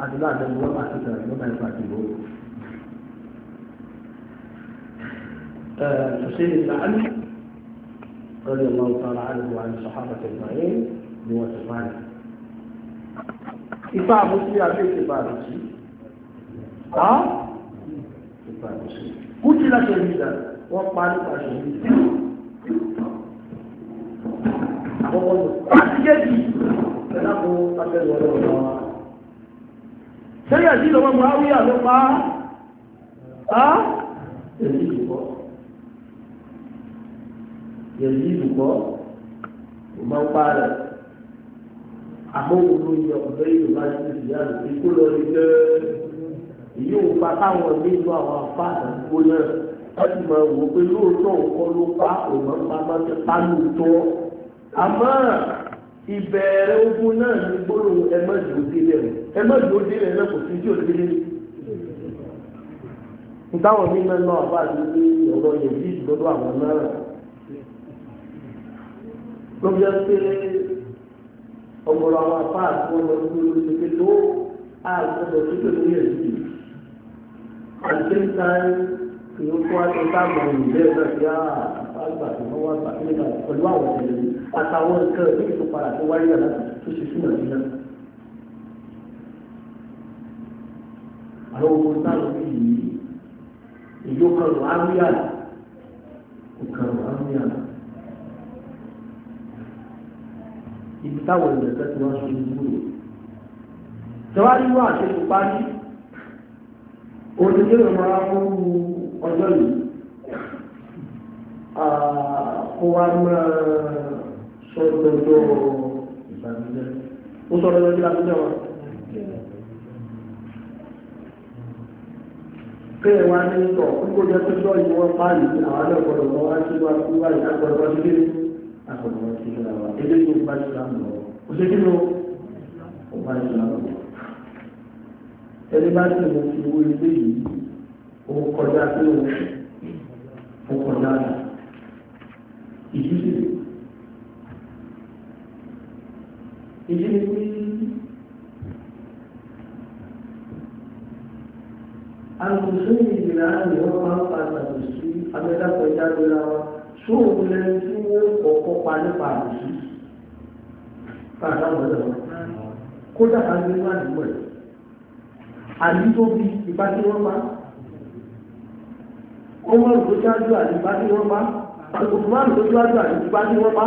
أدلاد الوضع كتاب وما يفاتبون حسين بن علي رضي الله تعالى عنه وعن الصحابة أجمعين بواسطان إفاع مسلم يا شيخ إفاع مسلم آه إفاع مسلم قتل شهيدا وقالوا شهيدا وقالوا أحجبي فنقول قتل ولا sẹ́yà sí lọ́wọ́ Muawiya ló pa á yẹ̀sí ìdùkọ́ yẹ̀sí ìdùkọ́ kò máa ń pa rẹ̀ àbọ̀wòrán yọ ọ̀bẹ yorùbá sí ìyá rẹ̀ kí kó lọ rí lẹ́ èyí ò pa káwọn nínú àwọn afá àdúgbò náà wọ́n ti máa wò pé lóòótọ́ òkọ́ ló pa òun máa ń pa máa ń pa lóòótọ́ àmọ́ ìbẹ̀rẹ̀ ogun náà ní gbólóhùn ẹmọ́jì ó délé rẹ̀ ẹmọ́jì ó délé rẹ̀ kò sí tí ò délé rẹ̀. nítawọn mímọ náà bá ti ní ọ̀rọ̀ yẹn bí ìdúró àwọn náà ló fi ẹ́ pé ọ̀gọ̀rọ̀ àwọn apá àti ọmọ ìlú olóṣèké tó àgbọ̀dọ̀ tó tó ní ẹ̀sìn yìí. àti níta ìyókù àti táàmù ìbẹ́ẹ̀ náà ti ah, á àgbà tí wọ́n wá gbà pẹ̀lú àwọn ẹ̀rẹ́ àtàwọn nǹkan ìdíje tó padà tó wáyé náà tó ṣe súnmọ́ sí náà. àwọn ohun táwọn bí yìí èyí ó kàn wọ́n á rí àná ó kàn wọ́n á rí àná. ibi táwọn ènìyàn tẹ́tí wá sí ìlú rẹ̀. Tẹ̀wárí wà ṣe kò parí, òní yóò máa fún ọjọ́ yìí, kó wá máa tó gbogbo ìbànújẹ́ ó sọ̀rọ̀ lọ́jọ́ ìbànújẹ́ wọn. pé wá ní sọ kókó jẹ́ tó sọ ìwọ páàlì àwọn alẹ́ ọ̀pọ̀lọ̀ wọn wá sí wá sí wáyé agbọ̀dọ̀ sí kí agbọ̀dọ̀ wọn sí kí wa eléyìí ó bá ti sá lọ owó ilé yìí ó kọjá sí òun ó kọjá sí èyí ni pé alùpùpù ìgbìlá ni wọ́n máa ń pàtàkì sí abẹ́dàpọ̀ ìdádúrà wa sóògùn lẹ́yìn tí wọ́n kọ́kọ́ pa nípa àbùsí pàtàkì ọ̀dọ̀ wọn kódà ká gbé wá nígbà yìí àbí tó fi ìbá tí wọ́n pa ó mọ̀ àjọ àti tí wọ́n pa àlùpùpù máa àjọ àti tí wọ́n pa.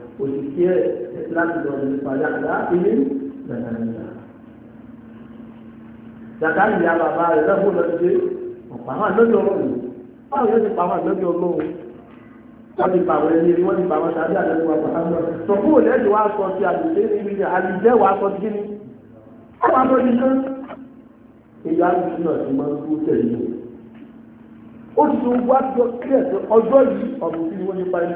وتكتير إطلاق دون الفلاح داخل بنانيا dan ya Jangan dia bawa dia sí ọ̀pàmọ́ lójú ọlọ́run. Báwo yóò ti pàmò lójú ọlọ́run? Wọ́n ti pàmò ẹni rí, wọ́n ti pàmò tàbí àdéhùn wa pàmò. dia òlẹ́dì wa sọ sí àdìsẹ́ ini. ní àdìsẹ́ Dia sọ sí ní. Wọ́n wá lórí náà. Ìyá àdìsẹ́ náà ti máa ń kú tẹ̀lé. Ó ti tún wá jọ kílẹ̀ ọjọ́ yìí ọ̀bùn sí ni wọ́n ti parí.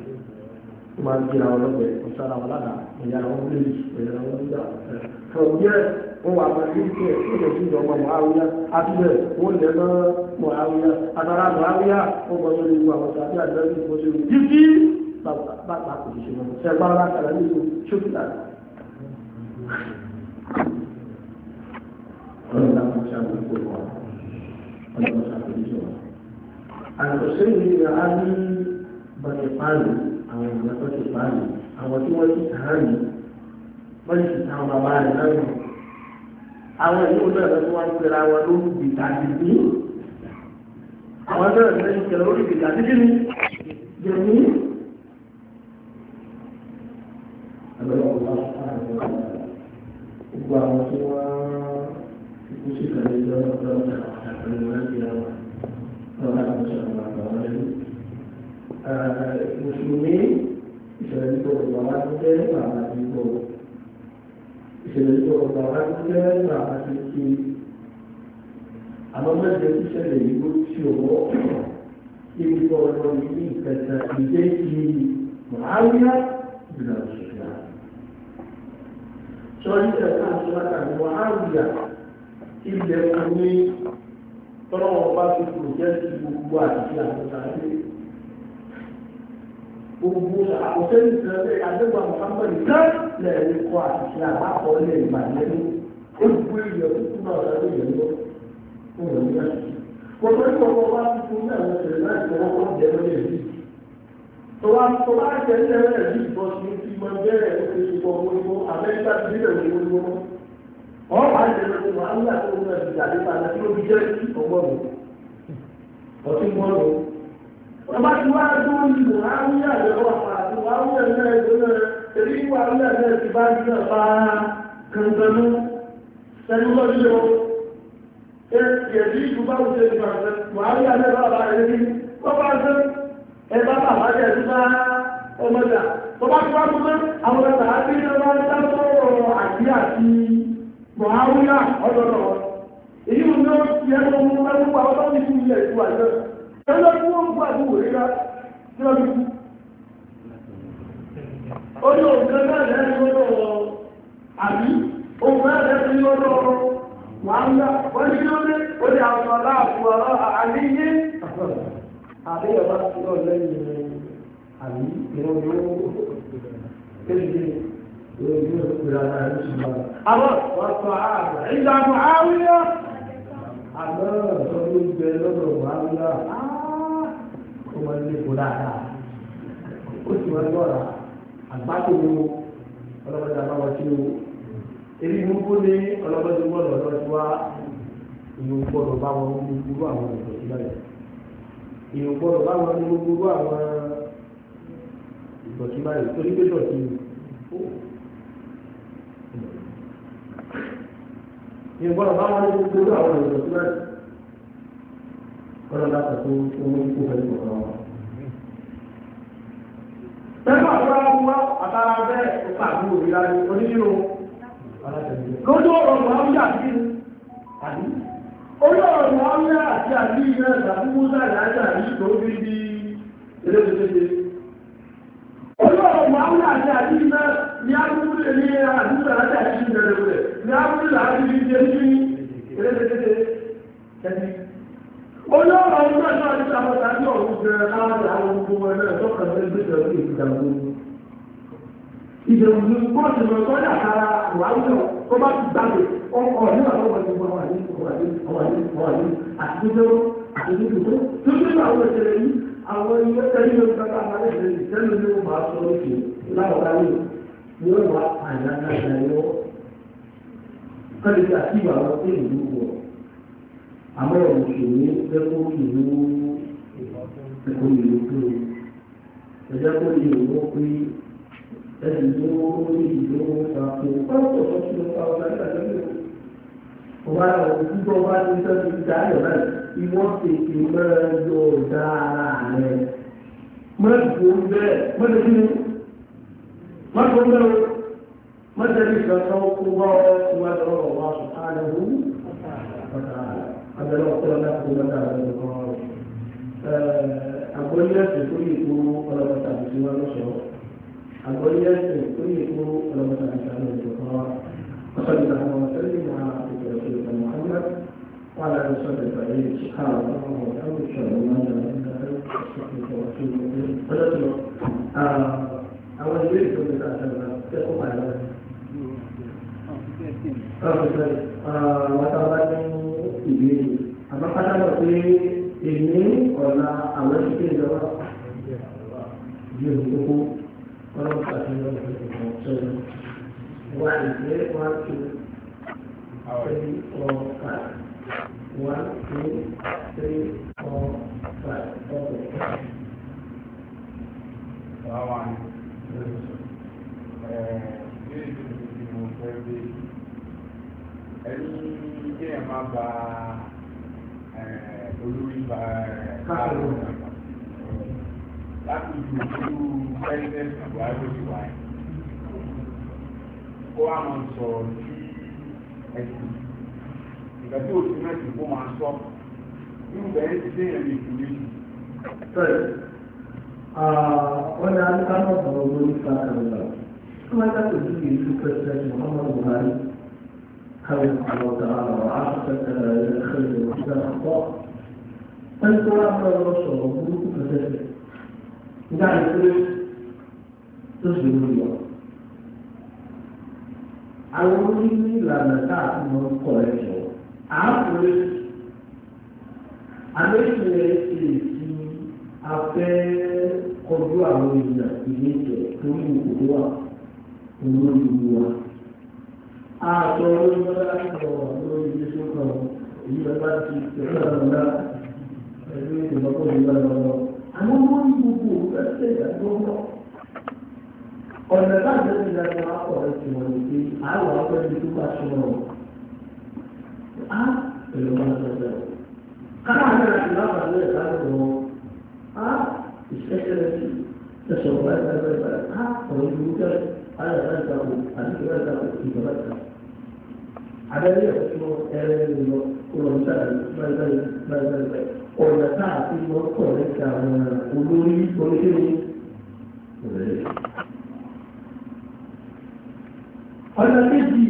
máa ń gbéra wọn lọ́gbẹ̀ẹ́ kò sára wọn lánàá ìyá wọn léyìí ìyá wọn ń gbà. kò yẹ wọn wà pẹ̀lú ìṣe ìṣe ìṣe ọmọ mọ̀háwíyá àtúbẹ̀ wọn lè lọ mọ̀háwíyá àtàrà mọ̀háwíyá ó mọ lórí ìwà àwọn tàbí àdúrà ìwọ ṣe rú títí bàbá kò ṣe mọ̀ ṣẹgbà látara nínú ṣókìlà. ọlọ́run náà máa ṣe àwọn ìkòkò àwọn ènìyàn tó ti bá mi àwọn tí wọ́n ti tàn án mi wọ́n ti tàn án bàbá rẹ̀ lọ́nà àwọn ìlú náà lọ́sọ́ wá ń pera wọn lórí ìgbìta ìlú àwọn náà lọ́sọ́ ìṣẹ̀lẹ̀ lórí ìgbìta ìlú jẹ̀mí. Gbogbo àwọn tí wọ́n kú sí ìkàlẹ̀ ìjọba ọ̀dọ́ ọ̀dọ́ àti àwọn ìlú láti ra wọn. Wọ́n bá ti sọ̀rọ̀ àwọn àwọn ọ̀rẹ́ yìí mùsùlùmí ìṣẹ̀lẹ̀ nípa ọ̀gbà wá tó jẹ́ nípa àti ìgbọ̀ ìṣẹ̀lẹ̀ nípa ọ̀gbà wá tó jẹ́ nípa àti ìgbì àwọn mẹ́jẹ ìṣẹ̀lẹ̀ yìí ló ti ọwọ́ ibi tó ọjọ́ ìdí ìkẹta ìdé ti màálíà ìgbà òṣèlú sọ́ọ́lì ẹ̀ka àṣọ́láta ni màálíà ilẹ̀ fún ní tọ́lọ́wọ́ bá ti kò jẹ́ gbogbo àti àwọn gbogbo àkọsẹ́yìn ìṣẹ̀lẹ̀ àdégbà mọ̀hámẹ́dì náà lẹ́ẹ̀rí kọ́ àṣìṣe àbápọ̀ ilẹ̀ ìgbàlẹ́nu ó gbé ilẹ̀ tuntun náà lọ́dọ̀ yẹn lọ fún ìlú náà. Gbogbo ní ọkọ̀ wá tuntun náà lọ sílẹ̀ láti ọwọ́ kọ́ jẹ́ lọ́yẹ̀ yìí. Tọ́wá tọ́wá jẹ́ lẹ́rẹ̀ yìí bọ́ sí ti mọ bẹ́rẹ̀ ó ti gbogbo Amẹ́ríkà ti nílẹ̀ gbogbo. Wọ́n wá jẹ́ lọ́wọ́ wàhálà tó ń Bàbá ti wá dúró ní Mùháwíyà lọ́wọ́ àti Mùháwíyà náà lọ́nà èrí Mùháwíyà náà ti bá ní ọ̀pá kankanú. Sẹ́ni lọ́dí lọ, èrí ìlú bá wùdé ìgbà Mùháwíyà náà bá bá èrí. Bàbá ṣe ẹ bá bàbá jẹ tó bá ọmọdà. Bàbá ti wá dúró àwọn ọ̀tà àti ìjọba ń dá sọ̀rọ̀ àti àti Mùháwíyà ọ̀dọ̀dọ̀. Èyí ò ní ó ti ẹnu ọmọ ọmọ ọmọ ọmọ ọmọ ẹgbẹ́ tí wọ́n bụ gbà ní òwe ní òǹkan náà lẹ́yìn lọ́dọ̀ àbí òun náà lẹ́yìn lọ́dọ̀ wàhálà wọ́n ní lóde ó ní àwọn aláàfin na àníyé àbí ọba máa ń lé kó dáadáa ó sì máa ń yọ̀ra àgbákò ní wo ọlọ́mọdé àbáwọ̀ sí wo èyí ń kó lé ọlọ́mọdé gbọ́dọ̀ lọ sí wa ìlú gbọ́dọ̀ bá wọn ní gbogbo àwọn ọ̀dọ́ sílẹ̀ ìlú gbọ́dọ̀ bá wọn ní gbogbo àwọn ìdọ̀tí báyìí torí pé dọ̀tí ìlú gbọ́dọ̀ bá wọn ní gbogbo àwọn ìdọ̀tí báyìí kọ́lọ́ láti fún owó ikú fẹ́ kọ̀ọ̀kan wọn. Bẹ́ẹ̀ máa àtàrà bẹ́ẹ̀ nípa àdúgbò rí láyé onílò. Lójú ọ̀rọ̀ Mùhàmúdì àti àti àbí iná ìdàbí Musa ìdájà yìí ní àdúgbò ní àdúgbò ìdájà yìí rẹ̀ ní àdúgbò ìdájà yìí ń bẹ̀rẹ̀ rẹ̀ olóòrò ọdún náà ní sàmọ́ta ní ọ̀run jẹ láwọn àwọn gbogbo ẹgbẹ́ ìtọ́kà ní ìgbésẹ̀ orí ìdàgbò ìdàgbò ní bọ́ọ̀sì lọ sọ́dọ̀ àkàrà wàhálà tó bá ti gbàgbé ọkọ̀ ní àwọn ọmọ ìgbà wà ní ọwàdí ọwàdí ọwàdí àtijọ́ àtijọ́ tó tó tó tó àwọn ìṣẹ̀lẹ̀ yìí àwọn ilé tẹ́lẹ̀ ló gbàgbà àwọn ẹ̀ṣẹ̀ ìṣẹ̀lẹ̀ ló máa sọ lókè láwọ̀dáyé ni ó wà àyàkà ìdáyọ́ kọ́lẹ̀ àmọ́ ẹ̀rọ kìíní lẹ́kọ́ ìlú ẹ̀kọ́ ìlú tó ẹ̀jẹ̀ kó lè wọ́ pé ẹ̀sìn tó ní ìlú tako pọ́pọ̀ tó ti lọ pa ọ̀gá nígbà tó lè ọba òkúgbọ́ bá ní sẹ́ni ìdá ayọ̀ náà ìwọ́n tètè máa yọ ọ̀dà ara rẹ̀ mọ́tò bẹ́ẹ̀ mọ́tò kí ni mọ́tò bẹ́ẹ̀ o mọ́tò ẹ̀rí kan tó kó bá ọkùnrin wa lọ́wọ́ wa sùn á lọ́wọ́ حتى لو قلت لنا في المتابعة آه، أقول لك كل يكون ولا متابعة ولا مشروع أقول لك كل يكون ولا متابعة ولا مشروع وصلى الله وسلم على عبدك رسولك محمد وعلى آله وصحبه أجمعين سبحان الله وبحمده أشهد أن لا إله إلا أنت أستغفرك وأتوب إليك. آه، أول شيء كنت أتمنى تقوم على ذلك. وترى ìbéèrè àbápátá lọ pé èmi ọ̀la àwọn ìṣẹ́ ìjọba yóò kókó ọlọ́run pàṣẹ lọ́wọ́ ìṣẹ̀lẹ̀ ọ̀ṣẹ́lẹ̀ wà ìgbé wà tó three four five one two three four five okay. Àwọn ẹni kí ẹ máa ba ba káàlù náà láti ju ojú buhari ló ti wáyé kó a máa sọ sí ẹ̀sìn ìgbà tí òsì náà ti kó máa sọ nínú bẹ́ẹ̀ ti dé ah, wọ́n ní lórí حول سبحانه وتعالى وعافية إلى الخير وإلى الخطأ أنت وأنا الرسول وكلكم فتاة يعني كل تسلم اليوم àwọn onílé ìlànà káàkiri wọn ń kọ ẹjọ́ àápùlé àmẹ́sìlẹ̀ èsì afẹ́ kọjú àwọn èèyàn ìlẹ́jọ torí òkúrò wa olóyìnbó wa àtọ̀ lórí mọ́lá sọ̀rọ̀ lórí ilé tó kàn èyí bàbá ti tẹ̀lé ọ̀rọ̀ náà pẹ̀lú ìtẹ̀lọ́pọ̀ ìgbà lọ́wọ́. àmọ́ wọ́n ní gbogbo òkúta ìdájọ́ náà ọ̀nà láti ṣe ìdájọ́ akọ̀rọ̀ ti wọ̀n ní pé àwọn akọ̀rọ̀ tó bá sọ̀rọ̀ á pẹ̀lú wọn sọ̀rọ̀ káàkiri àti lábàlú ẹ̀ lábàlú wọn á ìṣẹ́ṣẹ́rẹ́ sí ẹ̀ṣọ̀ báyìí báyìí báyìí á ọ̀rọ̀ ìlú kẹ́rẹ́ ayọ̀ àbẹ́lẹ́ ìfọ́ ẹ̀rẹ́ ìlọ olùsàlẹ̀ báyìí báyìí báyìí ọ̀nà táà fi lọ pọ̀ lẹ́ka àwọn olórí oníṣẹ́ni. ọ̀nà kejì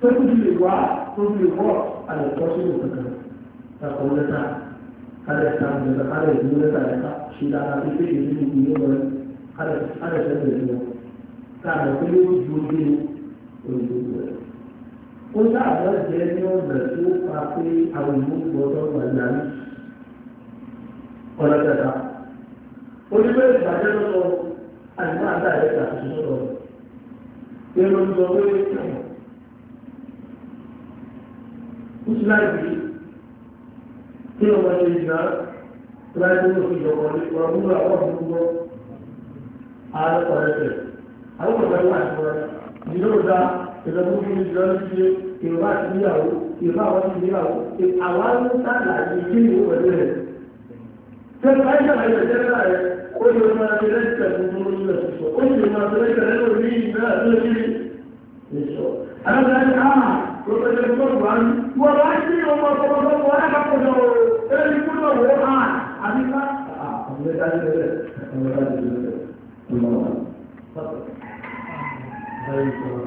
tó kú ti lè wá tó ti lè wọ́ àlẹ́kọ́ sínú kankan takọ̀ lẹ́ta alẹ́ta lẹ́ta alẹ́ ìlú lẹ́ta lẹ́ta ṣe dára bí pé èyí ni ìlú rẹ̀ alẹ́ sẹ́yìn lẹ́nu táà lọ pé yóò ju ojú òyìnbó ó sáàbọ̀ jẹ́ ní ọ̀nà tí ó pa pé àwọn ìlú gbọ́dọ̀ wà láyé ọ̀nà tẹ̀ta onígbé ìbàjẹ́ ló sọ àìmọ́ àdáyé tàbí sọ̀rọ̀ èrò ń sọ pé ó sì láì bí kí ọmọ ṣe ìgbà láì tó ló fi jọ̀kọ̀ ní ọ̀rọ̀ múlò àwọn ọ̀dọ́ gbọ́ àárẹ̀ pọ̀lẹ́tẹ̀ àwọn ọ̀dọ́ wà ní ọ̀rẹ́ ìdílé dáa ìlọ́dún fún mi lọ sí ìwà ìyàwó ìwà àwọn ti àwọn arúgbó àlàyé kí rẹ̀. tẹ́lẹ̀ báyìí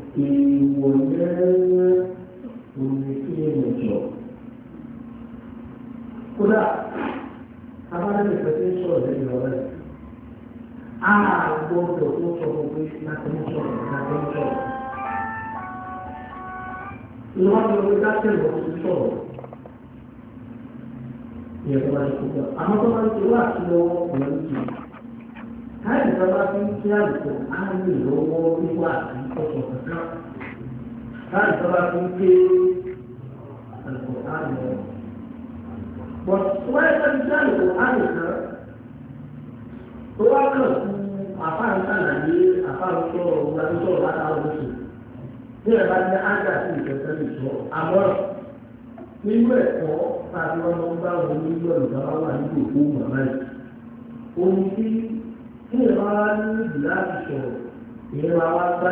èèwọ̀ lẹ́rẹ́ omi tí èèyàn jọ. kódà abájáde pẹ̀lú sọ̀rọ̀ lẹ́yìn ọ̀rẹ́ rẹ̀ a gbọ́dọ̀ tó sọ fún pé láti mú sọ̀rọ̀ láti mú sọ̀rọ̀. ìwádìí omi dákẹ́ lọ sí sọ̀rọ̀ ìyẹn tó bá káyọ̀ ìjọba fi ń kí àlùkò á ní ìlọ́wọ́ wíwá àti ọ̀sọ̀ kankan káyọ̀ ìjọba fi ń ké àlùkò á lọ. bọ̀dùwá ẹgbẹ́ ti kí àlùkò á lè kàn tó wá kàn fún àfáà ń sàlàyé àfáà ń sọ̀rọ̀ ọ̀gbà ń sọ̀rọ̀ látàwọn oṣù bí ẹ bá ní ájà sí ìjọba lè sọ àmọ́ nínú ẹ̀kọ́ tàbí ọmọ ń bá wọn nílò ìjọba wà nínú òkú tí ìyẹn máa ní ìdí láti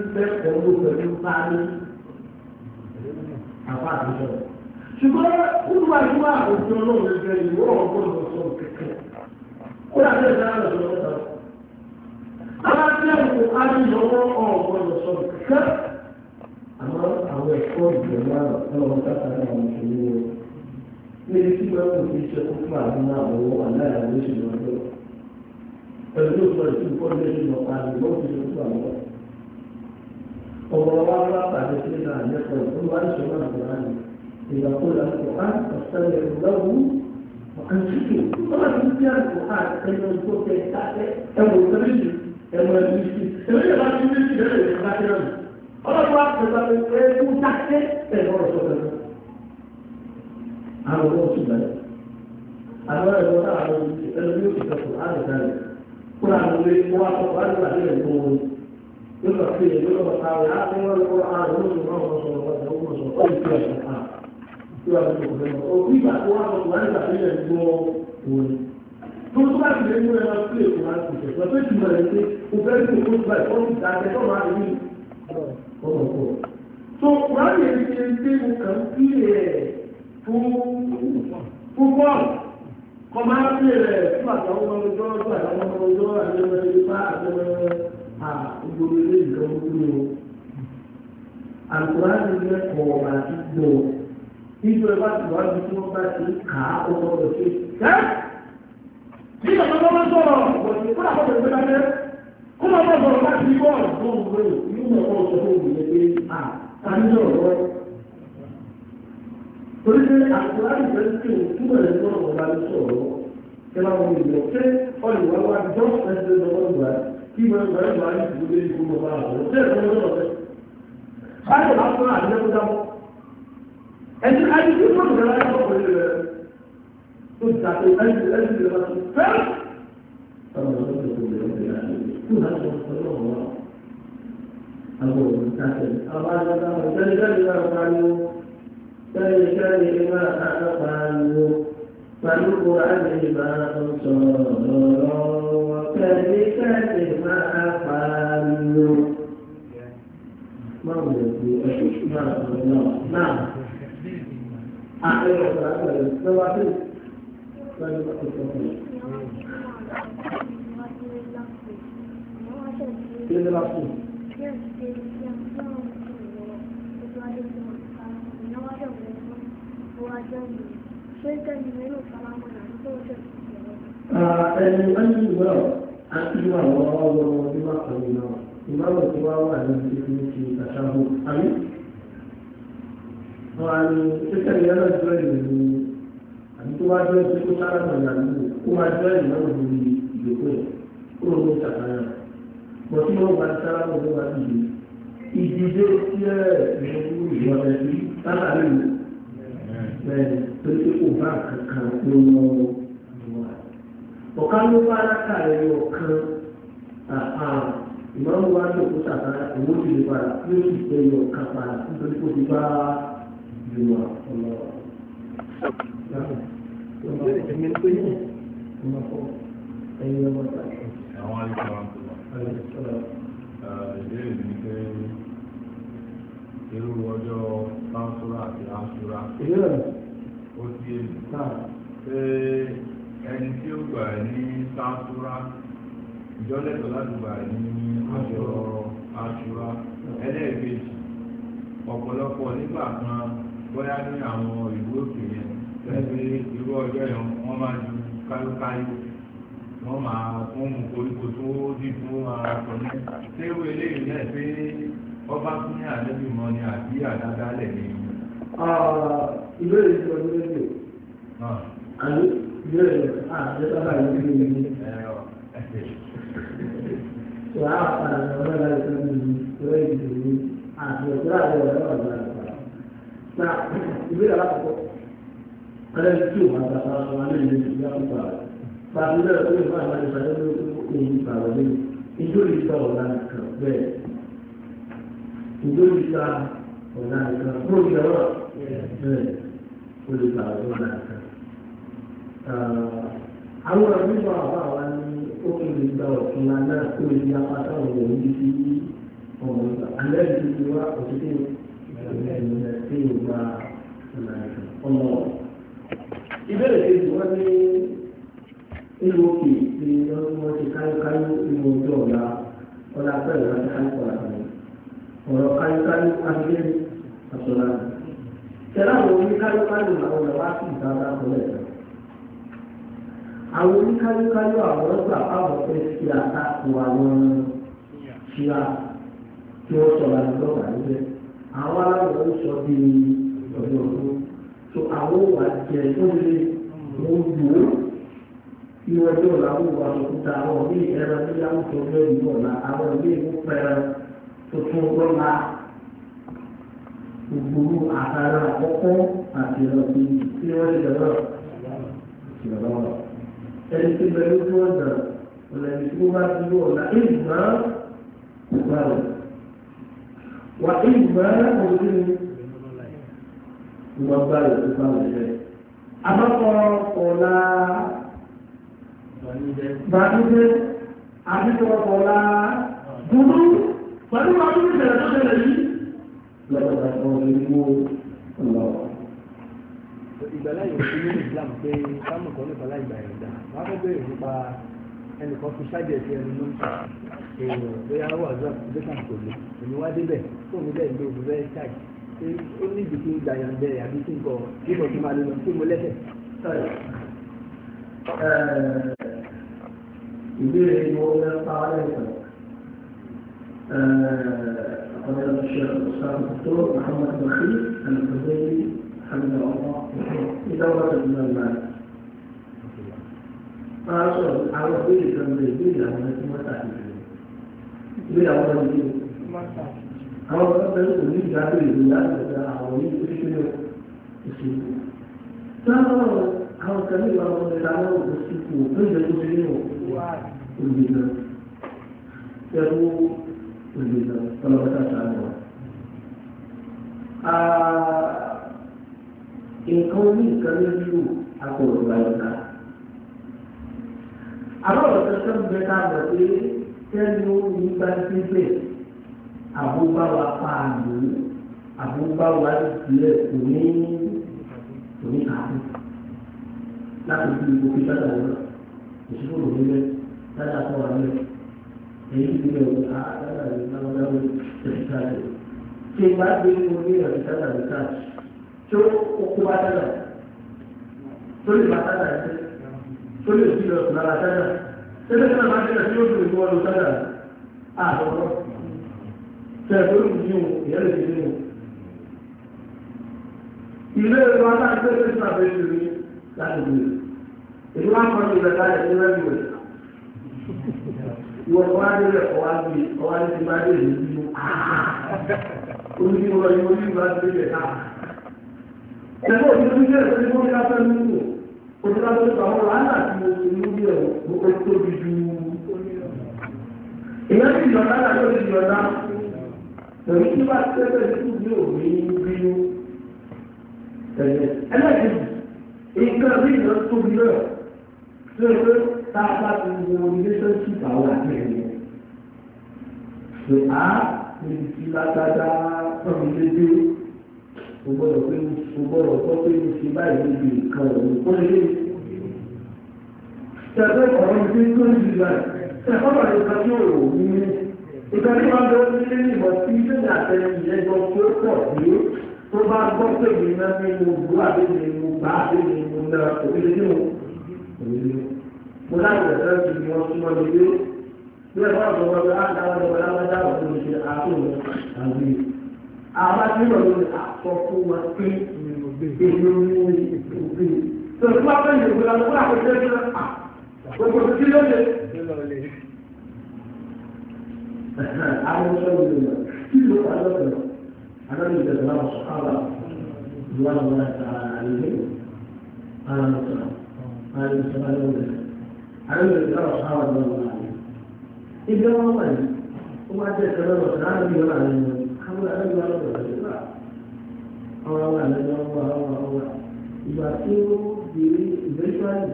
sọ̀rọ̀ báyìí àbá àdúgbò ṣùgbọ́n nínú àdúgbò àwùjọ náà lè bẹ ìwọ ọgbọ́dọ̀ sọ kẹ̀kẹ́ ó yà bẹ́ẹ̀ dáná lọ lọ́dọ̀ alájẹ́ ìwọ adìyọwọ́ ọgbọ́dọ̀ sọ kẹ̀kẹ́ àmọ́ àwọn ẹ̀kọ́ ìgbẹ̀mọ́ ọlọ́run tàbí àwọn ìṣòro níbi tí wọ́n kò fi ṣe kókó àwọn àwọn aláìláwọ̀ ìṣòro ọjọ́ pẹ̀lú ìfọ̀rẹ́sì kọ́ńdẹ́sì lọ́pàá àdìgbò ìṣòro àwọn وهو واقع بعد كلمة أن يقرأ القرآن شمال القرآن إذا قرأ القرآن فاستمعوا له وأنصتوا طبعا في القرآن كلمة الكتب تحت أول تمشي أول تمشي تمشي بعد تمشي تمشي بعد تمشي ọlọ́run wa pẹ̀lú ẹ̀kú dákẹ́ pẹ̀lú ọ̀rọ̀ sọ̀rọ̀ lọ. àwọn ọmọ oṣù bẹ̀rẹ̀ àwọn ẹ̀rọ táwọn ẹ̀rọ yóò ti sọ̀rọ̀ àrùn dáre kó àwọn ọmọ ẹ̀kọ́ wa sọ̀rọ̀ àrùn dáre ẹ̀kọ́ wọn. يقرأ فيه يقرأ القارعات والقرآن ومسلم ومسلم ومسلم ومسلم ومسلم القرآن وفي بعض واحد وأنت في الجمهور tó tó bá tilẹ̀ mú ẹran sí èkó máa ti tẹ̀ pẹ̀lú ìtumọ̀ rẹ̀ pé o fẹ́ kí o tó gba ẹ̀kọ́ ti ta ẹ̀kọ́ máa rí ọ̀rọ̀ pọ̀. so wàá lè rí ṣe pé mo kàn ń pè ẹ̀ fún bọ́ọ̀lù kọ́ máa ń pè ẹ̀ fún àtàwọn ọmọ ọjọ́ ọjọ́ àtàwọn ọmọ ọjọ́ àti ọmọ ẹgbẹ́ àti ọmọ ẹgbẹ́. Ah, gbogbo ilé ìjọba kúrò àlùkò láti ní ẹ̀kọ́ ọ̀gá àti gbò nínú ẹ bá ti wá ju tí wọ́n bá ti kà á ọmọ rẹ̀ ṣe ṣẹ́ bí ọ̀sán tó bá sọ̀rọ̀ ọ̀gbọ̀n kó làwọn ọ̀gbọ̀n bá tẹ́ kó làwọn ọ̀gbọ̀n bá ti bọ̀ ọ̀gbọ̀n rẹ̀ nínú ẹ̀kọ́ ọ̀sán tó wù yẹn pé à tàbí sọ̀rọ̀ lọ. torí pé àlùkò láti fẹ́ kí o túbọ̀ rẹ̀ sọ̀rọ̀ ọ̀gbọ̀n bá ti sọ̀rọ̀ kí kí wọ́n ń bẹ̀rẹ̀ wà ní ìdílé ìgbòho bá àwọn ọ̀rọ̀ tẹ́lẹ̀ tó ń lọ bẹ́ẹ̀. báyọ̀ bá fún àdínẹ́kúdá mọ́ ẹni ayé tí wọ́n bẹ̀rẹ̀ láyé ọkọ̀ ní rẹ̀ tó dàgbé ẹni ẹni rẹ̀ bá ti fẹ́. ọ̀rọ̀ tó ń bẹ̀rẹ̀ lọ́wọ́ bẹ̀rẹ̀ láyé kí wọ́n á sọ ọ̀rọ̀ wọn. àwọn òun ta tẹ̀ àwọn àgbàdo àwọn ìtẹ́lẹ̀ فلقوا أبي ما أنصارا وكذبت ما أفعلوا ما هو يقول ما هو نعم أعلم أن الصلاة Thank you ẹni mẹ́rin ìwé ọ̀ àti ìwà àwọn ọmọ ìwà kan náà ìmáwọ̀ tí wọ́n wà ní ìlú ti àṣàbò àmì wọn á ní títẹ̀ ìyá náà jọ ìlú àti tó wá jọ ìlú tó sára náà nà lù kó wá jọ ìlú náà lórí ìdókò yẹn bẹ́ẹ̀ tó tí kò bá kankan nínú ìwà ọ̀ká ló bá aláka ẹ̀yọ kan àpárọ̀ ìmọ̀ràn wa ní òkúta padà owó ti lè padà tí ó sì fẹ́ yọ ọ̀ka padà nítorí kò ti bá ìwà ọ̀nà ẹ̀yìn ọmọ ta. àwọn àlejò àwọn àgbà ìbéèrè mi ni pé irú ọjọ́ báńsúrà àti àṣúrà ó ti èlò pé ẹni tí ó gbà ní sáṣúrà ìjọ́lẹ̀tọ̀ láti gbà ní ọjọ́ àṣúrà ẹlẹ́ẹ̀kejì ọ̀pọ̀lọpọ̀ nígbà kan bóyá ní àwọn ìlú òkè yẹn lẹ́gbẹ́ irú ọjọ́ yẹn wọ́n máa ju káyókáyó wọ́n máa fún koríko tó dìbò máa sọ ní. ṣé eléyìí náà ṣe é ọba tún ní àdébì mọ́ ni àbí àdádálẹ̀ ni. ìbéèrè ti ọdún méjì àbí ìbéèrè àdébàbà yìí ní ìlú. Sọ àwọn ọ̀rọ̀ ẹ̀rọ ìṣẹ́ mi ní ìṣẹ́ ìdìbò ní àti ọ̀gá àwọn ọ̀rọ̀ ẹ̀rọ ìṣẹ́ mi. Na ìbéèrè alákọ̀ọ́ ẹlẹ́ni tí òun àgbàtà sọ wà lẹ́yìn lẹ́yìn ìyá púpà rẹ̀. Bàbá ìdókítà ọ̀nà nìkan tó jọrọ̀ bẹ́ẹ̀ ó lè gbà ọ̀nà nìkan. Ah, àwọn nígbà wà wá ní ó kì í gba ọ̀tún náà náà tó lè di apáta ọ̀rọ̀ yìí sí ọmọ ìgbà. alẹ́ yìí ti wá òṣìṣẹ́ ìgbà tí ò gba ọ̀nà nìkan ọmọ ìbéèrè kejì wọ́n ní ìlú òkè ti ọdún ti káyọ́káyọ́ ìlú ọjọ́ ọ̀la ọ̀la pẹ̀lú láti káyọ́kọ̀ọ́ ọ̀rọ̀ káríkárí agbẹ́rù àtọ̀lá rẹ̀. Tẹ́lá àwọn oníkáríkárí làwọn ọ̀rọ̀ wá sí ìdára kọlẹ̀ rẹ̀. Àwọn oníkáríkárí àwọn ọgbà báwọn fẹ́ fi àtakò àwọn ṣíra tí wọ́n sọ̀rọ̀ àdúgbò àdúgbò. Àwọn aláwọ̀ ń sọ bí ọ̀dọ̀ ọ̀dọ̀. So àwọn wà jẹ tó lé wọn lò ó. Ìwọ́jọ́ làwọn wà lọ́kúta àwọn ilé àwọn ilé ìwọ́pẹ̀rẹ̀ tuntun tó ma gbogbo àtàrà àkọ́kọ́ àti ìrọ̀bí tí wọ́n ti dọ̀rọ̀ ìrọ̀lọ́wọ́. ẹni tí bẹ lójú ọ̀nà ọ̀nà ìlú tó bá ti lọ ọ̀nà ìgbà ìgbà rẹ̀. wà ìgbà òkè ìgbà gbà rẹ̀ tó bá rẹ̀ rẹ̀. àbákọ́ ọ̀la bàtúndé àbíkọ́ ọ̀la dúdú pẹ̀lú ọdún ìṣẹ̀lẹ̀ tó ṣẹlẹ̀ yìí lọ́pọ̀lọpọ̀ ọ̀rọ̀ ìwò lọ. ìgbàláyè òfin ní Islam pé sáàmù kan nípa láì gbà ẹ̀dá wọn fẹ́ bẹ̀rẹ̀ nípa ẹnìkan fi ṣáàjì ẹ̀sìn ẹni ló ń sọ èrò bóyá ó wà zọ́ọ̀ tó kàn kò lè èmi wá débẹ̀ tó mi bẹ́ẹ̀ ló mi bẹ́ẹ̀ ṣáàjì pé ó ní ibi tí ń gbà yàn àbí tí nǹkan kíkọ̀ tó máa lè lọ sí mo lẹ́sẹ̀. ìbéèrè mo fẹ́ pa á lẹ́sẹ̀ فضيلة الشيخ الأستاذ الدكتور محمد بخيل الحزيري حمد الله بدورة من المال. أقول على طول تمرين بلا ولا تحليل بلا ولا تحليل. أو قبل أن يجعل الله تعالى ولي تشكر السيد. تعالوا أو كلمة الله تعالى والسيد وكل المسلمين. والبنات. òjò lọ tọ́lọ́pẹ́ta sàánù wa. nǹkan ní nǹkan lójú akọ̀rọ̀ gbàyọ̀ká. àbọ̀rọ̀ kankan bẹ ká lọ pé sẹ́nu nígbà síbẹ̀ àbúgbáwa pa àlù àbúgbáwa ìpìlẹ̀ kò ní kò ní kàkú láti fi gbogbo ìgbàdàn náà òṣìṣẹ́ òní lẹ́ dáadáa fún wa èyí ti bẹ̀rù àádọ́ta ní sáwọ́dáwò ìṣẹ́sáàjò tí bá gbé mo ní ọ̀dẹ́sáàjò ìṣẹ́sáàjò tí ó kó bá tẹ́lá tó lè bá tẹ́lá sí tó lè fi ọ̀sùn lára tẹ́lá tẹ́lẹ̀ tẹ́lá bá tẹ́lá tí ó dùn ìwọ́n lọ tẹ́lá àtọ́kọ́ tẹ́lẹ̀ tó lù ní òun ìyá lè fi ní òun ìwọ ọwọ́ adélẹ̀ ọwọ́ adélẹ̀ ọwọ́ adélẹ̀ bá délẹ̀ ní bínú onídìí wọlé oní bá délẹ̀ náà. ẹ̀fọ́ òní oní bẹ̀rẹ̀ pé wọ́n ká fẹ́ nínú oṣù ká fẹ́ pàmò lánà àti oṣù lórí ẹ̀ ó tóbi ju. ìyẹn ti yọ̀dá láti ó ti yọ̀dá èmi tí bá tẹ́tẹ́ nínú bí òní bínú. ẹlẹ́kìtì nǹkan bí ìyọ̀ tóbi náà tá a bá ti wo relationship àwọn àti ẹ̀yẹ ṣe á lè fi lágbádá ọ̀rọ̀ lédè o gbọ́dọ̀ pé o gbọ́dọ̀ kọ́ pé o ṣe báyìí níbi nǹkan ọ̀hún kó lè lè. ṣẹ̀fẹ́ ọ̀rọ̀ ti tó ń jù lọ ṣẹ̀fọ́ bàtà ìgbà tí ò rò ní ìgbà tí wọ́n bẹ ní lẹ́yìn ìmọ̀ tí ilé ní àtẹ̀yìn yẹn lọ tó pọ̀ dé tó bá gbọ́ pé mi náà ní mo gbọ́ àbí mi mo gbà àbí mi mo náà òbí mo láti ẹ̀fẹ́ ti di wọn súnmọ́ ní pé bí ẹ̀fọ́ àtọwọ́ pé á dáwọ́ lọ́wọ́ láwọn dáwọ́ tó ń ṣe àtúnwò àgbè àwọn àti ìwọ̀n ló ń sọ fún wa pé èyí ló ń wọ́n ìgbòkè tó ń bá fẹ́ ìgbòkè lọ́wọ́ fún àpèjẹ́ sí gbogbo tó kí ló lè. àwọn ọmọ ìlú rẹ̀ kí àwọn ìgbàlọ̀ àwọn ọ̀dọ́ wọn. ibi wọn wà ní ó wá jẹ́ ìṣẹ́ lọ́wọ́ sí láàrín ìwọ̀n àárín wọn káwọn àlejò àlọ́dọ̀ rẹ̀ wà. ọwọ́ wà lẹ́nu ọwọ́ ọwọ́ ọwọ́ ìgbà tí ó di ìgbésíwájú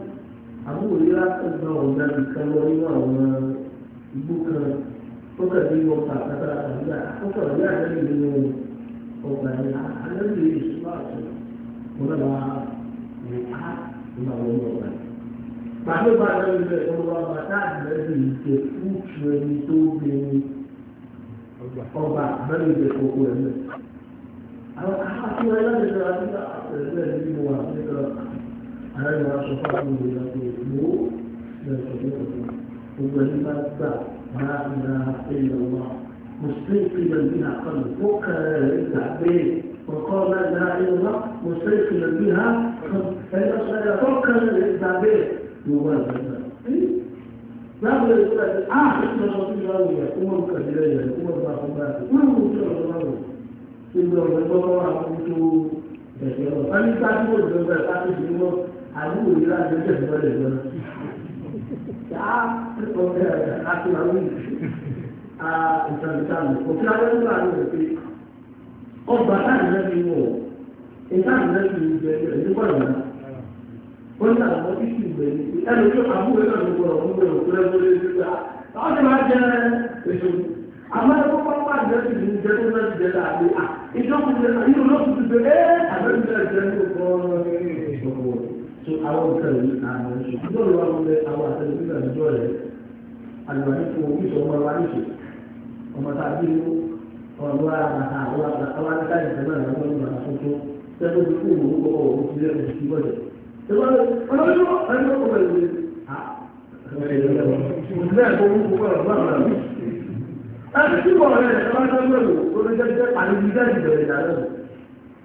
àbúrò yìí láti gba ọ̀gá nìkan lọ nínú àwọn igbó kan tó kẹ̀lé wọn pa àkàtà àgbà àkọ́kọ́ ìyá àlejò Pàdé bá lọ ilé ìwọ bàtà àgbẹ̀bí ìṣe kúùtù ẹni tó gbé ní ọgbà àgbẹ̀bí ìṣe kókó ẹ̀mí. Àwọn akéwà láti ṣe àti àpẹẹrẹ ẹni mo wà ní ọ̀rọ̀ àwọn ìwà aṣọ fáwọn ìwé láti ìlú ìrẹsì ìrẹsì gbogbo ẹni bá gbà máa ń ra ẹ̀yọ̀ wọn. مستيقظا بها قلبه فكر يرجع بيه وقال لا اله الا الله مستيقظا بها فيفكر يرجع بيه ló wà lọ́nà. Báwo lè sọ pé a ti sọ fún ìyá òun yẹ kó mọ̀ nǹkan ìrẹ́ yẹ kó mọ̀ bá fún bá rẹ̀. Wọ́n mú sí ọ̀rọ̀ náà wọ̀. Ìgbà ọ̀rọ̀ ẹgbẹ́ wọn wà fún tó bẹ̀rẹ̀ lọ. Wọ́n ní sáà tí wọ́n jọ bẹ̀rẹ̀ sáà tí wọ́n àbúrò yìí láti ẹgbẹ́ ìfọ̀lẹ̀ lọ. Sáà tí wọ́n bẹ̀rẹ̀ láti máa wí ìtàlùtàlù. Òfin abẹ́rẹ́ wà ní òfin. Ọgbà láì lẹ́nu wọ̀. Ìtàlù lẹ́nu ìjẹ́ wọ́n ní àwọn títí ìgbẹ́ ní ẹnu tí àbúrò náà ló gbọ́dọ̀ fún bẹ́ẹ̀ òkú lẹ́gbẹ́ lé ní gbà àwọn tí wọ́n jẹ́ èso àmọ́ ẹ̀kọ́ pápá ìjọ ti di ìjẹ́ tó náà jẹ́ láàbí à ìjọ kò jẹ́ àyè ló ti bẹ́ ẹ́ àbẹ́bí náà jẹ́ ní òkú ọ̀rọ̀ ní ìṣòwò tó àwọn òkè ní àwọn ìṣ Àti tí wọ́n rẹ̀ ṣe máa dágbé lò, ó lè jẹ́ jẹ́ àríwíjá ìbẹ̀rẹ̀ ìdàrẹ́ lò.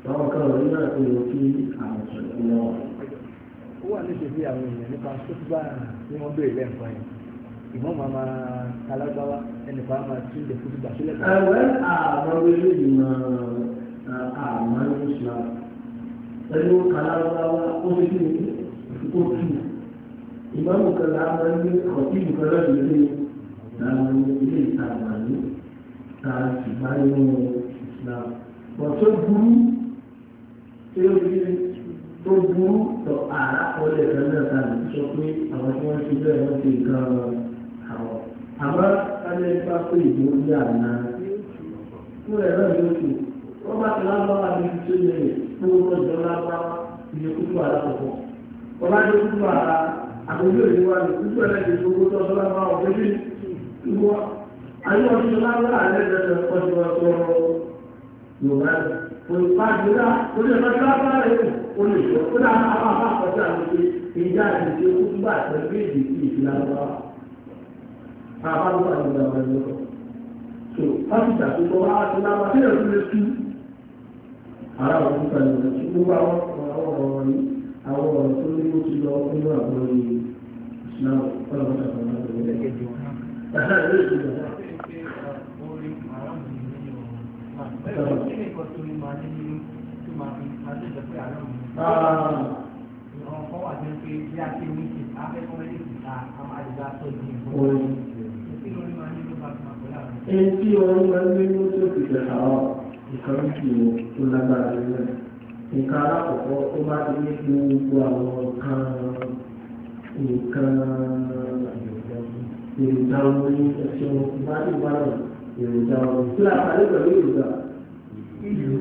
Báwọn kan rẹ̀ nígbà tó lọ kí àwọn ṣẹ̀kú wọn. Ó wà ní ṣèbí àwọn èèyàn nípa sókúbà ní wọ́n bèèrè lẹ́ǹkan yẹn. Ìmọ̀ máa máa kalágbáwá ẹnì kan máa tún lè fún ìgbà sílẹ̀. Ẹ̀wẹ́ àwọn ilé ìmọ̀ àwọn ìṣúná pẹ̀lú kàlárọ̀láwá ó fi kí ni ó tù ìmáàmù kan láàmú ní ọ̀tí ìbùkún láti ilé láàmú ilé ìtàgbà ní ta ìgbà inú Islam ọ̀tọ́ burú tí ó fi tó burú tọ̀ àrà ọlẹ̀ kan náà ta ní sọ pé àwọn tí wọ́n ti bẹ́ẹ̀ wọ́n ti gan àwọn àmọ́ alẹ́ bá pé ìbò ní àná fún ẹ̀rọ ìlú wọ́n bá ti lágbára ní tó yẹ gbogbo ọjọ́ lápá ìlú kúkú alákọ̀ọ́kọ́. ọba tó kúkú ara àgbẹ̀jọ́ ìlú wa ní kúkú ẹlẹ́dẹ̀ tó kó tọ́jú lápá ọ̀gbẹ́ bí ìlú wa. àyè ọ̀ṣun lápá àlẹ́dẹ̀ẹ́dẹ̀ ọ̀ṣun ọ̀ṣọ́ yorùbá òní pàdúrà òní ọ̀ṣọ́ lápá rẹ̀ kò lè sọ kó dà àwọn àbá àkọ́jà ló pé ìjà àti ìṣe kúkú bá àtẹ méjì sí ìfìlànà wa. bàbá ló wà ní ìgbà wọn lọ. so pásítà tó kọ wá aṣọ lápá ara òkú pẹ̀lú rẹ̀ tí gbogbo àwọn ọ̀rọ̀ yìí àwọn ọ̀rọ̀ tó ní oṣù lọ nínú àbúrò yìí islam ọlọ́run ṣàkóso náà lórí rẹ̀. Àwọn kan wà jẹ́ pé bí a ti ní ìsìn, a fẹ́ kọ́ mẹ́rin ìsìn ta, a máa dìgbà tó di ìbò. Èyí tí orí máa ń gbé ló tó fi jẹ̀ àwọn nǹkan méjì wo tó lágbára nínú ẹ̀ nǹkan alákọ̀ọ́kọ́ tó bá ti ní fún gbogbo àwọn nǹkan nǹkan èròjà omi ẹ̀sìn ọmọ bá lè wá lọ èròjà omi tí a parí pẹ̀lú èròjà ìlú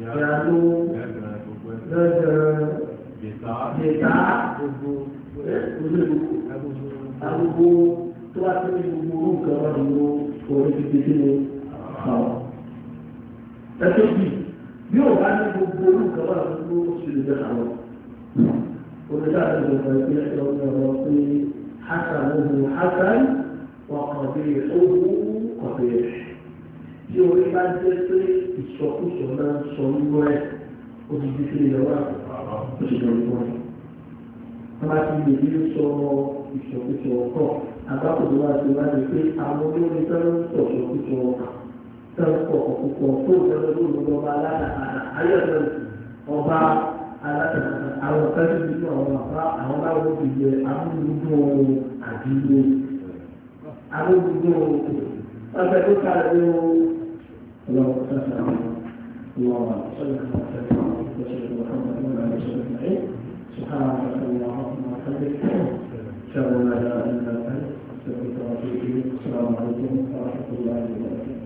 ìyanu lọ́jọ́ ìta gbogbo agogo tó bá ti ní gbogbo orúkọ ọ̀rọ̀ orí ti ti ní àwọn ẹ̀tọ́ bí bí o bá ní gbogbo olùkọ́ wà lóko oṣù lè dẹ́ka lọ. Olùdá àti ìjọba ìgbé ẹ̀rọ ọ̀rọ̀ pé Hasan ohun Hasan wà kọ̀dé ohun kọ̀dé. Tí orí bá jẹ́ pé ìsọkúsọ náà sọ nínú ẹ̀, ó ti di sí ilẹ̀ wà ó sì lọ nínú Wọ́n bá ti lè ní sọ ìsọkúsọ ọkọ̀ àbákòtò sọ̀rọ̀ púpọ̀ tó lọ́wọ́ lórí ọba alátàkàtà ayọ̀dọ̀ ọba alátàkàtà àwọn kẹ́tù nínú àwọn bàbá àwọn báwo ti yẹ amúlùdó àdúgbò amúlùdó ọbẹ̀ tó ká lé o lọ́wọ́ sọ̀rọ̀ lọ́wọ́ sọ̀rọ̀ سبحانك اللهم وبحمدك اشهد ان لا اله الا انت استغفرك واتوب اليك السلام عليكم ورحمه الله وبركاته